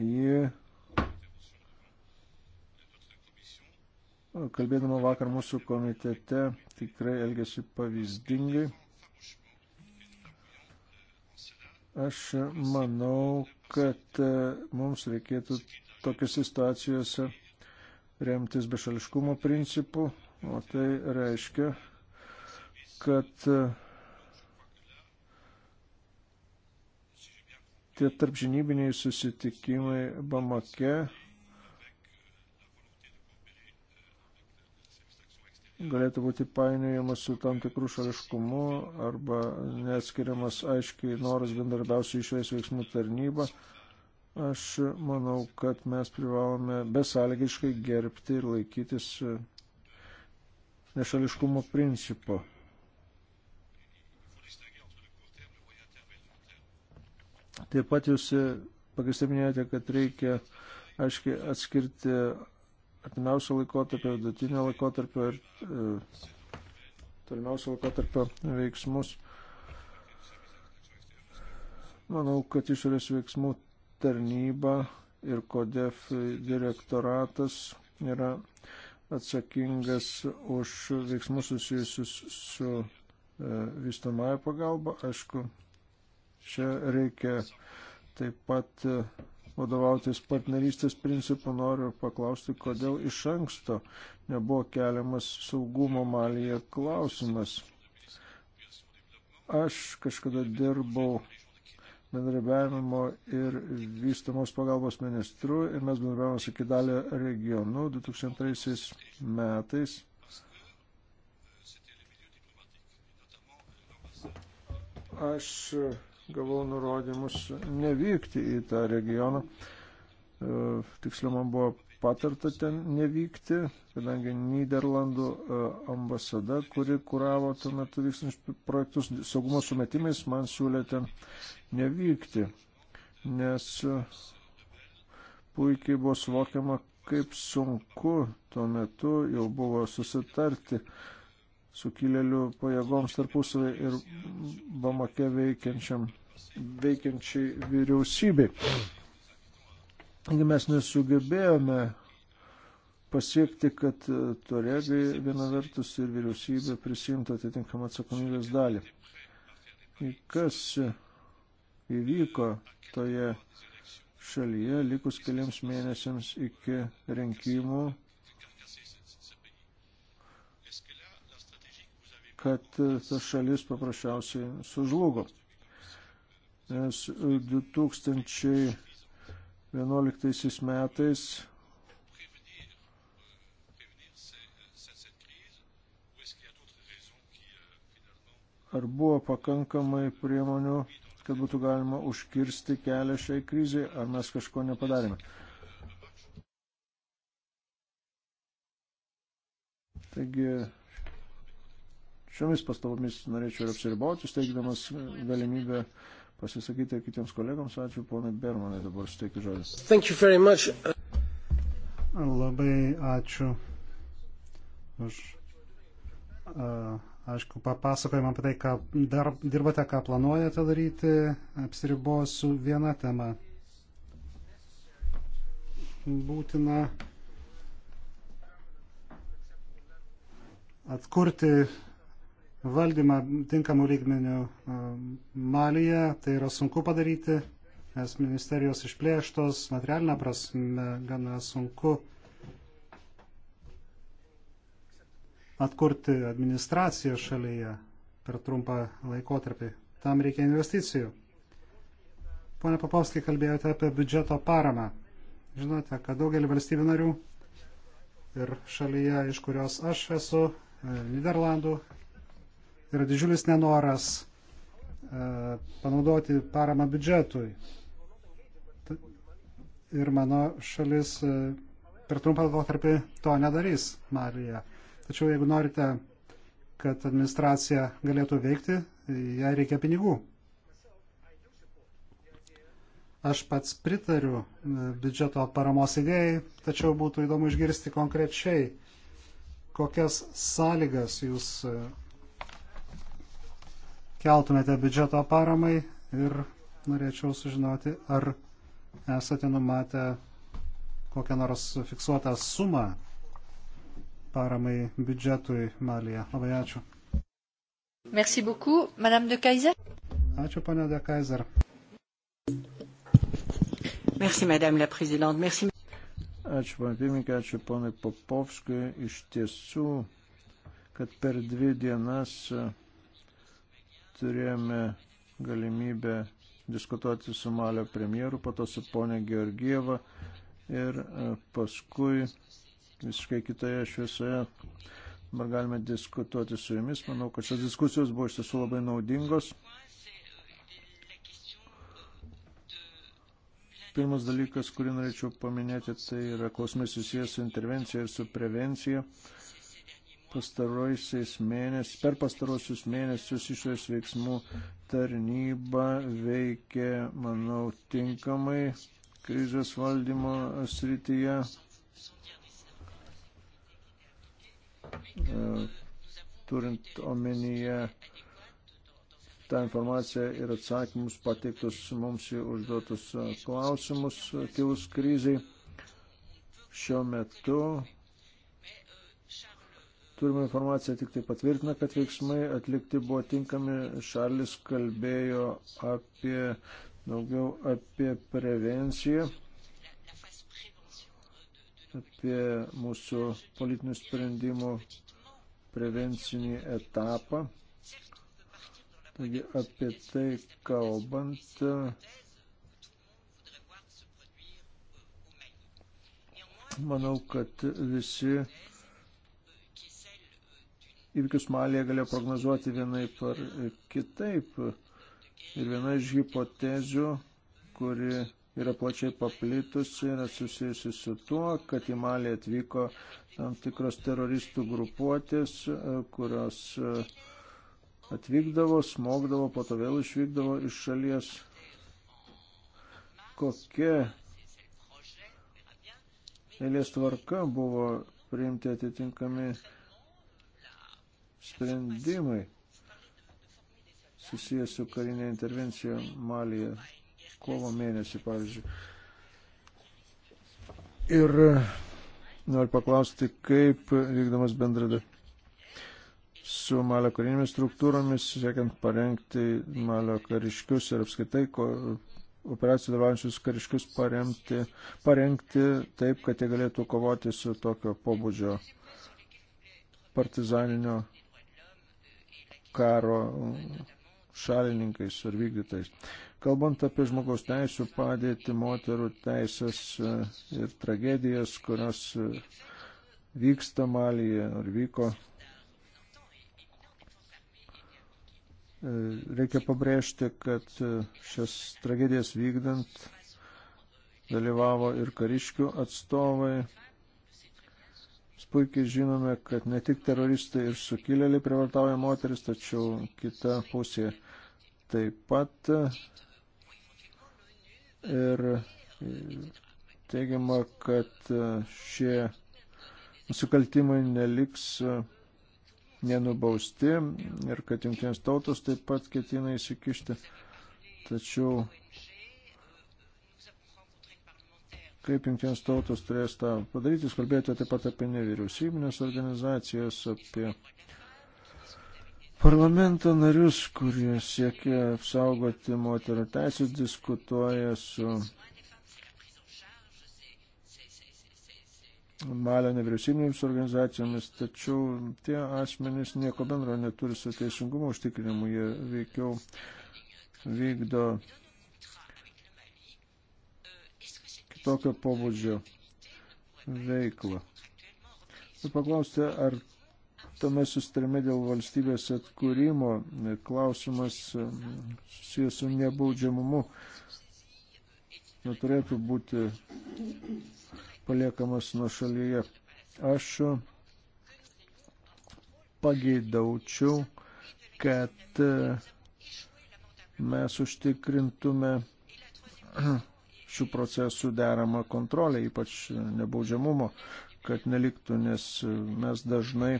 Ji kalbėdama vakar mūsų komitete, tikrai elgesi pavyzdingai. Aš manau, kad e, mums reikėtų tokiuose situacijose remtis bešališkumo principu, o tai reiškia, kad e, tie tarpžinybiniai susitikimai Bamake galėtų būti painiojamas su tam tikrų šališkumu arba neatskiriamas aiškiai noras bendarbiausiai išvės veiksmų tarnybą. Aš manau, kad mes privalome besąlygiškai gerbti ir laikytis e, nešališkumo principo. Taip pat jūs e, pagrįstai minėjote, kad reikia aiškiai atskirti artimiausio laikotarpio, vidutinio laikotarpio ir e, tolimiausio laikotarpio veiksmus. Manau, kad išorės veiksmų tarnyba ir kodef direktoratas yra atsakingas už veiksmus susijusius su e, vystamąją pagalbą. Aišku, čia reikia taip pat e, vadovautis partnerystės principu, noriu paklausti, kodėl iš anksto nebuvo keliamas saugumo malyje klausimas. Aš kažkada dirbau bendrabiavimo ir vystamos pagalbos ministru ir mes bendrabiavome su Kidalio regionu 2002 metais. Aš gavau nurodymus nevykti į tą regioną. E, tiksliau man buvo patarta ten nevykti, kadangi Niderlandų e, ambasada, kuri kuravo tuo metu vykstančius projektus saugumo sumetimais, man siūlė ten nevykti, nes e, puikiai buvo suvokiama, kaip sunku tuo metu jau buvo susitarti sukilėlių pajėgoms tarpusavį ir Bamake veikiančiai vyriausybei. Taigi mes nesugebėjome pasiekti, kad e, Toregai viena vertus ir vyriausybė prisimtų atitinkamą atsakomybės dalį. Ir kas įvyko toje šalyje likus keliams mėnesiams iki rinkimų kad ta šalis paprasčiausiai sužlugo. Nes 2011 metais ar buvo pakankamai priemonių, kad būtų galima užkirsti kelią šiai krizai, ar mes kažko nepadarėme. Taigi Šiomis pastabomis norėčiau ir apsiriboti, steigdamas galimybę pasisakyti kitiems kolegams. Ačiū ponai Bermanai dabar steikti žodis. Labai ačiū už, aišku, papasakojimą apie tai, ką dar dirbate, ką planuojate daryti. Apsiribosiu vieną temą. Būtina atkurti valdymą tinkamų lygmenių um, Malyje. Tai yra sunku padaryti, nes ministerijos išplėštos materialinę prasme gana sunku atkurti administraciją šalyje per trumpą laikotarpį. Tam reikia investicijų. Pone Papovskai, kalbėjote apie biudžeto paramą. Žinote, kad daugelį valstybių narių ir šalyje, iš kurios aš esu, e, Niderlandų, Tai yra didžiulis nenoras e, panaudoti paramą biudžetui. Ir mano šalis e, per trumpą laikotarpį to nedarys Marija. Tačiau jeigu norite, kad administracija galėtų veikti, jai reikia pinigų. Aš pats pritariu e, biudžeto paramos idėjai, tačiau būtų įdomu išgirsti konkrečiai, kokias sąlygas jūs keltumėte biudžeto paramai ir norėčiau sužinoti, ar esate numatę kokią nors fiksuotą sumą paramai biudžetui Malija. Labai ačiū. Merci beaucoup, Madame de Kaiser. Ačiū, ponia de Kaiser. Merci, Madame la Présidente. Merci. Ačiū, ponia pirmininkė, ačiū, ponai Popovskui. Iš tiesų, kad per dvi dienas uh, turėjome galimybę diskutuoti su Malio premjeru, po to su ponė Georgieva ir e, paskui visiškai kitoje šviesoje dabar galime diskutuoti su jumis. Manau, kad šios diskusijos buvo iš tiesų labai naudingos. Pirmas dalykas, kurį norėčiau paminėti, tai yra klausimai susijęs su intervencija ir su prevencija. Uh, mėnes, per pastarosius mėnesius išorės veiksmų tarnyba veikė, manau, tinkamai krizės valdymo srityje. E, turint omenyje tą informaciją ir atsakymus pateiktus mums į užduotus klausimus kilus kriziai. Šiuo metu Turime informaciją tik tai patvirtina, kad veiksmai atlikti buvo tinkami. Šalis kalbėjo apie daugiau apie prevenciją, apie mūsų politinių sprendimų prevencinį etapą. Taigi apie tai kalbant, manau, kad visi įvykius Malėje galėjo prognozuoti vienaip ar kitaip. Ir viena iš hipotezių, kuri yra plačiai paplitusi, yra susijusi su tuo, kad į Malį atvyko tam tikros teroristų grupuotės, kurios atvykdavo, smogdavo, po to vėl išvykdavo iš šalies. Kokia eilės tvarka buvo priimti atitinkami sprendimai susijęs su karinė intervencija Malyje kovo mėnesį, pavyzdžiui. Ir noriu paklausti, kaip vykdamas bendrada su Malio karinėmis struktūromis, siekiant parengti Malio kariškius ir apskaitai ko, operacijų dalyvaujančius kariškius paremti, parengti taip, kad jie galėtų kovoti su tokio pobūdžio partizaninio karo šalininkais ar vykdytais. Kalbant apie žmogaus teisų padėtį, moterų teisės e, ir tragedijas, kurios e, vyksta Malyje ar vyko, e, reikia pabrėžti, kad šias tragedijas vykdant dalyvavo ir kariškių atstovai, Mes puikiai žinome, kad ne tik teroristai ir sukilėliai privartauja moteris, tačiau kita pusė taip pat. Ir teigiama, kad šie nusikaltimai neliks nenubausti ir kad jungtinės tautos taip pat ketina įsikišti. Tačiau kaip jungtinės tautos turės tą padaryti. Jūs kalbėjote taip pat apie nevyriausybinės organizacijas, apie parlamento narius, kurie siekia apsaugoti moterų teisės, diskutuoja su Malio nevyriausybinėms organizacijomis, tačiau tie asmenys nieko bendro neturi su teisingumo užtikrinimu, jie veikiau vykdo tokio pobūdžio veiklą. Ir paklausti, ar tame sustarime dėl valstybės atkūrimo klausimas susijęs su nebaudžiamumu neturėtų nu, būti paliekamas nuo šalyje. Aš pageidaučiau, kad e, mes užtikrintume šių procesų deramą kontrolę, ypač nebaudžiamumo, kad neliktų, nes mes dažnai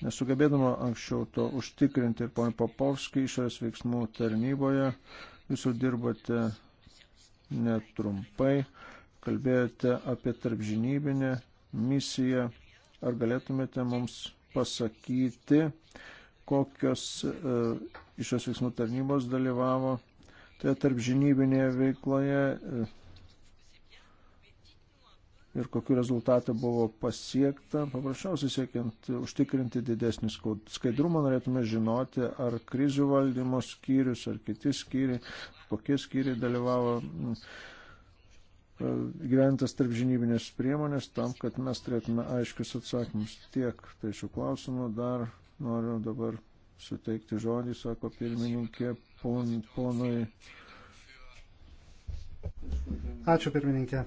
nesugebėdama anksčiau to užtikrinti ir ponai Popovskai išorės veiksmų tarnyboje, jūs jau dirbate netrumpai, kalbėjote apie tarpžinybinę misiją, ar galėtumėte mums pasakyti, kokios e, išorės veiksmų tarnybos dalyvavo toje tarp žinybinėje veikloje e, ir kokiu rezultatu buvo pasiekta. Paprasčiausiai siekiant užtikrinti didesnį skaidrumą norėtume žinoti, ar krizių valdymo skyrius, ar kiti skyriai, kokie skyriai dalyvavo e, gyventas tarp žinybinės priemonės tam, kad mes turėtume aiškius atsakymus. Tiek tai šių klausimų dar noriu dabar suteikti žodį, sako pirmininkė, pon, ponui. Ačiū pirmininkė.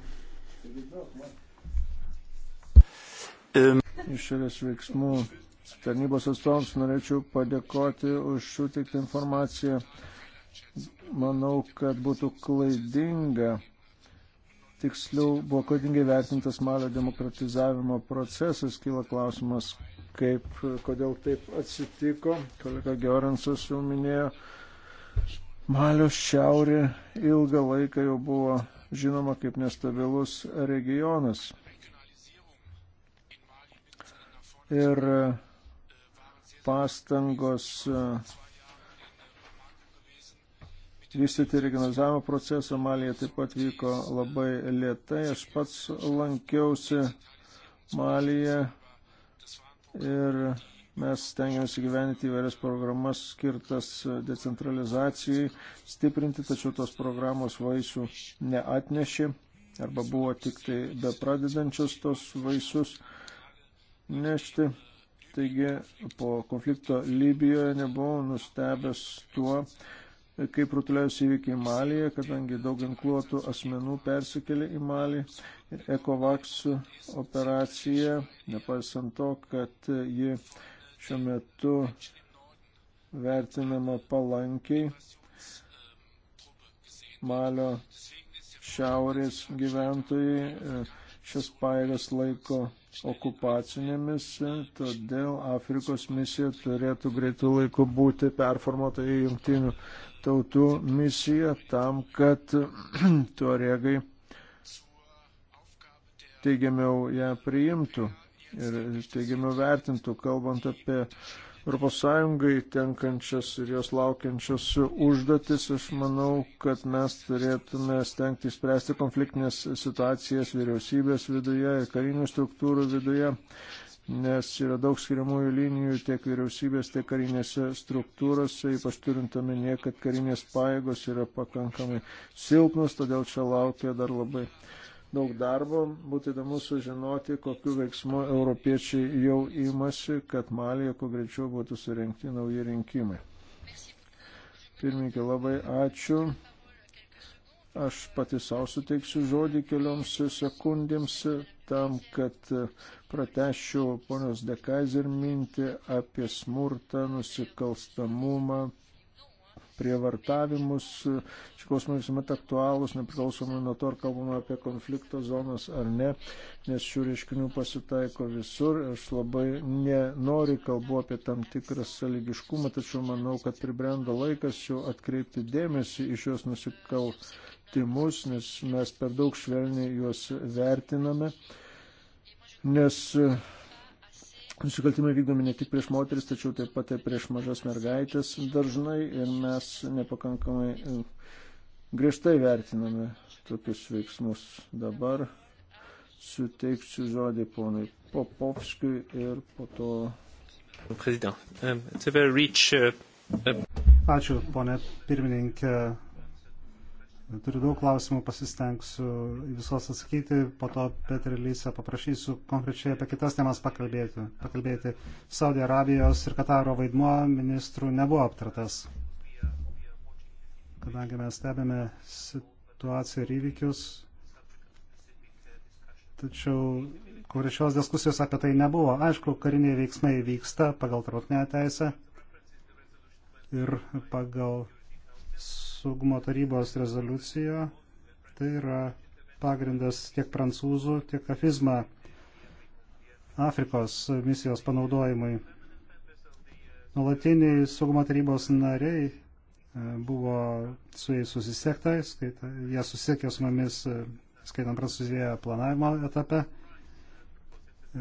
Išorės veiksmų tarnybos atstovams norėčiau padėkoti už sutiktą informaciją. Manau, kad būtų klaidinga, tiksliau buvo klaidingai vertintas Malio demokratizavimo procesas, kyla klausimas, kaip, kodėl taip atsitiko. Kolega Giorensas jau minėjo, Malio šiaurė ilgą laiką jau buvo žinoma kaip nestabilus regionas. Ir pastangos e, vystyti regionalizavimo procesą Malėje taip pat vyko labai lietai. Aš pats lankiausi Malėje ir Mes stengiamės įgyveninti įvairias programas skirtas e, decentralizacijai, stiprinti, tačiau tos programos vaisių neatnešė arba buvo tik tai be pradedančios tos vaisius nešti. Taigi po konflikto Libijoje nebuvau nustebęs tuo, kaip rutuliausi įvykiai Malyje, kadangi daug ginkluotų asmenų persikėlė į Malį ir ECOVAX operacija, nepaisant to, kad ji šiuo metu vertinama palankiai Malio šiaurės gyventojai e, šias paėgas laiko okupacinėmis, e, todėl Afrikos misija turėtų greitų laikų būti performuota į jungtinių tautų misiją tam, kad tuoregai teigiamiau ją priimtų ir teigiamai vertintų, kalbant apie ES tenkančias ir jos laukiančias užduotis. Aš manau, kad mes turėtume stengti išspręsti konfliktinės situacijas vyriausybės viduje ir karinių struktūrų viduje, nes yra daug skiriamųjų linijų tiek vyriausybės, tiek karinėse struktūrose, ypač turint omenyje, kad karinės paėgos yra pakankamai silpnos, todėl čia laukia dar labai daug darbo. Būtų įdomu sužinoti, kokiu veiksmu europiečiai jau įmasi, kad Malija kuo greičiau būtų surinkti nauji rinkimai. Pirmininkė, labai ačiū. Aš pati savo suteiksiu žodį kelioms sekundėms tam, kad prateščiau ponios Dekaiser mintį apie smurtą, nusikalstamumą, prievartavimus. Šie klausimai visuomet aktualūs, nepriklausomai nuo to, ar kalbame apie konflikto zonas ar ne, nes šių reiškinių pasitaiko visur. Aš labai nenoriu kalbu apie tam tikrą saligiškumą, tačiau manau, kad pribrendo laikas jau atkreipti dėmesį iš juos nusikaltimus, nes mes per daug švelniai juos vertiname. Nes nusikaltimai vykdomi ne tik prieš moteris, tačiau taip pat ir prieš mažas mergaitės dažnai ir mes nepakankamai e, griežtai vertiname tokius veiksmus. Dabar suteiksiu žodį ponui Popovskiui ir po to. Um, uh, uh, Ačiū, ponė pirmininkė. Turiu daug klausimų, pasistengsiu visos atsakyti, po to Petri Lysę paprašysiu konkrečiai apie kitas temas pakalbėti. pakalbėti. Saudė Arabijos ir Kataro vaidmuo ministrų nebuvo aptartas. Kadangi mes stebime situaciją ir įvykius, tačiau konkrečios diskusijos apie tai nebuvo. Aišku, kariniai veiksmai vyksta pagal trautinę teisę ir pagal saugumo tarybos rezoliuciją. Tai yra pagrindas tiek prancūzų, tiek afizma Afrikos misijos panaudojimui. Nuolatiniai saugumo tarybos nariai e, buvo su jais susisiekta, skaita, jie susisiekė su mumis, e, skaitant Prancūziją, planavimo etape.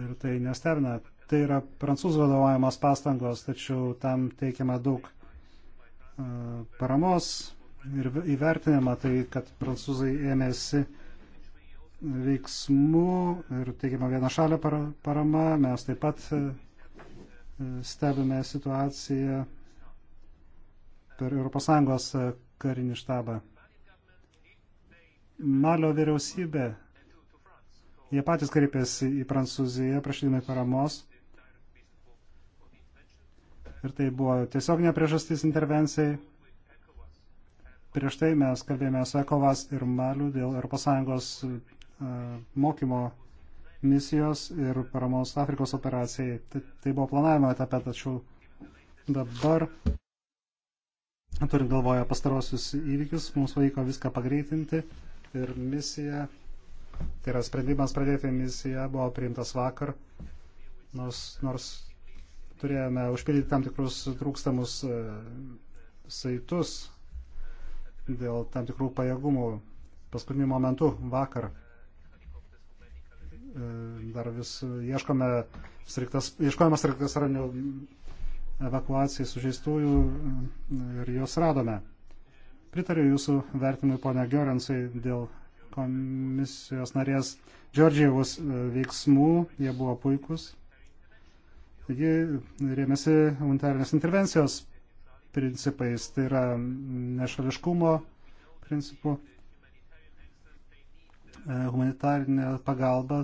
Ir tai nestebina. Tai yra prancūzų vadovaujamas pastangos, tačiau tam teikiama daug e, paramos ir įvertinama tai, kad prancūzai ėmėsi veiksmų ir teikiama viena šalia parama. Mes taip pat e, e, stebime situaciją per ES e, karinį štabą. Malio vyriausybė, jie patys kreipėsi į Prancūziją prašydami paramos. Ir tai buvo tiesiog nepriežastys intervencijai. Prieš tai mes kalbėjome su Ekovas ir Maliu dėl ES e, mokymo misijos ir paramos Afrikos operacijai. Tai, tai buvo planavimo etape, tačiau dabar, turint galvoje pastarosius įvykius, mums vaiko viską pagreitinti ir misija, tai yra sprendimas pradėti misiją, buvo priimtas vakar, nors, nors turėjome užpildyti tam tikrus trūkstamus e, saitus dėl tam tikrų pajėgumų. Paskutiniu momentu vakar e, dar vis ieškome striktas, ieškojame striktas ranių evakuacijai sužeistųjų e, ir juos radome. Pritariu jūsų vertimui, ponia Giorensai, dėl komisijos narės Džordžievos e, veiksmų, jie buvo puikus. Ji rėmėsi unitarinės intervencijos principais, tai yra nešališkumo principu, e, humanitarinė pagalba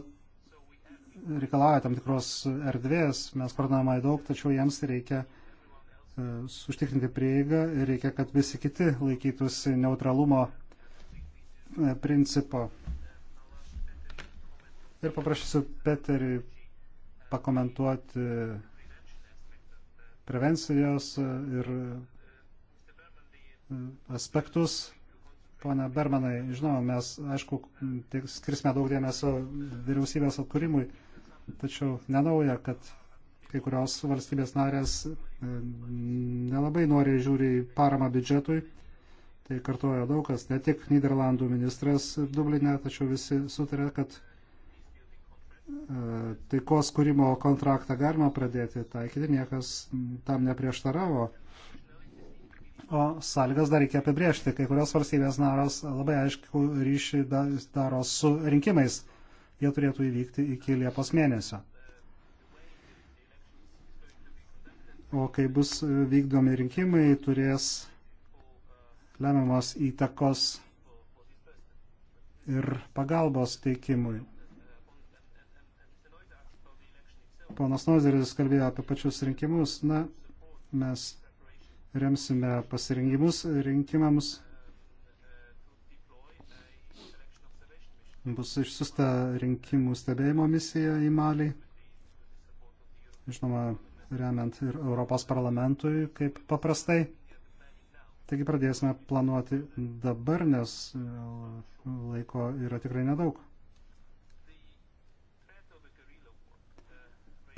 reikalauja tam tikros erdvės, mes parduodame daug, tačiau jiems reikia e, užtikrinti prieigą ir reikia, kad visi kiti laikytųsi neutralumo e, principo. Ir paprašysiu Peterį pakomentuoti prevencijos ir e, aspektus. Pone Bermanai, žinoma, mes, aišku, skirsime daug dėmesio vyriausybės atkūrimui, tačiau nenauja, kad kai kurios valstybės narės e, nelabai noriai žiūri į paramą biudžetui. Tai kartoja daug kas, ne tik Niderlandų ministras Dublinė, tačiau visi sutarė, kad taikos kūrimo kontraktą galima pradėti taikyti, niekas tam neprieštaravo. O sąlygas dar reikia apibriežti. Kai kurios valstybės naros labai aišku ryšį daro su rinkimais. Jie turėtų įvykti iki Liepos mėnesio. O kai bus vykdomi rinkimai, turės lemiamos įtakos ir pagalbos teikimui. ponas Nozeris kalbėjo apie pačius rinkimus. Na, mes remsime pasirinkimus rinkimams. Bus išsusta rinkimų stebėjimo misija į Malį. Žinoma, remiant ir Europos parlamentui, kaip paprastai. Taigi pradėsime planuoti dabar, nes laiko yra tikrai nedaug.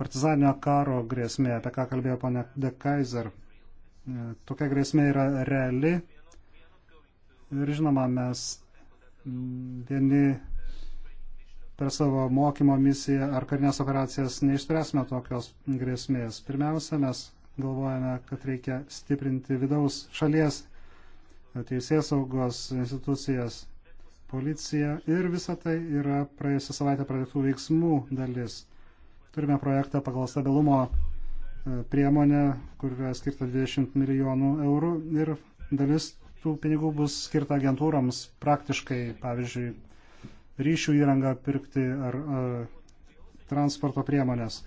partizaninio karo grėsmė, apie ką kalbėjo ponia De Kaiser. E, tokia grėsmė yra reali ir žinoma, mes vieni per savo mokymo misiją ar karinės operacijas neišspręsime tokios grėsmės. Pirmiausia, mes galvojame, kad reikia stiprinti vidaus šalies teisės saugos institucijas, policiją ir visa tai yra praėjusią savaitę pradėtų veiksmų dalis. Turime projektą pagal stabilumo e, priemonę, kur yra skirta 20 milijonų eurų ir dalis tų pinigų bus skirta agentūroms praktiškai, pavyzdžiui, ryšių įrangą pirkti ar, ar e, transporto priemonės.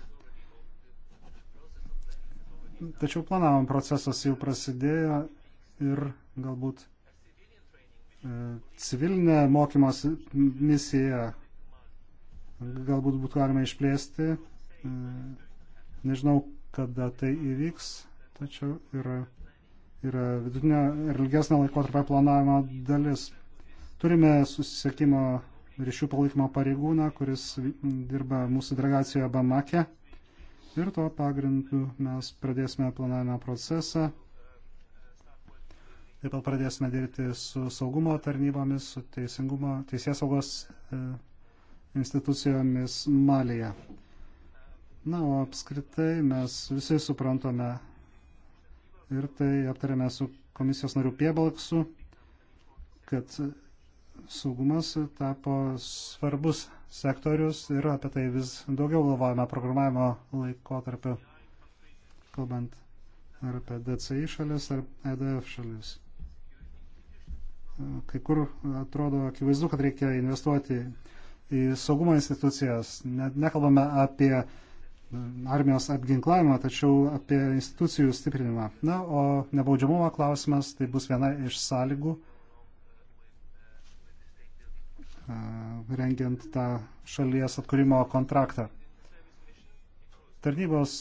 Tačiau planavimo procesas jau prasidėjo ir galbūt e, civilinę mokymos misiją galbūt būtų galima išplėsti Mm, nežinau, kada tai įvyks, tačiau yra, yra vidutinio ir ilgesnio laikotarpio planavimo dalis. Turime susisiekimo ryšių palaikymo pareigūną, kuris dirba mūsų delegacijoje Bamake. Ir tuo pagrindu mes pradėsime planavimo procesą. Taip pat pradėsime dirbti su saugumo tarnybomis, su teisingumo, teisės saugos e, institucijomis Malėje. Na, o apskritai mes visi suprantame ir tai aptarėme su komisijos nariu Piebalksu, kad saugumas tapo svarbus sektorius ir apie tai vis daugiau galvojame programavimo laikotarpiu, kalbant ar apie DCI šalis, ar EDF šalis. Kai kur atrodo akivaizdu, kad reikia investuoti į saugumo institucijas. Ne, nekalbame apie uh, armijos apginklavimą, tačiau apie institucijų stiprinimą. Na, o nebaudžiamumo klausimas tai bus viena iš sąlygų, rengiant tą šalies atkūrimo kontraktą. Tarnybos,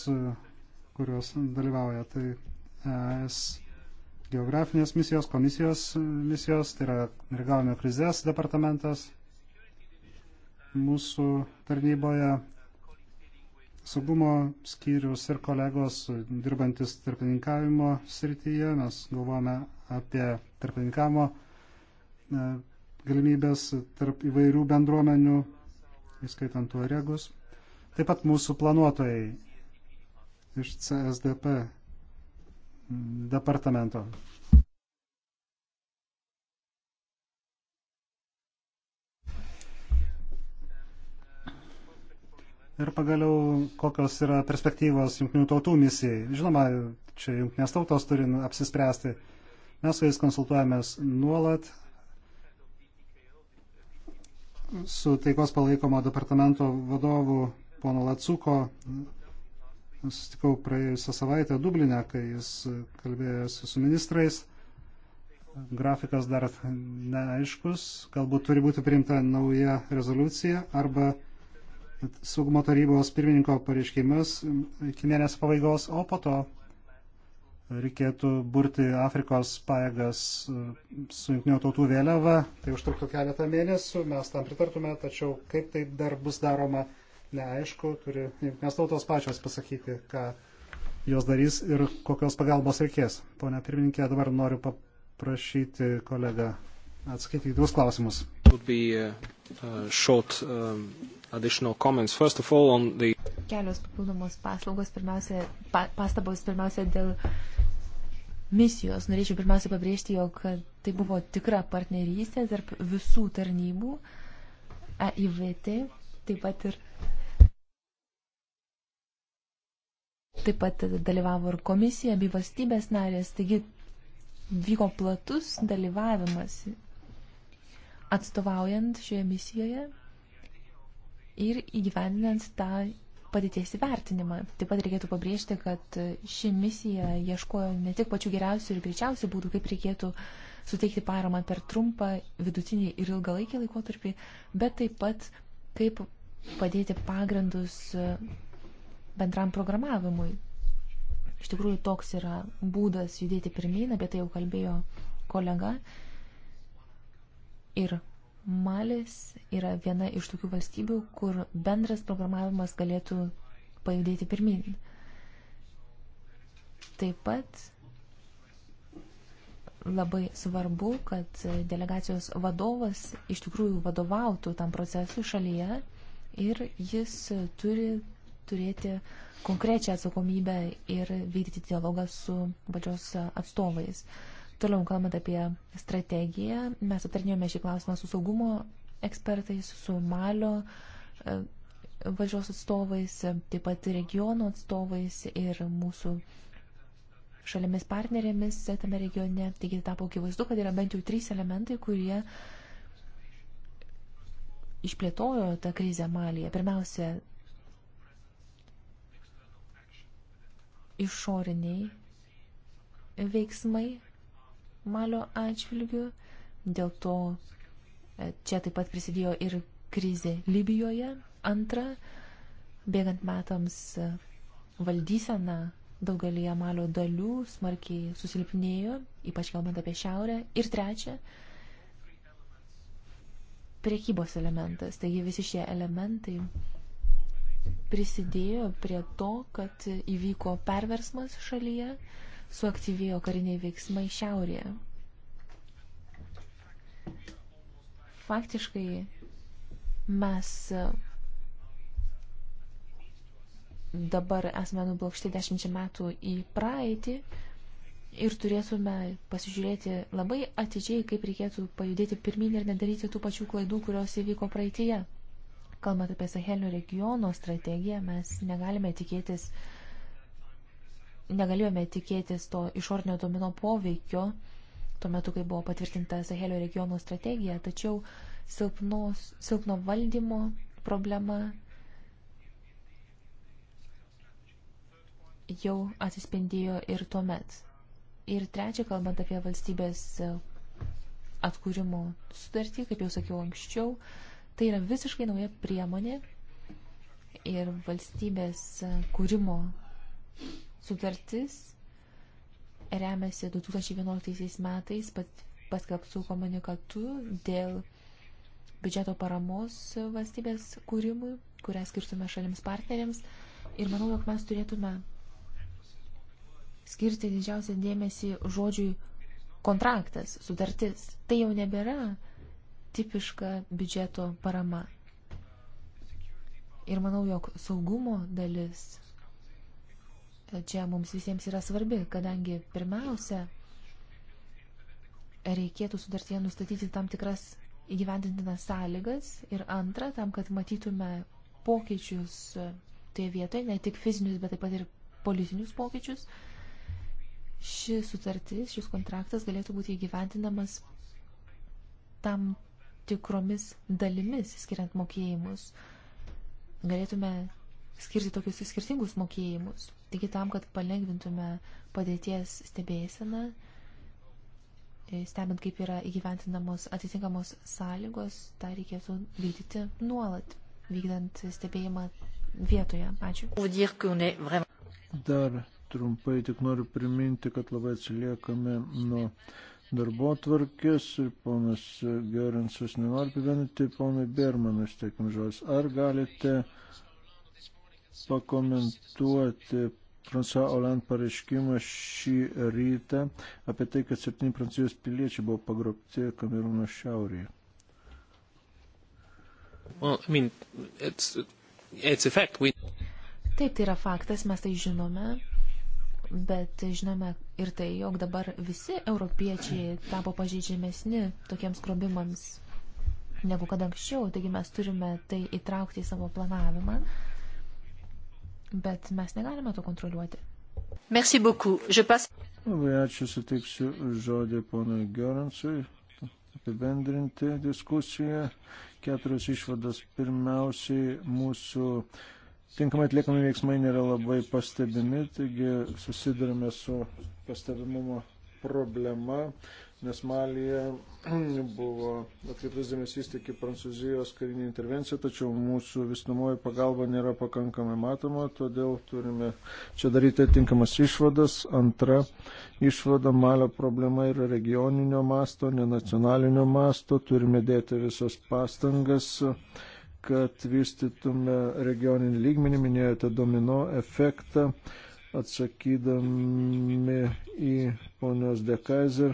kurios dalyvauja, tai ES geografinės misijos, komisijos misijos, tai yra regalinio krizės departamentas mūsų tarnyboje saugumo skyrius ir kolegos dirbantis tarpininkavimo srityje. Mes galvojame apie tarpininkavimo e, galimybės tarp įvairių bendruomenių, įskaitant tuoregus. Taip pat mūsų planuotojai iš CSDP departamento. Ir pagaliau, kokios yra perspektyvos jungtinių tautų misijai. Žinoma, čia jungtinės tautos turi apsispręsti. Mes su jais konsultuojamės nuolat su taikos palaikomo departamento vadovu pono Latsuko. Susitikau praėjusią savaitę Dublinę, kai jis kalbėjosi su ministrais. Grafikas dar neaiškus, galbūt turi būti priimta nauja rezoliucija arba saugumo tarybos pirmininko pareiškimus iki mėnesio pabaigos, o po to reikėtų burti Afrikos paėgas e, su jungtinio tautų vėliava. Tai užtruktų keletą mėnesių, mes tam pritartume, tačiau kaip tai dar bus daroma, neaišku, turi jungtinės tautos pačios pasakyti, ką jos darys ir kokios pagalbos reikės. Pone pirmininkė, dabar noriu paprašyti kolegą atsakyti į tuos klausimus would be uh, uh, short um, additional comments. First of all, on the kelios papildomos paslaugos, pirmiausia, pa, pastabos pirmiausia dėl misijos. Norėčiau pirmiausia pabrėžti, jog tai buvo tikra partnerystė tarp visų tarnybų, EIVT, taip pat ir Taip pat dalyvavo ir komisija bei valstybės narės, taigi vyko platus dalyvavimas atstovaujant šioje misijoje ir įgyvendinant tą padėties įvertinimą. Taip pat reikėtų pabrėžti, kad ši misija ieškojo ne tik pačių geriausių ir greičiausių būdų, kaip reikėtų suteikti paramą per trumpą, vidutinį ir ilgalaikį laikotarpį, bet taip pat kaip padėti pagrindus bendram programavimui. Iš tikrųjų, toks yra būdas judėti pirmyn, apie tai jau kalbėjo kolega. Ir Malis yra viena iš tokių valstybių, kur bendras programavimas galėtų pajudėti pirmin. Taip pat labai svarbu, kad delegacijos vadovas iš tikrųjų vadovautų tam procesui šalyje ir jis turi turėti konkrečią atsakomybę ir vykdyti dialogą su valdžios atstovais. Uh, Toliau, kalbant apie strategiją, mes aptarnėjome šį klausimą su saugumo ekspertais, su Malio e, valdžios atstovais, taip pat regionų atstovais ir mūsų šalimis partnerėmis tame regione. Taigi tapo akivaizdu, kad yra bent jau trys elementai, kurie išplėtojo tą krizę Malyje. Pirmiausia, išoriniai veiksmai, Malio atžvilgių. Dėl to e, čia taip pat prisidėjo ir krizė Libijoje. Antra, bėgant metams e, valdysena daugelį Malio dalių smarkiai susilpnėjo, ypač kalbant apie šiaurę. Ir trečia, priekybos elementas. Taigi visi šie elementai prisidėjo prie to, kad įvyko perversmas šalyje suaktyvėjo kariniai veiksmai šiaurėje. Faktiškai mes e, dabar esame nublokšti dešimčia metų į praeitį ir turėtume pasižiūrėti labai atidžiai, kaip reikėtų pajudėti pirmin ir nedaryti tų pačių klaidų, kurios įvyko praeitie. Kalbant apie Sahelio regiono strategiją, mes negalime tikėtis uh, negalėjome tikėtis to išornio domino poveikio, tuo metu, kai buvo patvirtinta Sahelio regionų strategija, tačiau silpnos, silpno valdymo problema jau atsispindėjo ir tuo met. Ir trečia, kalbant apie valstybės atkūrimo sutartį, kaip jau sakiau anksčiau, tai yra visiškai nauja priemonė ir valstybės kūrimo Sutartis remiasi 2011 metais paskelbtų komunikatu dėl biudžeto paramos valstybės kūrimui, kurią skirtume šalims partneriams. Ir manau, jog mes turėtume skirti didžiausią dėmesį žodžiui kontraktas, sutartis. Tai jau nebėra tipiška biudžeto parama. Ir manau, jog saugumo dalis čia mums visiems yra svarbi, kadangi pirmiausia, reikėtų sudartyje nustatyti tam tikras įgyvendintinas sąlygas ir antra, tam, kad matytume pokyčius toje vietoje, ne tik fizinius, bet taip pat ir politinius pokyčius, ši sutartis, šis kontraktas galėtų būti įgyvendinamas tam tikromis dalimis, skiriant mokėjimus. Galėtume skirti tokius skirtingus mokėjimus. Taigi tam, kad palengvintume padėties stebėseną, e, stebint, kaip yra įgyventinamos atitinkamos sąlygos, tą reikėtų vykdyti nuolat, vykdant stebėjimą vietoje. Ačiū. Dar trumpai tik noriu priminti, kad labai atsiliekame nuo darbo tvarkės ir ponas Gerensas nenori apibendinti, ponai Bermanas, teikim žodis. Ar galite pakomentuoti François Hollande pareiškimą šį rytą apie tai, kad septyni prancūzijos piliečiai buvo pagrobti Kamerūno šiaurėje. Well, I mean, it's, it's We... Taip, tai yra faktas, mes tai žinome, bet žinome ir tai, jog dabar visi europiečiai tapo pažeidžiamesni tokiems grobimams negu kad anksčiau, taigi mes turime tai įtraukti į savo planavimą bet mes negalime to kontroliuoti. Merci beaucoup. Je passe. Labai ačiū, suteiksiu žodį ponui Gerensui apibendrinti diskusiją. Keturios išvados. Pirmiausiai, mūsų tinkamai atliekami veiksmai nėra labai pastebimi, taigi susidurime su pastebimumo problema nes Malija buvo atkreiptas dėmesys tik į Prancūzijos karinį intervenciją, tačiau mūsų visnumoji pagalba nėra pakankamai matoma, todėl turime čia daryti atinkamas išvadas. Antra išvada - Malio problema yra regioninio masto, ne nacionalinio masto, turime dėti visas pastangas kad vystytume regioninį lygmenį, minėjote domino efektą, atsakydami į ponios Dekaiser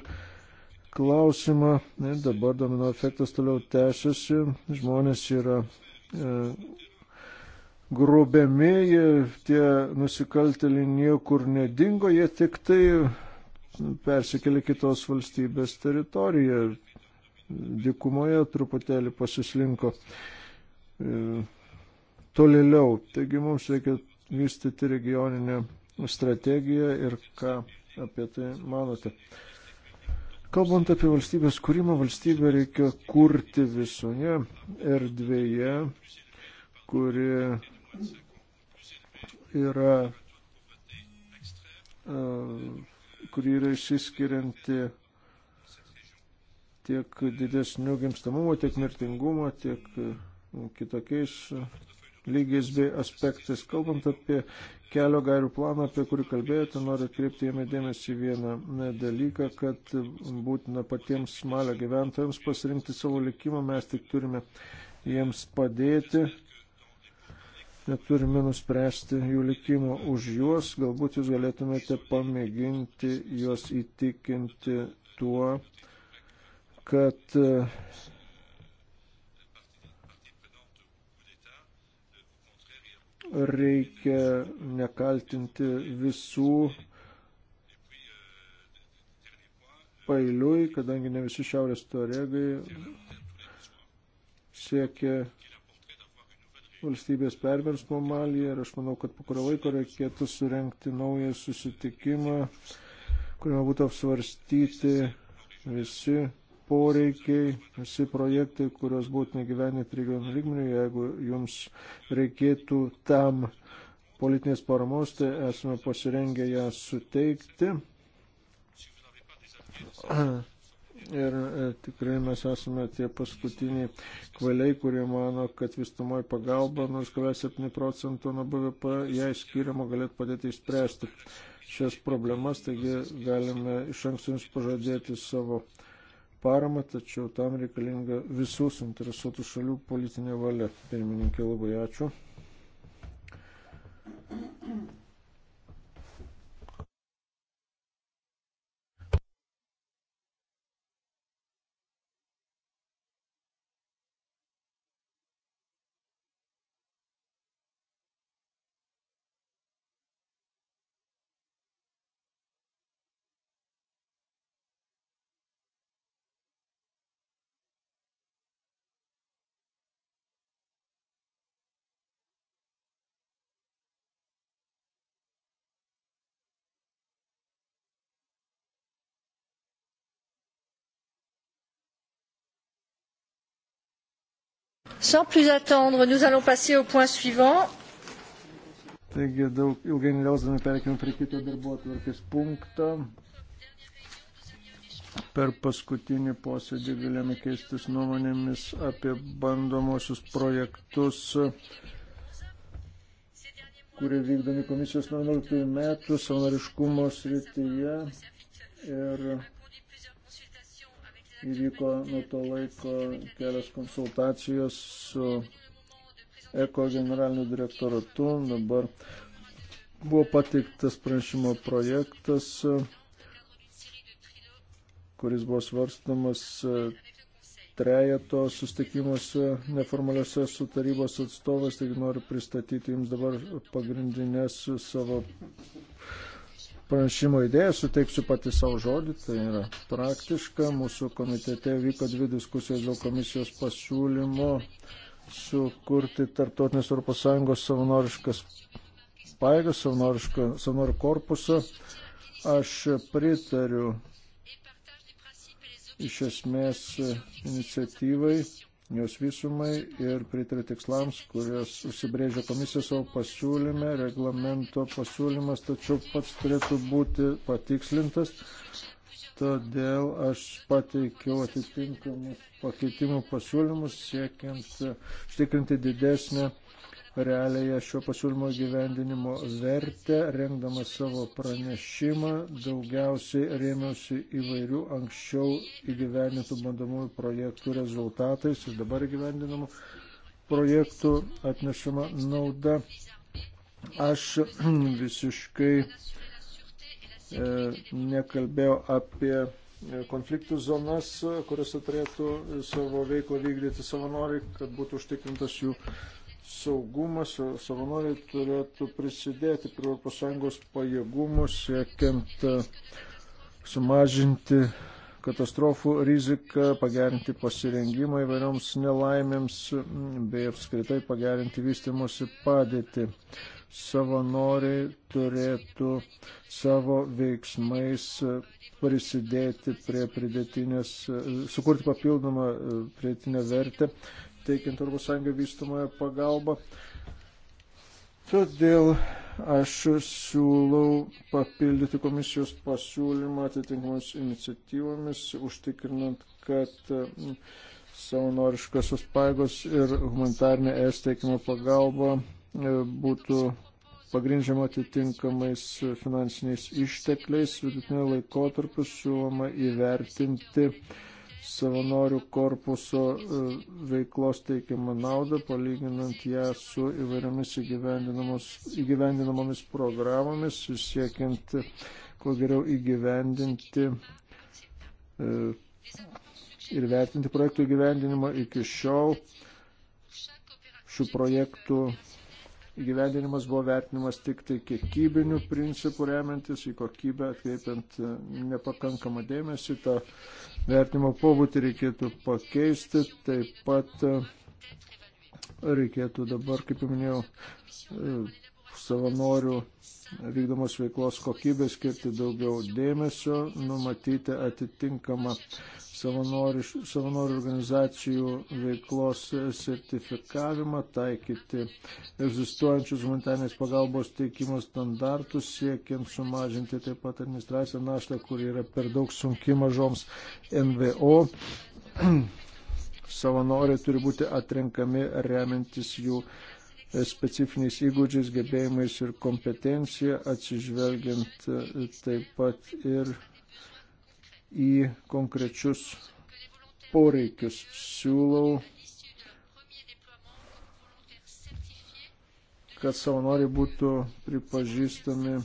klausimą. Ir dabar domino efektas toliau tęsiasi. Žmonės yra e, grobėmėji, tie nusikalteliai niekur nedingo, jie tik tai persikėlė kitos valstybės teritoriją. Dikumoje truputėlį pasislinko e, tolėliau. Taigi mums reikia vystyti regioninę strategiją ir ką apie tai manote. Kalbant apie valstybės kūrimą, valstybę reikia kurti visoje erdvėje, kuri yra, e, kuri yra išsiskirianti tiek didesnių gimstamumo, tiek mirtingumo, tiek kitokiais lygiais bei aspektais. Kalbant apie kelio gairių planą, apie kurį kalbėjote, noriu atkreipti jame dėmesį vieną dalyką, kad būtina patiems Malio gyventojams pasirinkti savo likimą, mes tik turime jiems padėti, neturime nuspręsti jų likimo už juos, galbūt jūs galėtumėte pamėginti juos įtikinti tuo, kad reikia nekaltinti visų pailiui, kadangi ne visi šiaurės toregai siekia valstybės perversmo Malyje ir aš manau, kad po kurio laiko reikėtų surenkti naują susitikimą, kuriuo būtų apsvarstyti visi poreikiai, visi projektai, kuriuos būtina gyveninti regionų lygmenių, jeigu jums reikėtų tam politinės paramos, tai esame pasirengę ją suteikti. Ir e, tikrai mes esame tie paskutiniai kvaliai, kurie mano, kad vystumoji pagalba 0,7 procento nuo BVP jai skiriamo galėtų padėti išspręsti šias problemas, taigi galime iš anksto jums pažadėti savo uh, paramą, tačiau tam reikalinga visų suinteresuotų šalių politinė valia. Pirmininkė, labai ačiū. Sans plus attendre, nous allons passer au point suivant. Taigi daug ilgai nelausdami perkime prie kito darbuotvarkės punkto. Per paskutinį posėdį galėjome keistis nuomonėmis apie bandomosius projektus, kurie vykdomi komisijos 11 metų savanoriškumo srityje. Ir Įvyko nuo to laiko kelios konsultacijos su Eko generaliniu direktoratu. Dabar buvo pateiktas pranešimo projektas, kuris buvo svarstamas trejeto sustikimuose neformaliuose su tarybos atstovas, taigi noriu pristatyti jums dabar pagrindinės savo pranešimo idėją, suteiksiu pati savo žodį, tai yra praktiška. Mūsų komitete vyko dvi diskusijos dėl komisijos pasiūlymo sukurti tarptautinės ES savanoriškas paėgas, savanorių korpusą. Aš pritariu iš esmės iniciatyvai jos visumai ir pritarė tikslams, kurios užsibrėžė komisija savo pasiūlyme, reglamento pasiūlymas, tačiau pats turėtų būti patikslintas. Todėl aš pateikiau atitinkamus pakeitimų pasiūlymus, siekiant užtikrinti didesnę realiąją šio pasiūlymo gyvendinimo vertę, rengdamas savo pranešimą, daugiausiai rėmiausi įvairių anksčiau įgyvendintų bandomųjų projektų rezultatais ir dabar įgyvendinamų projektų atnešama nauda. Aš visiškai e, nekalbėjau apie konfliktų zonas, kuriuose turėtų savo veiklą vykdyti savanoriai, kad būtų užtikrintas jų saugumas, savanoriai turėtų prisidėti prie ES pajėgumų siekiant e, sumažinti katastrofų riziką, pagerinti pasirengimą įvairioms nelaimėms bei apskritai pagerinti vystimosi padėtį. Savanoriai turėtų savo veiksmais e, prisidėti prie pridėtinės, e, sukurti papildomą pridėtinę vertę teikiant ES vystamąją pagalbą. Todėl aš siūlau papildyti komisijos pasiūlymą atitinkamomis iniciatyvomis, užtikrinant, kad savanoriškasios paėgos ir humanitarnė es teikimo pagalba e, būtų pagrindžiama atitinkamais finansiniais ištekliais. Vidutinio laikotarpiu siūloma įvertinti uh, savanorių korpuso e, veiklos teikiamą naudą, palyginant ją su įvairiomis įgyvendinamomis programomis, siekiant e, kuo geriau įgyvendinti e, ir vertinti projektų įgyvendinimą iki šiol šių projektų gyvendinimas buvo vertinimas tik tai kiekybinių principų remiantis, į kokybę atkreipiant e, nepakankamą dėmesį, tą vertinimo pobūtį reikėtų pakeisti, taip pat e, reikėtų dabar, kaip jau minėjau, e, savanorių vykdomos veiklos kokybės skirti daugiau dėmesio, numatyti atitinkamą savanorių organizacijų veiklos sertifikavimą, taikyti egzistuojančius humanitarnės pagalbos teikimo standartus, siekiant sumažinti taip pat administracinę naštą, kur yra per daug sunki mažoms NVO. Savanoriai turi būti atrenkami remiantis jų uh, specifiniais įgūdžiais, gebėjimais ir kompetencija, atsižvelgiant e, taip pat ir į konkrečius poreikius. Siūlau, kad savanoriai būtų pripažįstami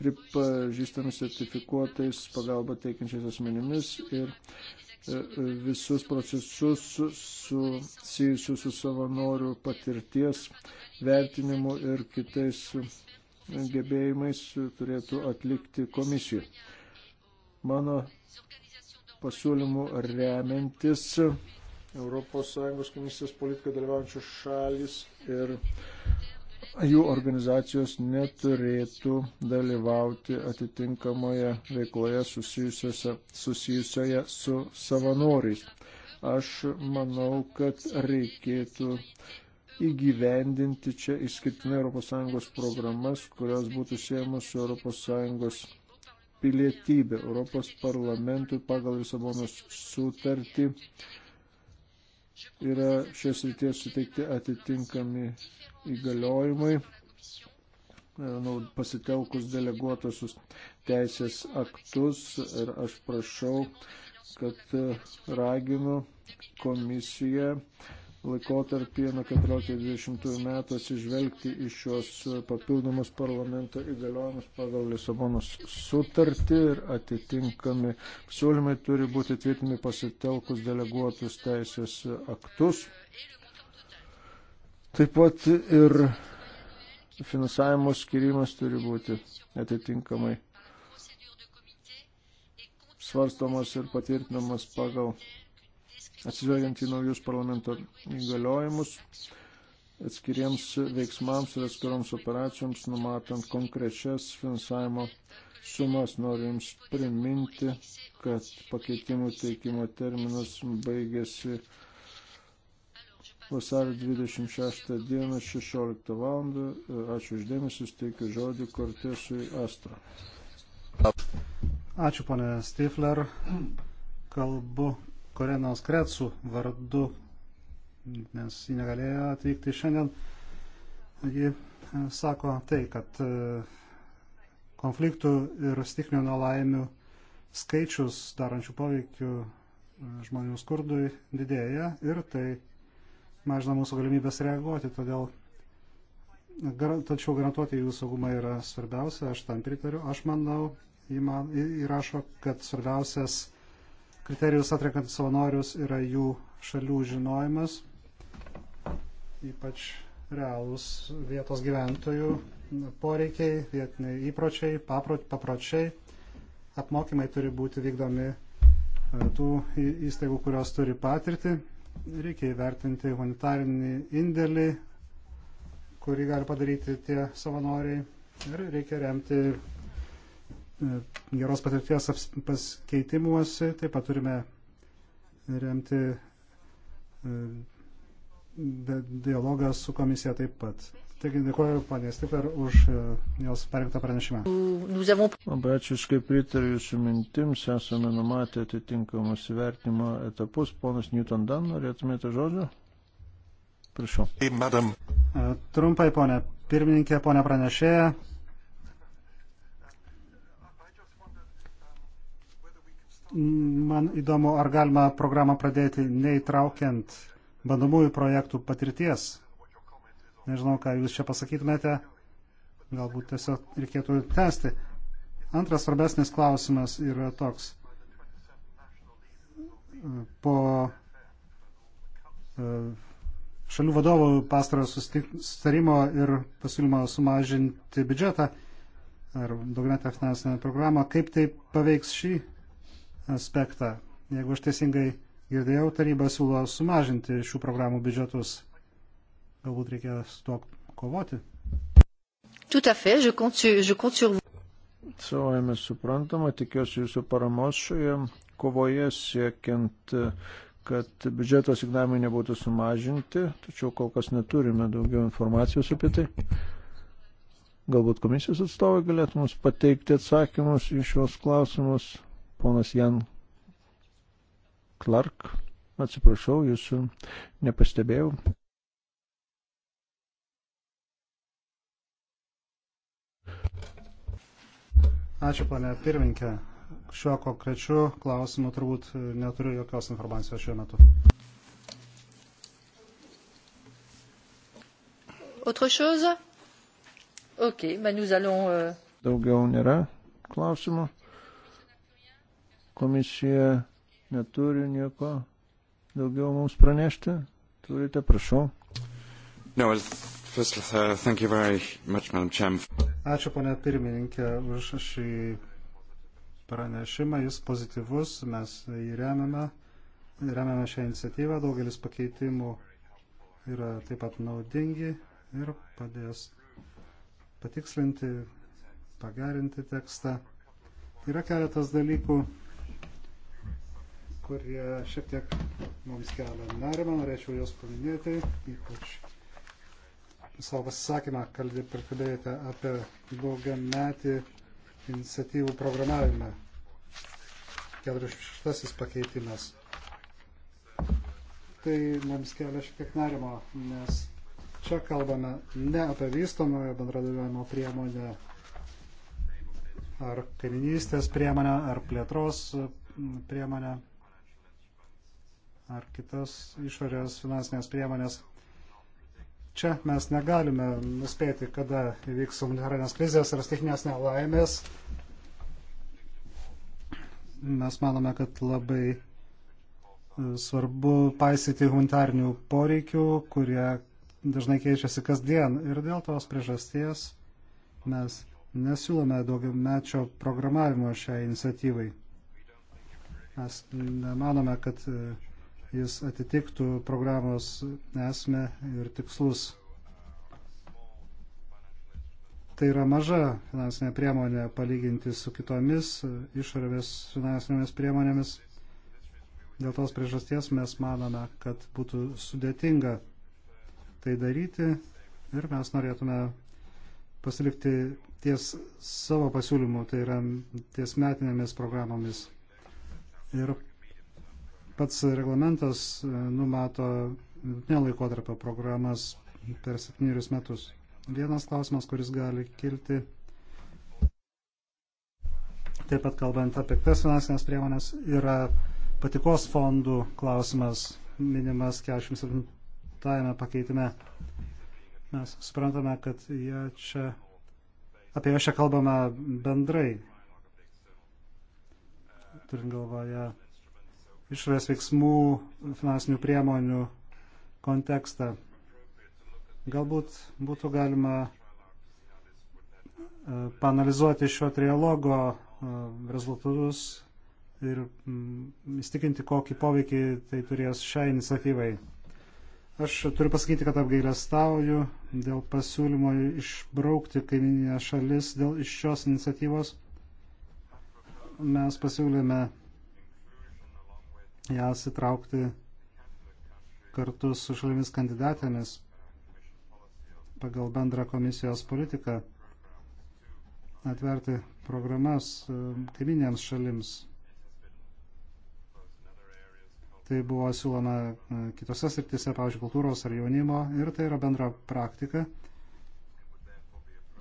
pripažįstami sertifikuotais pagalba teikiančiais asmenimis ir E, e, visus procesus susijusius su savanorių patirties vertinimu ir kitais gebėjimais turėtų atlikti komisija. Mano pasiūlymų remiantis ES komisijos politiką dalyvaujančios šalis ir jų organizacijos neturėtų dalyvauti atitinkamoje veikloje susijusioje su savanoriais. Aš manau, kad reikėtų įgyvendinti čia išskirtinai ES programas, kurios būtų siejamos su ES pilietybė. Europos parlamentui pagal Lisabonos sutartį yra šios ryties suteikti atitinkami įgaliojimai e, pasitelkus deleguotusius teisės aktus ir aš prašau, kad e, raginu komisiją laikotarpį nuo 14-20 metų atsižvelgti iš šios papildomus parlamento įgaliojimus pagal Lisabonos sutartį ir atitinkami siūlymai turi būti tvirtinami pasitelkus deleguotus teisės aktus. Taip pat ir finansavimo skirimas turi būti atitinkamai svarstomas ir patvirtinamas pagal atsižvelgiant į naujus parlamento įgaliojimus atskiriems veiksmams ir atskiroms operacijoms, numatant konkrečias finansavimo sumas. Noriu Jums priminti, kad pakeitimų teikimo terminas baigėsi vasario 26 dieną 16 val. Ačiū uždėmesi, steikiu žodį Kortesui Astra. Ačiū, ponė Stifler. Kalbu Korenos Kretsų vardu, nes ji negalėjo atvykti šiandien. Ji e, sako tai, kad e, konfliktų ir stiknių nelaimių skaičius darančių poveikių e, žmonių skurdui didėja ir tai mažina mūsų galimybės reaguoti, todėl tačiau garantuoti jų saugumą yra svarbiausia, aš tam pritariu. Aš manau, įrašo, kad svarbiausias kriterijus atrenkant savanorius yra jų šalių žinojimas, ypač realūs vietos gyventojų poreikiai, vietiniai įpročiai, papročiai. Apmokymai turi būti vykdomi e, tų įstaigų, kurios turi patirtį reikia įvertinti humanitarinį indėlį, kurį gali padaryti tie savanoriai ir reikia remti e, geros patirties paskeitimuose, taip pat turime remti e, dialogą su komisija taip pat. Taigi dėkuoju panės Stikler už e, jos parengtą pranešimą. Labai ačiū, aš tai, kaip pritariu jūsų mintims, esame numatę atitinkamus vertinimo etapus. Ponas Newton Dan, norėtumėte žodžio? Prašau. E, trumpai, ponė pirmininkė, ponė pranešėja. Man įdomu, ar galima programą pradėti neįtraukiant bandomųjų projektų patirties Nežinau, ką jūs čia pasakytumėte. Galbūt tiesiog reikėtų tęsti. Antras svarbesnis klausimas yra toks. Po e, šalių vadovų pastarojo sustarimo ir pasiūlymo sumažinti biudžetą ar daugiametę finansinę programą, kaip tai paveiks šį aspektą. Jeigu aš teisingai girdėjau, taryba siūlo sumažinti šių programų biudžetus. Galbūt reikia su to kovoti. Tout à fait, je compte sur, je compte sur vous. Savojame suprantama, tikiuosi jūsų paramos šioje kovoje siekiant, kad biudžeto signavimai nebūtų sumažinti, tačiau kol kas neturime daugiau informacijos apie tai. Galbūt komisijos atstovai galėtų mums pateikti atsakymus į šios klausimus. Ponas Jan Clark, atsiprašau, jūsų nepastebėjau. Ačiū, pane pirminkė. Šiuo konkrečiu klausimu turbūt neturiu jokios informacijos šiuo metu. Autre chose Ok, ben nous allons... Euh... Daugiau nėra klausimų. Komisija neturi nieko daugiau mums pranešti. Turite, prašau. No, well, first, uh, thank you very much, Madam Chairman. Ačiū, ponė pirmininkė, už šį pranešimą. Jis pozityvus, mes jį remiame. Remiame šią iniciatyvą, daugelis pakeitimų yra taip pat naudingi ir padės patikslinti, pagerinti tekstą. Yra keletas dalykų, kurie šiek tiek mums kelia nerimą, norėčiau juos paminėti, ypač savo pasisakymą kalbėjote apie daugiametį iniciatyvų programavimą. 46 pakeitimas. Tai mums kelia šiek tiek nerimo, nes čia kalbame ne apie vystomojo bendradarbiavimo priemonę ar kaiminystės priemonę ar plėtros e, priemonę ar kitas išorės finansinės priemonės Čia mes negalime nuspėti, kada įvyks humanitarinės krizės ar stichinės nelaimės. Mes manome, kad labai e, svarbu paisyti humanitarnių poreikių, kurie dažnai keičiasi kasdien. Ir dėl tos priežasties mes nesiūlome daugiamečio programavimo šiai iniciatyvai. Mes nemanome, kad e, jis atitiktų programos esmę ir tikslus. Tai yra maža finansinė priemonė palyginti su kitomis išorės finansinėmis priemonėmis. Dėl tos priežasties mes manome, kad būtų sudėtinga tai daryti ir mes norėtume pasilikti ties savo pasiūlymu, tai yra ties metinėmis programomis. Ir Pats reglamentas e, numato vidutinio laikotarpio programas per septynerius metus. Vienas klausimas, kuris gali kilti, taip pat kalbant apie kitas finansinės priemonės, yra patikos fondų klausimas minimas 47 pakeitime. Mes suprantame, kad jie čia, apie juos čia kalbame bendrai, turint galvoje išorės veiksmų finansinių priemonių kontekstą. Galbūt būtų galima e, panalizuoti šio trialogo e, rezultatus ir mm, įstikinti, kokį poveikį tai turės šiai iniciatyvai. Aš turiu pasakyti, kad apgailestauju dėl pasiūlymo išbraukti kaiminę šalis dėl iš šios iniciatyvos. Mes pasiūlėme jas įtraukti kartu su šalimis kandidatėmis pagal bendrą komisijos politiką atverti programas e, kaiminėms šalims. Tai buvo siūloma e, kitose srityse, pavyzdžiui, kultūros ar jaunimo, ir tai yra bendra praktika.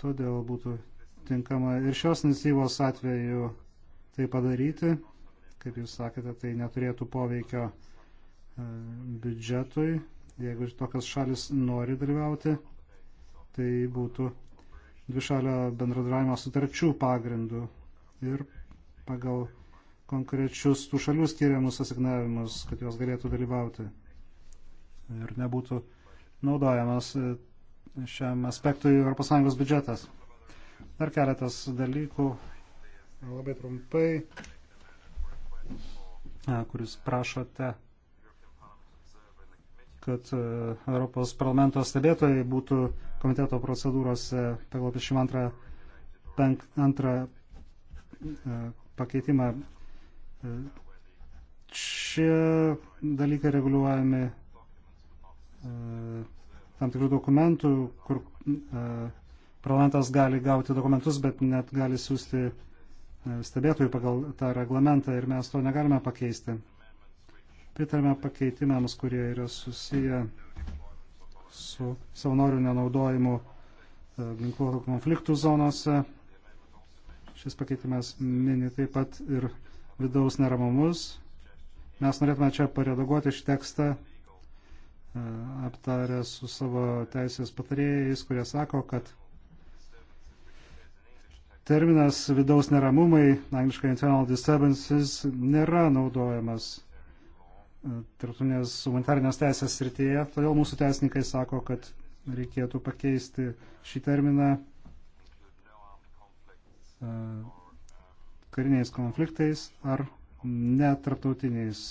Todėl būtų tinkama ir šios iniciatyvos atveju tai padaryti kaip jūs sakėte, tai neturėtų poveikio e, biudžetui. Jeigu tokios šalis nori dalyvauti, tai būtų dvišalio bendradarbiavimo sutarčių pagrindų ir pagal konkrečius tų šalių skiriamus asignavimus, kad jos galėtų dalyvauti ir nebūtų naudojamas e, šiam aspektui ES biudžetas. Dar keletas dalykų, labai trumpai kuris prašote, kad e, Europos parlamento stebėtojai būtų komiteto procedūrose pagal 52 e, pakeitimą. E, šie dalykai reguliuojami tam tikrų dokumentų, kur parlamentas gali gauti dokumentus, bet net gali siūsti stebėtojų pagal tą reglamentą ir mes to negalime pakeisti. Pritarime pakeitimams, kurie yra susiję su savanorių nenaudojimu e, ginkluotų konfliktų zonose. Šis pakeitimas mini taip pat ir vidaus neramumus. Mes norėtume čia paredaguoti šį tekstą, e, aptarę su savo teisės patarėjais, kurie sako, kad terminas vidaus neramumai, angliškai internal disturbances, nėra naudojamas e, tarptautinės humanitarinės teisės srityje, todėl mūsų teisininkai sako, kad reikėtų pakeisti šį terminą e, kariniais konfliktais ar netarptautiniais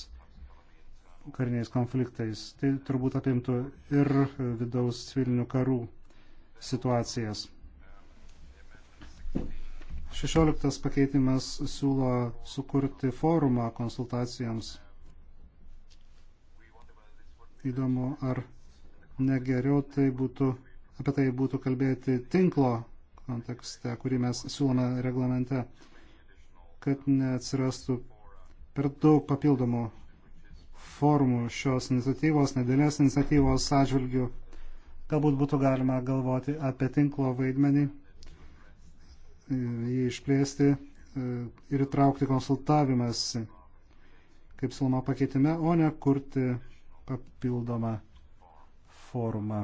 kariniais konfliktais. Tai turbūt apimtų ir vidaus civilinių karų situacijas. 16 pakeitimas siūlo sukurti forumą konsultacijoms. Įdomu, ar negeriau tai būtų, apie tai būtų kalbėti tinklo kontekste, kurį mes siūlome reglamente, kad neatsirastų per daug papildomų formų šios iniciatyvos, nedėlės iniciatyvos atžvilgių. Galbūt būtų galima galvoti apie tinklo vaidmenį jį išplėsti e, ir įtraukti konsultavimas, kaip siūloma pakeitime, o ne kurti papildomą formą.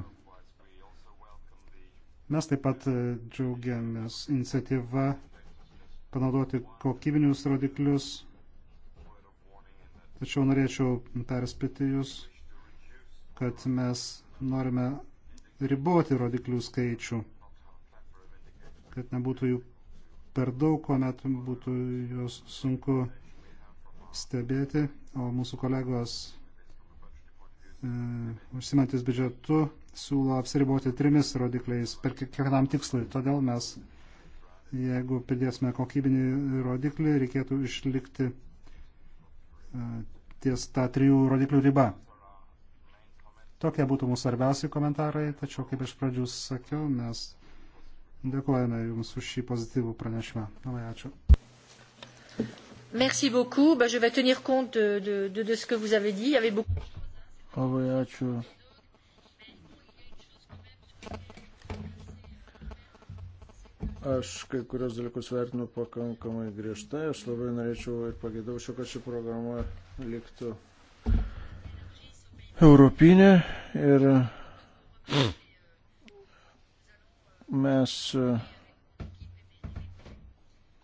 Mes taip pat e, džiaugiamės iniciatyva panaudoti kokybinius rodiklius, tačiau norėčiau perspėti jūs, kad mes norime riboti rodiklių skaičių, kad nebūtų jų per daug, kuomet būtų juos sunku stebėti, o mūsų kolegos e, užsimantis biudžetu siūlo apsiriboti trimis rodikliais per kiekvienam tikslui. Todėl mes, jeigu pridėsime kokybinį rodiklį, reikėtų išlikti e, ties tą trijų rodiklių ribą. Tokie būtų mūsų svarbiausi komentarai, tačiau kaip iš pradžių sakiau, mes Dėkojame Jums už šį pozityvų pranešimą. Labai ačiū. Merci beaucoup. Ben, je vais tenir compte de, de, de, de ce que vous avez dit. Il y avait beaucoup. Labai ačiū. Aš kai kurios dalykus vertinu pakankamai griežtai. Aš labai norėčiau ir pagėdaučiau, kad ši programa liktų europinė ir mm. Mes e,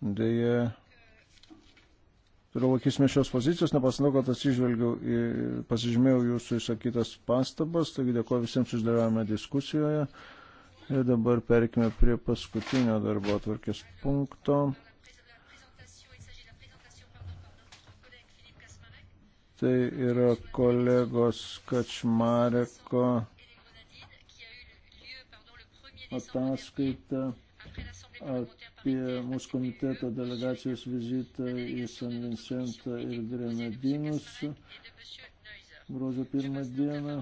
dėje toliau laikysime šios pozicijos, nepasinau, kad atsižvelgiau, į, pasižymėjau jūsų įsakytas pastabas, taigi dėkuoju visiems uždalyvavimą diskusijoje. Ir dabar perkime prie paskutinio darbo atvarkės punkto. Tai yra kolegos Kačmareko ataskaitą apie mūsų komiteto delegacijos vizitą į San Vincentą ir Grenadinus gruodžio pirmą dieną.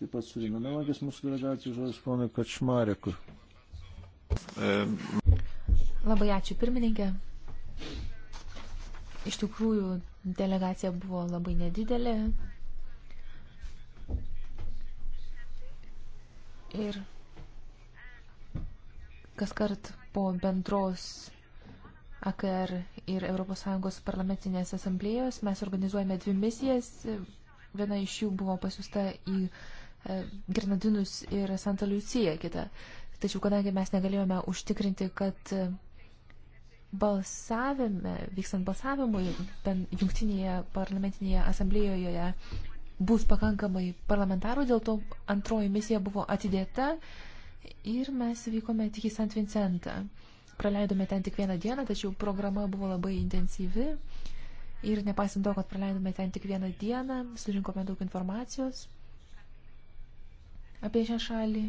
Taip pat surinamenuokis mūsų delegacijos žodis ponui Kačmarekui. Labai ačiū pirmininkė. Iš tikrųjų, delegacija buvo labai nedidelė, Ir kas kart po bendros AKR ir ES parlamentinės asamblėjos mes organizuojame dvi misijas. Viena iš jų buvo pasiusta į e, Grenadinus ir Santa Liucija kita. Tačiau kadangi mes negalėjome užtikrinti, kad e, balsavime, vykstant balsavimui, bent jungtinėje parlamentinėje asamblėjoje bus pakankamai parlamentarų, dėl to antroji misija buvo atidėta ir mes vykome tik į Sant Vincentą. Praleidome ten tik vieną dieną, tačiau programa buvo labai intensyvi ir nepaisant to, kad praleidome ten tik vieną dieną, surinkome daug informacijos apie šią šalį.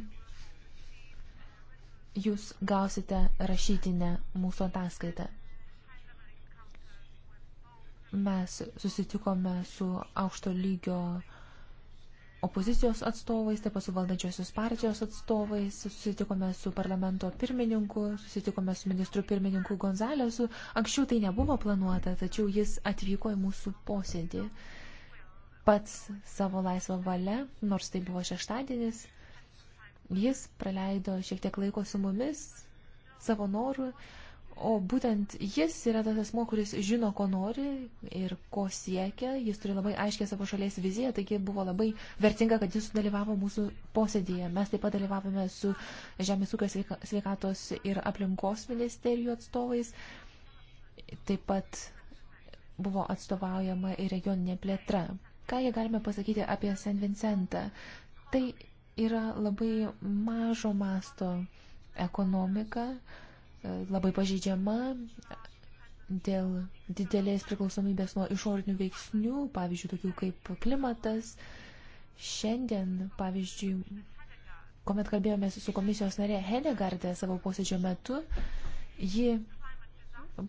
Jūs gausite rašytinę mūsų ataskaitą. Mes susitikome su aukšto lygio opozicijos atstovais, taip pat su valdančiosios partijos atstovais, susitikome su parlamento pirmininku, susitikome su ministru pirmininku Gonzalesu. Anksčiau tai nebuvo planuota, tačiau jis atvyko į mūsų posėdį pats savo laisvą valią, nors tai buvo šeštadienis. Jis praleido šiek tiek laiko su mumis, savo norų. O būtent jis yra tas asmo, kuris žino, ko nori ir ko siekia. Jis turi labai aiškę savo šalies viziją, taigi buvo labai vertinga, kad jis dalyvavo mūsų posėdėje. Mes taip pat dalyvavome su Žemės ūkio sveikatos ir aplinkos ministerijų atstovais. Taip pat buvo atstovaujama ir regioninė plėtra. Ką jie galime pasakyti apie Sen Vincentą? Tai yra labai mažo masto ekonomika labai pažeidžiama dėl didelės priklausomybės nuo išorinių veiksnių, pavyzdžiui, tokių kaip klimatas. Šiandien, pavyzdžiui, kuomet kalbėjome su komisijos narė Hedegardė savo posėdžio metu, ji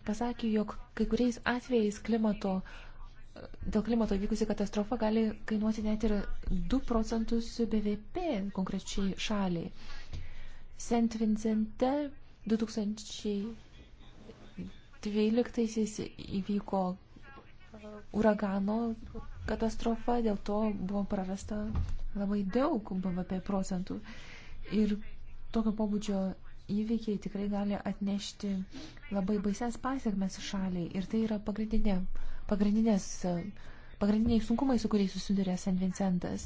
pasakė, jog kai kuriais atvejais klimato dėl klimato vykusi katastrofa gali kainuoti net ir 2 procentus BVP konkrečiai šaliai. Sent Vincente 2012 įvyko uragano katastrofa, dėl to buvo prarasta labai daug BVP procentų. Ir tokio pobūdžio įvykiai tikrai gali atnešti labai baises pasiekmes šaliai. Ir tai yra pagrindinė, pagrindinės, pagrindiniai sunkumai, su kuriais susiduria San Vincentas.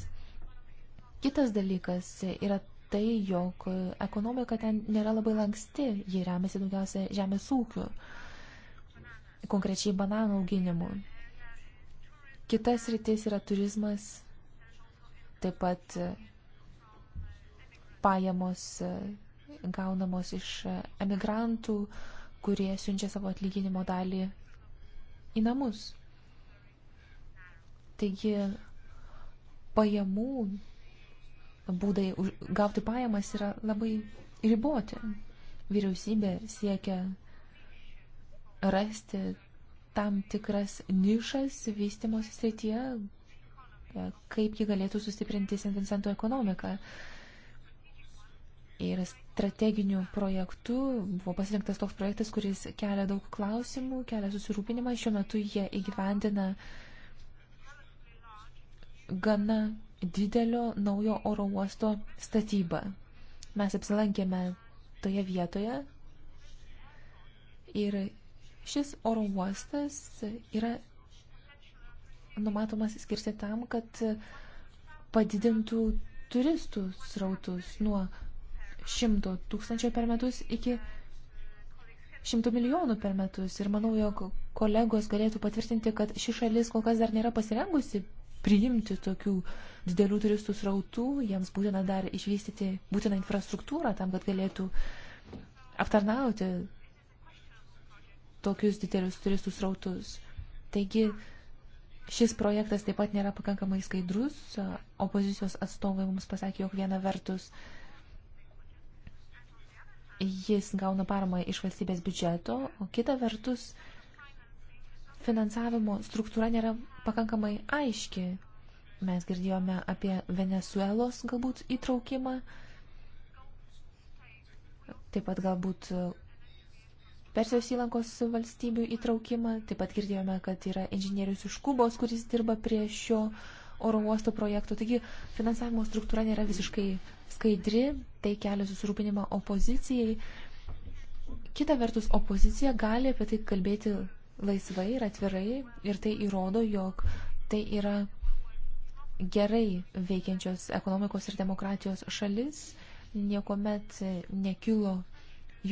Kitas dalykas yra tai, jog ekonomika ten nėra labai lanksti, ji remiasi daugiausia žemės ūkiu, konkrečiai bananų auginimu. Kitas rytis yra turizmas, taip pat pajamos gaunamos iš emigrantų, kurie siunčia savo atlyginimo dalį į namus. Taigi pajamų būdai gauti pajamas yra labai riboti. Vyriausybė siekia rasti tam tikras nišas vystimosi srityje, kaip ji galėtų sustiprinti St. Vincento ekonomiką. Ir strateginių projektų buvo pasirinktas toks projektas, kuris kelia daug klausimų, kelia susirūpinimą. Šiuo metu jie įgyvendina gana didelio naujo oro uosto statybą. Mes apsilankėme toje vietoje ir šis oro uostas yra numatomas skirti tam, kad padidintų turistų srautus nuo 100 tūkstančio per metus iki 100 milijonų per metus. Ir manau, jog kolegos galėtų patvirtinti, kad ši šalis kol kas dar nėra pasirengusi priimti tokių didelių turistų srautų, jiems būtina dar išvystyti būtiną infrastruktūrą tam, kad galėtų aptarnauti tokius didelius turistų srautus. Taigi šis projektas taip pat nėra pakankamai skaidrus. Opozicijos atstovai mums pasakė, jog viena vertus jis gauna paramą iš valstybės biudžeto, o kita vertus finansavimo struktūra nėra pakankamai aiški. Mes girdėjome apie Venezuelos galbūt įtraukimą, taip pat galbūt Persijos įlankos valstybių įtraukimą, taip pat girdėjome, kad yra inžinierius iš Kubos, kuris dirba prie šio oro uosto projekto. Taigi finansavimo struktūra nėra visiškai skaidri, tai kelia susirūpinimą opozicijai. Kita vertus, opozicija gali apie tai kalbėti laisvai ir atvirai ir tai įrodo, jog tai yra gerai veikiančios ekonomikos ir demokratijos šalis. Niekuomet e, nekilo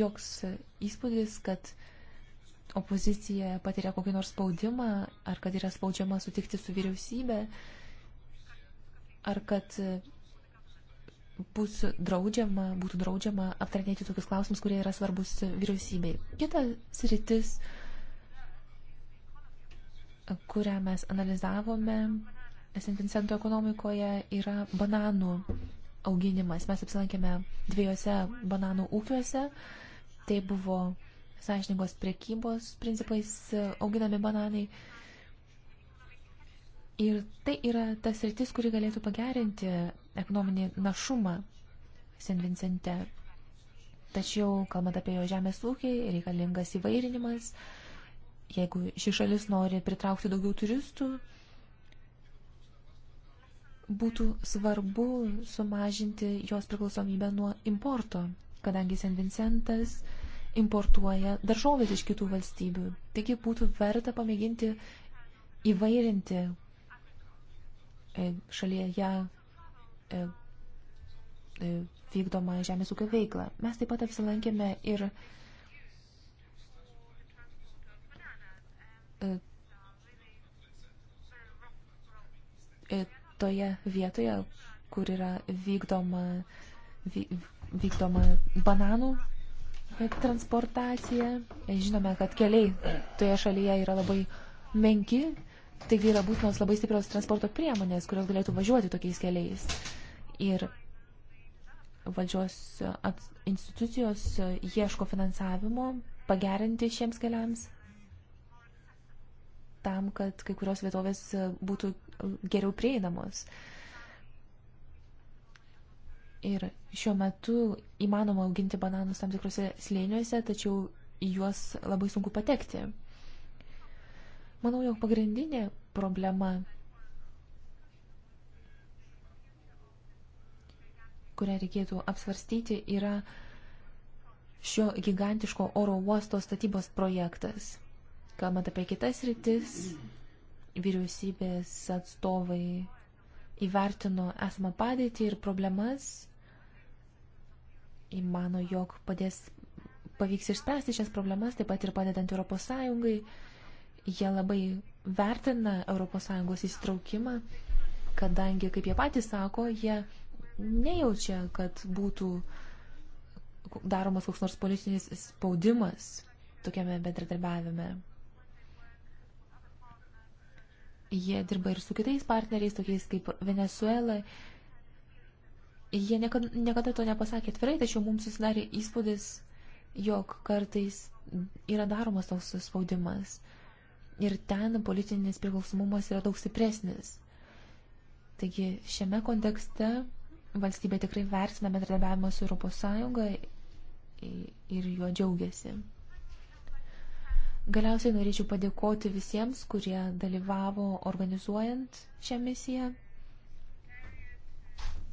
joks įspūdis, kad opozicija patiria kokį nors spaudimą, ar kad yra spaudžiama sutikti su vyriausybė, ar kad e, bus draudžiama, būtų draudžiama aptarnėti tokius klausimus, kurie yra svarbus vyriausybei. Kita sritis kurią mes analizavome Sintincento ekonomikoje, yra bananų auginimas. Mes apsilankėme dviejose bananų ūkiuose. Tai buvo sąžiningos priekybos principais auginami bananai. Ir tai yra tas rytis, kuri galėtų pagerinti ekonominį našumą Sen Vincente. Tačiau, kalbant apie jo žemės ūkį, reikalingas įvairinimas, uh, Jeigu ši šalis nori pritraukti daugiau turistų, būtų svarbu sumažinti jos priklausomybę nuo importo, kadangi Sen Vincentas importuoja daržovės iš kitų valstybių. Taigi būtų verta pamėginti įvairinti e, šalyje e, e, vykdomą žemės ūkio veiklą. Mes taip pat apsilankėme ir E, toje vietoje, kur yra vykdoma, vy, vykdoma bananų e, transportacija. E, žinome, kad keliai toje šalyje yra labai menki, taigi yra būtinos labai stiprios transporto priemonės, kurios galėtų važiuoti tokiais keliais. Ir valdžios institucijos ieško finansavimo pagerinti šiems keliams tam, kad kai kurios vietovės e, būtų e, geriau prieinamos. Ir šiuo metu įmanoma auginti bananus tam tikrose slėniuose, tačiau į juos labai sunku patekti. Manau, jog pagrindinė problema, kurią reikėtų apsvarstyti, yra šio gigantiško oro uosto statybos projektas – Kalbant apie kitas rytis, vyriausybės atstovai įvertino esamą padėtį ir problemas. Įmano, jog padės, pavyks išspręsti šias problemas, taip pat ir padedant Europos Sąjungai. Jie labai vertina Europos Sąjungos įsitraukimą, kadangi, kaip jie patys sako, jie nejaučia, kad būtų daromas koks nors politinis spaudimas tokiame bendradarbiavime. Jie dirba ir su kitais partneriais, tokiais kaip Venezuela. Jie niekada, niekada to nepasakė atvirai, tačiau mums susidarė įspūdis, jog kartais yra daromas toks suspaudimas. Ir ten politinis priklausomumas yra daug stipresnis. Taigi šiame kontekste valstybė tikrai versina bendradarbiavimą su ES ir juo džiaugiasi. Galiausiai norėčiau padėkoti visiems, kurie dalyvavo organizuojant šią misiją,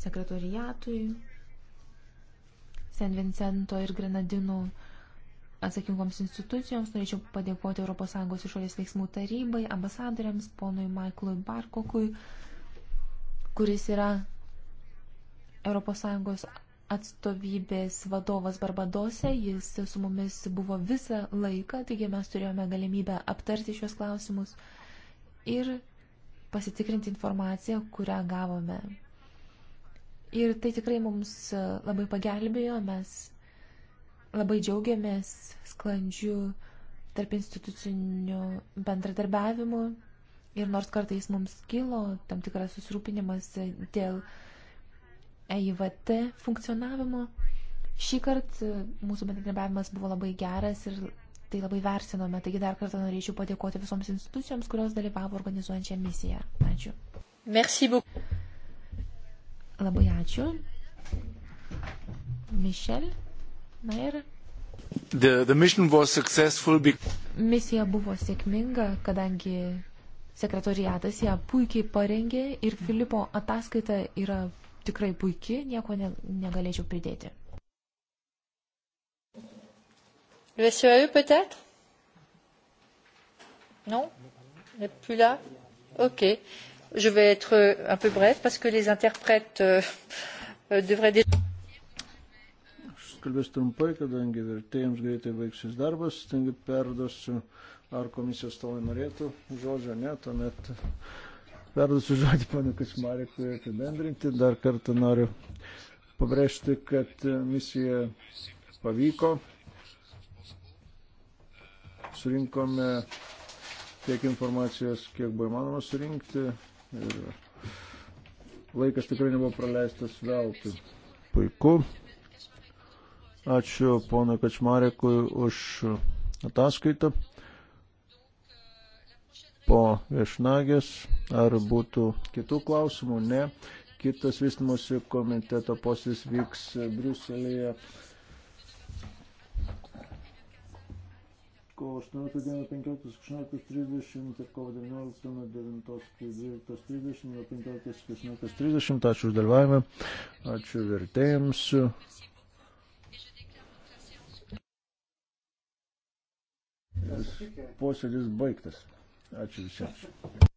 sekretoriatui, Sen Vincento ir Grenadinų atsakingoms institucijoms. Norėčiau padėkoti ES išorės veiksmų tarybai, ambasadoriams, ponui Maiklui Barkokui, kuris yra ES atstovybės vadovas Barbadose, jis su mumis buvo visą laiką, taigi mes turėjome galimybę aptarti šios klausimus ir pasitikrinti informaciją, kurią gavome. Ir tai tikrai mums labai pagelbėjo, mes labai džiaugiamės sklandžių tarp institucinių bendradarbiavimų ir nors kartais mums kilo tam tikras susirūpinimas dėl uh, EIVT funkcionavimo. Šį kartą e, mūsų bendradarbiavimas buvo labai geras ir tai labai versinome. Taigi dar kartą norėčiau padėkoti visoms institucijoms, kurios dalyvavo organizuojant šią misiją. Ačiū. Merci beaucoup. Labai ačiū. Mišel. Na ir. The, the mission was successful because... Misija buvo sėkminga, kadangi sekretoriatas ją puikiai parengė ir Filipo ataskaita yra tikrai puikiai, nieko ne, negalėčiau pridėti. Le CAE peut-être Non Il n'est plus là Ok. Je vais être euh, un peu bref parce que les interprètes euh, euh, devraient déjà. Aš kalbės trumpai, kadangi vertėjams greitai baigsis darbas, tengi perdosiu, ar komisijos tolai norėtų žodžio, ne, tuomet perduosiu žodį pana Kašmarikui apibendrinti. Dar kartą noriu pabrėžti, kad misija pavyko. Surinkome tiek informacijos, kiek buvo įmanoma surinkti. Ir laikas tikrai nebuvo praleistas veltui. Puiku. Ačiū pono Kačmarekui už ataskaitą po viešnagės, ar būtų kitų klausimų, ne. Kitas vystimosi komiteto posės vyks Briuselėje. Kovo 18 dieną 15.16.30 ir kovo 19 nuo 9.12.30 nuo 15.16.30. Ačiū už dalyvavimą, ačiū vertėjams. Posėdis baigtas. Ačiū visiems.